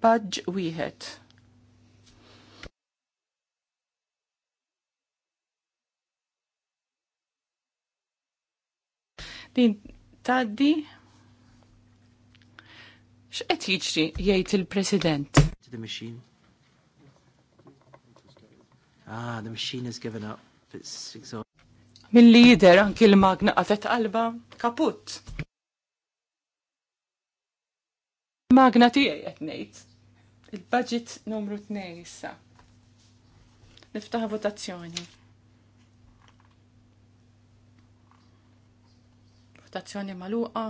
Budge wieħed. Din taddi X'qed jiġri jgħid il-President? The machine. Ah, the machine has given up. It's exhausted. Milli jidher anki l-magna għatet qalba kaput. Magna tiegħi qed ngħid. Il-budget numru 2 issa. Niftaħ votazzjoni. Votazzjoni maluqa.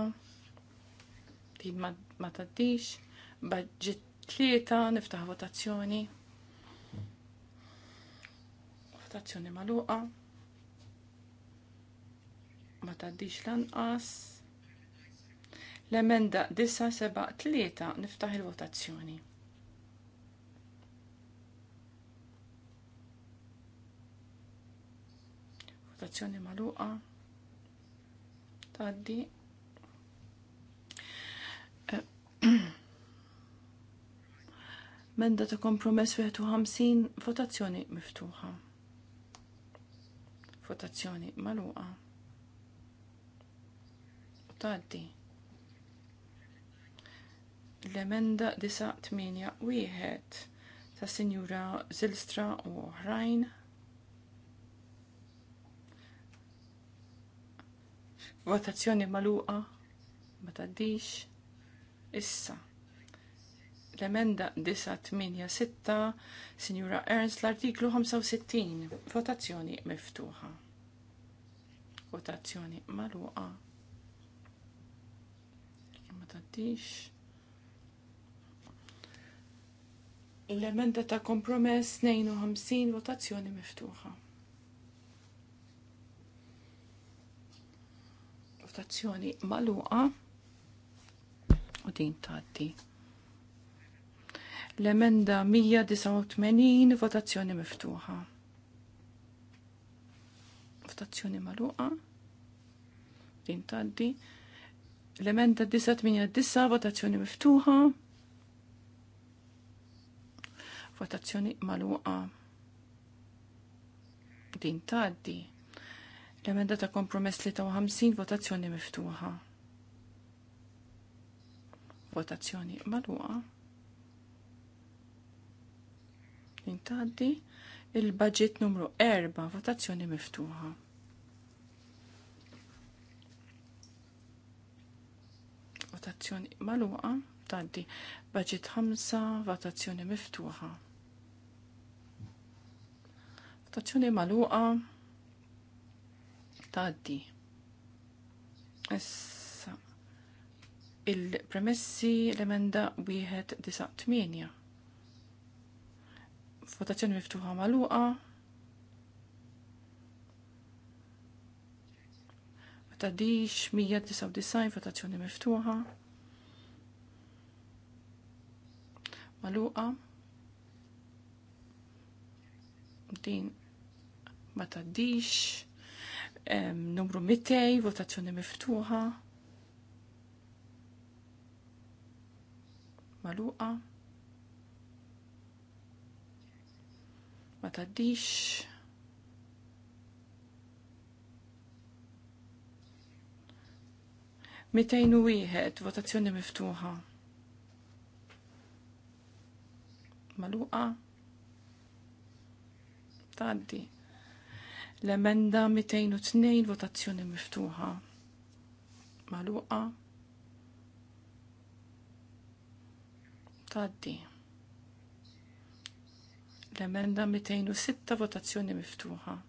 Din ma taddix. Budget tlieta, niftaħ votazzjoni. Votazzjoni maluqa ma taddix lanqas. L-emenda 973 niftaħ il-votazzjoni. Votazzjoni maluqa. Taddi. Menda ta' kompromess 51 votazzjoni miftuħa votazzjoni maluqa taddi. L-emenda 981 ta' Sinjura Zilstra u oħrajn. Votazzjoni maluqa ma taddix. Issa. L-emenda 986 Sinjura Ernst l-artiklu 65. Votazzjoni miftuħa. Votazzjoni maluqa tattix. L-emenda ta' kompromess 52 votazzjoni miftuħa. Votazzjoni maluqa u din tgħaddi. L-emenda 189 votazzjoni miftuħa. Votazzjoni maluqa din tgħaddi l-emenda 9-9 votazzjoni miftuħa votazzjoni maluqa din taddi l-emenda ta' kompromess 53 votazzjoni miftuħa votazzjoni maluqa din taddi il-budget numru 4 votazzjoni miftuħa votazzjoni maluqa, taddi budget ħamsa, votazzjoni miftuħa. Votazzjoni maluqa, taddi. Issa, il-premessi l-emenda 1 8. Votazzjoni miftuħa maluqa, taħdix 199 votazzjoni miftuħa. Maluqa. Din ma taħdix. Numru 200 votazzjoni miftuħa. Maluqa. Ma taħdix. 201 votazzjoni miftuħa. Maluqa. Taddi. L-emenda 202 votazzjoni miftuħa. Maluqa. Taddi. L-emenda 206 votazzjoni miftuħa.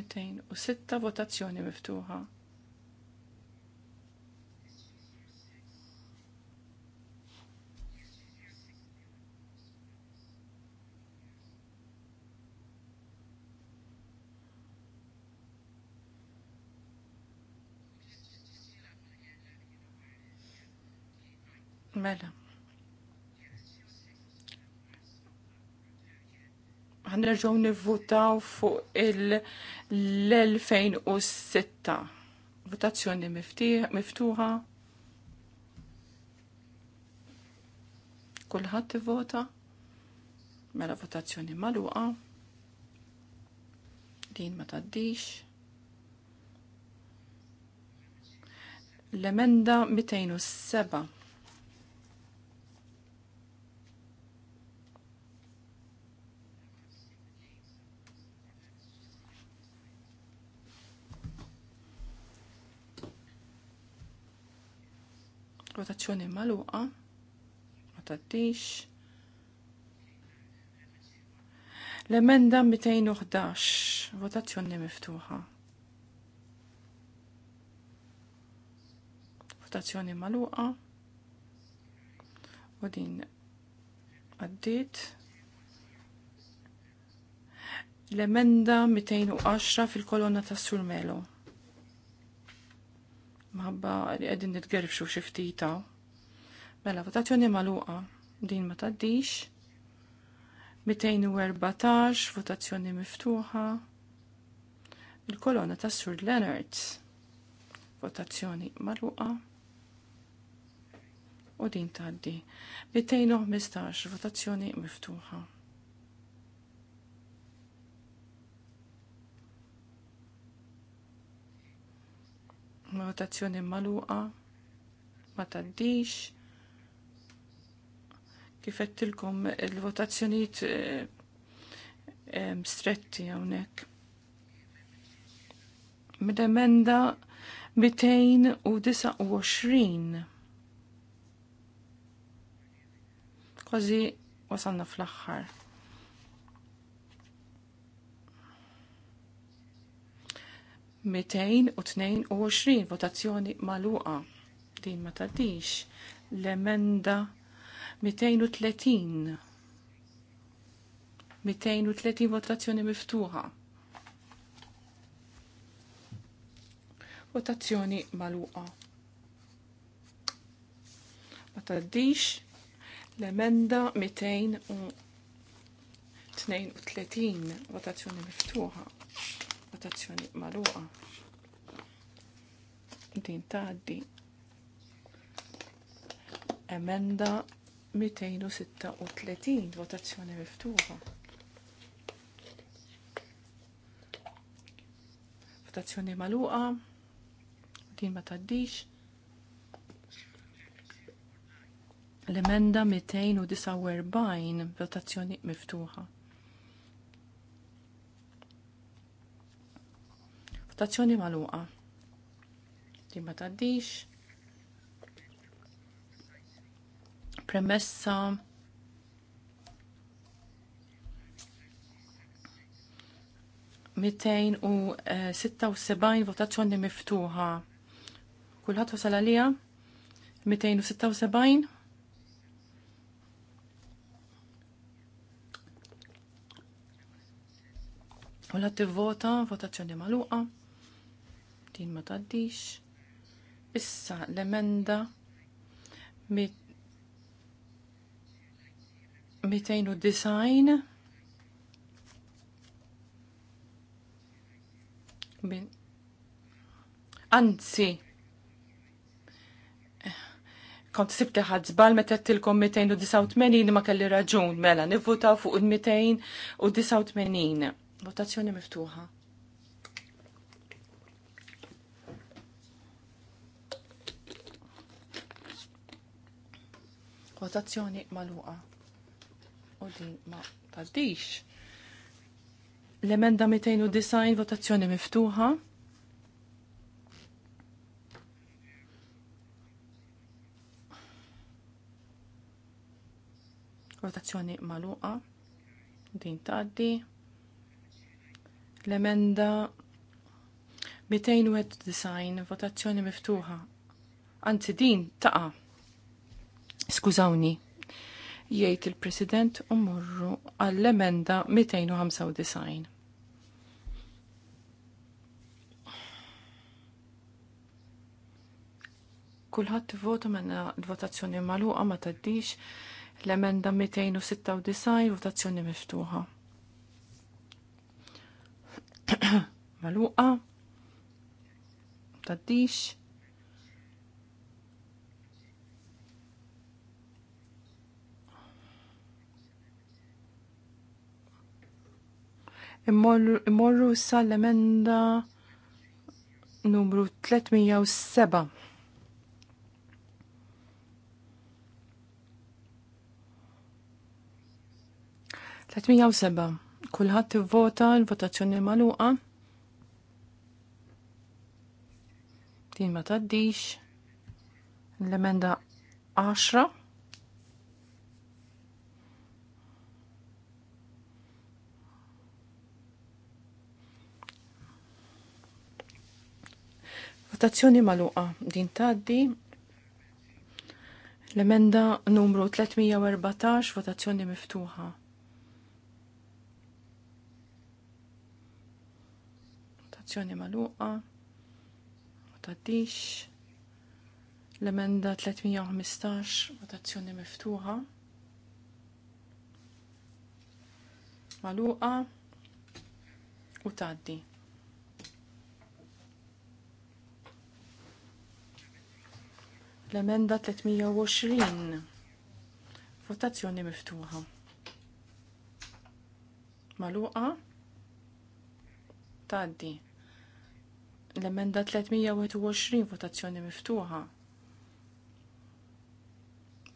206 votazzjoni miftuħa. Mela. ħanreġgħu nivvutaw fuq il-2006. Votazzjoni miftuħa. Kulħadd ivvota. Mela votazzjoni magħluqa. Din ma tgħaddix. L-emenda 207. Votazzjoni maluqa. Ma tattix L-emenda 211. Votazzjoni miftuħa. Votazzjoni maluqa. U din għaddit. L-emenda 210 fil-kolonna tas-surmelo. Maħabba li għedin nitgerfxu xiftita. Mela, votazzjoni maluqa, din ma taddix. 214, votazzjoni miftuħa. Il-kolonna ta' Sur Leonard, votazzjoni maluqa. U din taddi. 215, votazzjoni miftuħa. votazzjoni maluqa ma taddix kifettilkom il votazzjonijiet eh, eh, stretti għonek. Mid-emenda 229. Kważi wasalna fl-axħar. 222 votazzjoni maluqa. Din ma tadix. L-emenda 230. 230 votazzjoni miftuħa. Votazzjoni maluqa. Ma tadix. L-emenda 232 votazzjoni miftuħa votazzjoni maluqa. Din taħdi emenda 236 votazzjoni miftuħa. Votazzjoni maluqa. Din ma taħdix. L-emenda 249 votazzjoni miftuħa. Votazzjoni maluqa. Li ma taddix. Premessa. Mittejn u eh, sitta u sebajn votazzjoni miftuħa. Kulħadd wasal għalija? 276 U la t-vota, votazzjoni maluqa din ma taddix. Issa l-emenda 290 min anzi kont sibti ħadżbal meta tilkom 289 ma kelli raġun mela nivvutaw fuq il-289 votazzjoni miftuħa Votazzjoni maluqa. U din ma tardix. L-emenda 209 votazzjoni miftuħa. Votazzjoni maluqa. Din tardi. L-emenda 209 votazzjoni miftuħa. Anzi din taqa' Skużawni, jgħid il-President u morru għall-emenda 295. Kulħadd votu menna l-votazzjoni magħluqa ma taddix l-emenda 296 votazzjoni miftuħa. Maluqa taddix immorru sal-emenda numru 307. 307. Kulħadd ivvota l-votazzjoni magħluqa. Din ma taddix. L-emenda 10. Votazzjoni maluqa din taddi. L-emenda numru 314, votazzjoni miftuħa. Votazzjoni maluqa. Votaddix. L-emenda 315, votazzjoni miftuħa. Maluqa u taddi. L-emenda 320. Votazzjoni miftuħa. Maluqa. Taddi. L-emenda 320. votazzjoni miftuħa.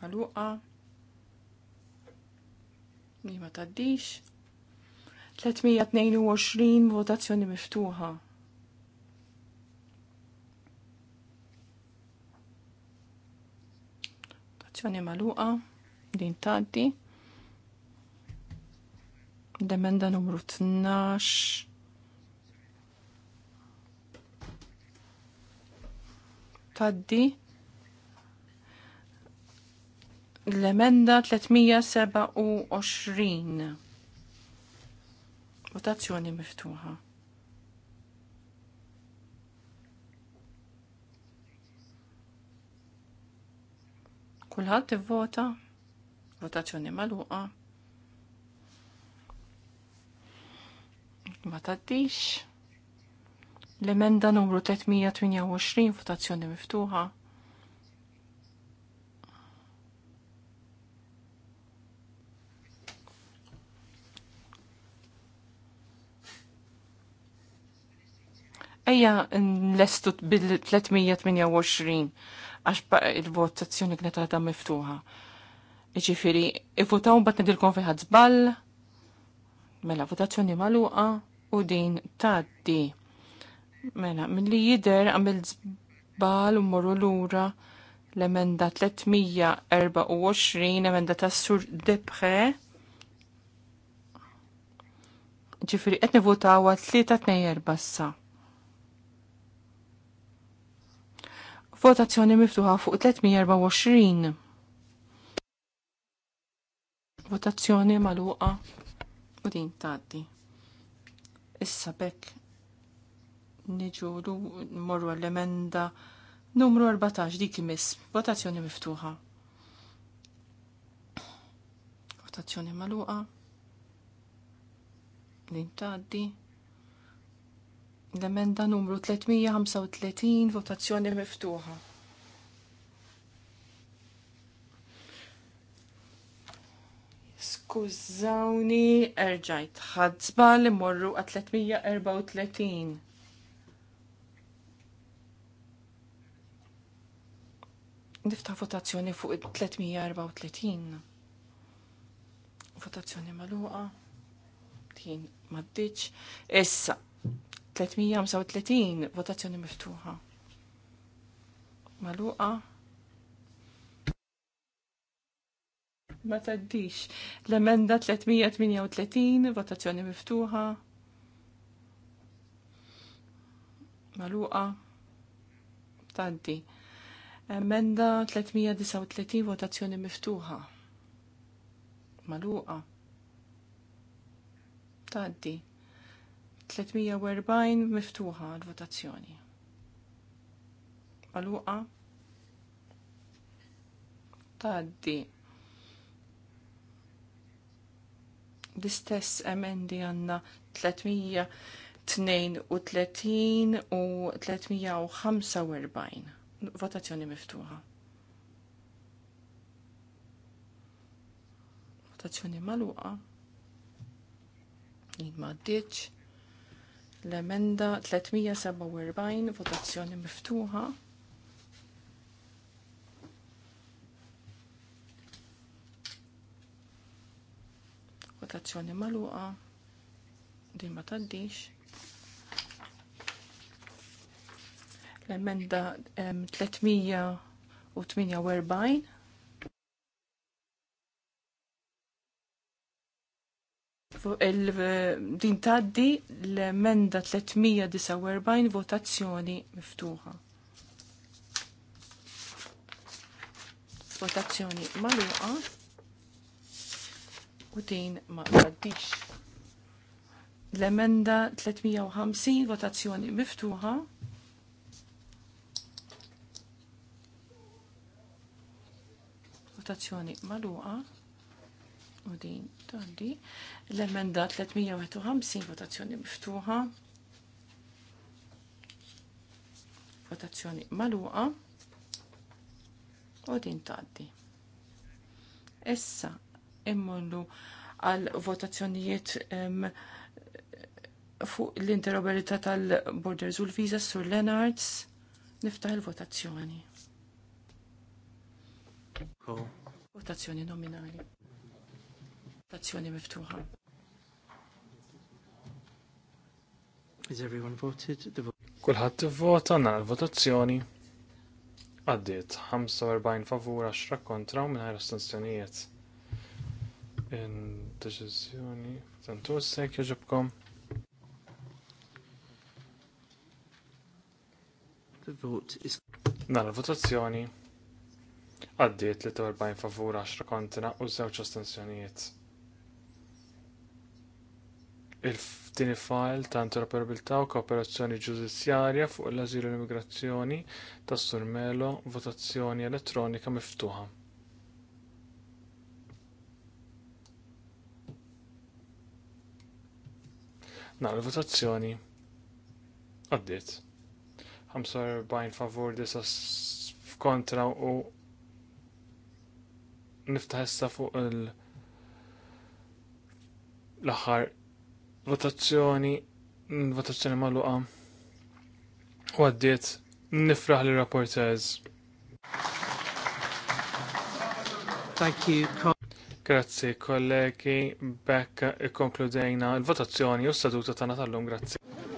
Maluqa. Nima ma taddix. 322 votazzjoni miftuħa. votazzjoni maluqa din taddi demenda numru 12 taddi l-emenda 327 votazzjoni miftuħa Kulħadd ivvota. Votazzjoni magħluqa. Ma taddix. L-emenda numru 328 votazzjoni miftuħa. Ejja nlestu bil-328 għax il-votazzjoni kienet għadha miftuħa. i-votaw bat nidilkom fejħad zbal, mela votazzjoni maluqa u din taddi. Mela, mill-li jider għamil zbal u morru l-ura l-emenda 324, emenda ta' sur depre. Ġifiri, etni votawa 324 sa' Votazzjoni miftuħa fuq 324. Votazzjoni maluqa u din taddi. Issa bekk niġu morru l-emenda numru 14 dik imiss. Votazzjoni miftuħa. Votazzjoni maluqa. Din taddi. L-emenda numru 335, votazzjoni miftuħa. Skużawni, erġajt, Ħadd li morru għat 334. Niftaħ votazzjoni fuq 334. Votazzjoni maluqa. Tin maddiċ. Issa, 335 votazzjoni miftuħa. Maluqa. Ma taddix. L-emenda 338 votazzjoni miftuħa. Maluqa. Taddi. Emenda 339 votazzjoni miftuħa. Maluqa. Taddi. 340 miftuħa l-votazzjoni. Maluqa taddi l-istess emendi għanna 332 u 345. Votazzjoni miftuħa. Votazzjoni maluqa. Jien ma ddiċ. L-emenda 347, votazzjoni miftuħa. Votazzjoni maluqa. Din ma taddix. L-emenda 348, din taddi l-emenda 349 votazzjoni miftuħa. Votazzjoni maluqa u din ma taddix. L-emenda 350 votazzjoni miftuħa. Votazzjoni maluqa U din tandi l-emenda 351 votazzjoni miftuħa. Votazzjoni maluqa. U din tandi. Issa immollu għal votazzjonijiet fuq l-interoperabilità tal-Borders u l-Visa sur Lenards niftaħ il-votazzjoni. Votazzjoni nominali. Votazzjoni miftuħa. Is everyone voted? The vote. Kulħadd ivvota nara l-votazzjoni. Għaddiet 45 favur 10 kontra u mingħajr astensjonijiet. Deċiżjoni tantussek jaġobkom. The vote is... Nara votazzjoni. Għaddiet 43 favur 10 kontra u żewġ astensjonijiet il-din il ta' interoperabilità u kooperazzjoni ġudizzjarja fuq l-azil u l-immigrazzjoni ta' Surmelo votazzjoni elettronika miftuħa. l votazzjoni għaddit. 45 favur disa kontra u niftaħessa fuq il l-aħħar votazzjoni mm, votazzjoni maluqa u għaddiet nifraħ li rapportez. Thank you. Grazzi kollegi, bekk ikkonkludejna l-votazzjoni u s-seduta tagħna tal-lum, grazzi.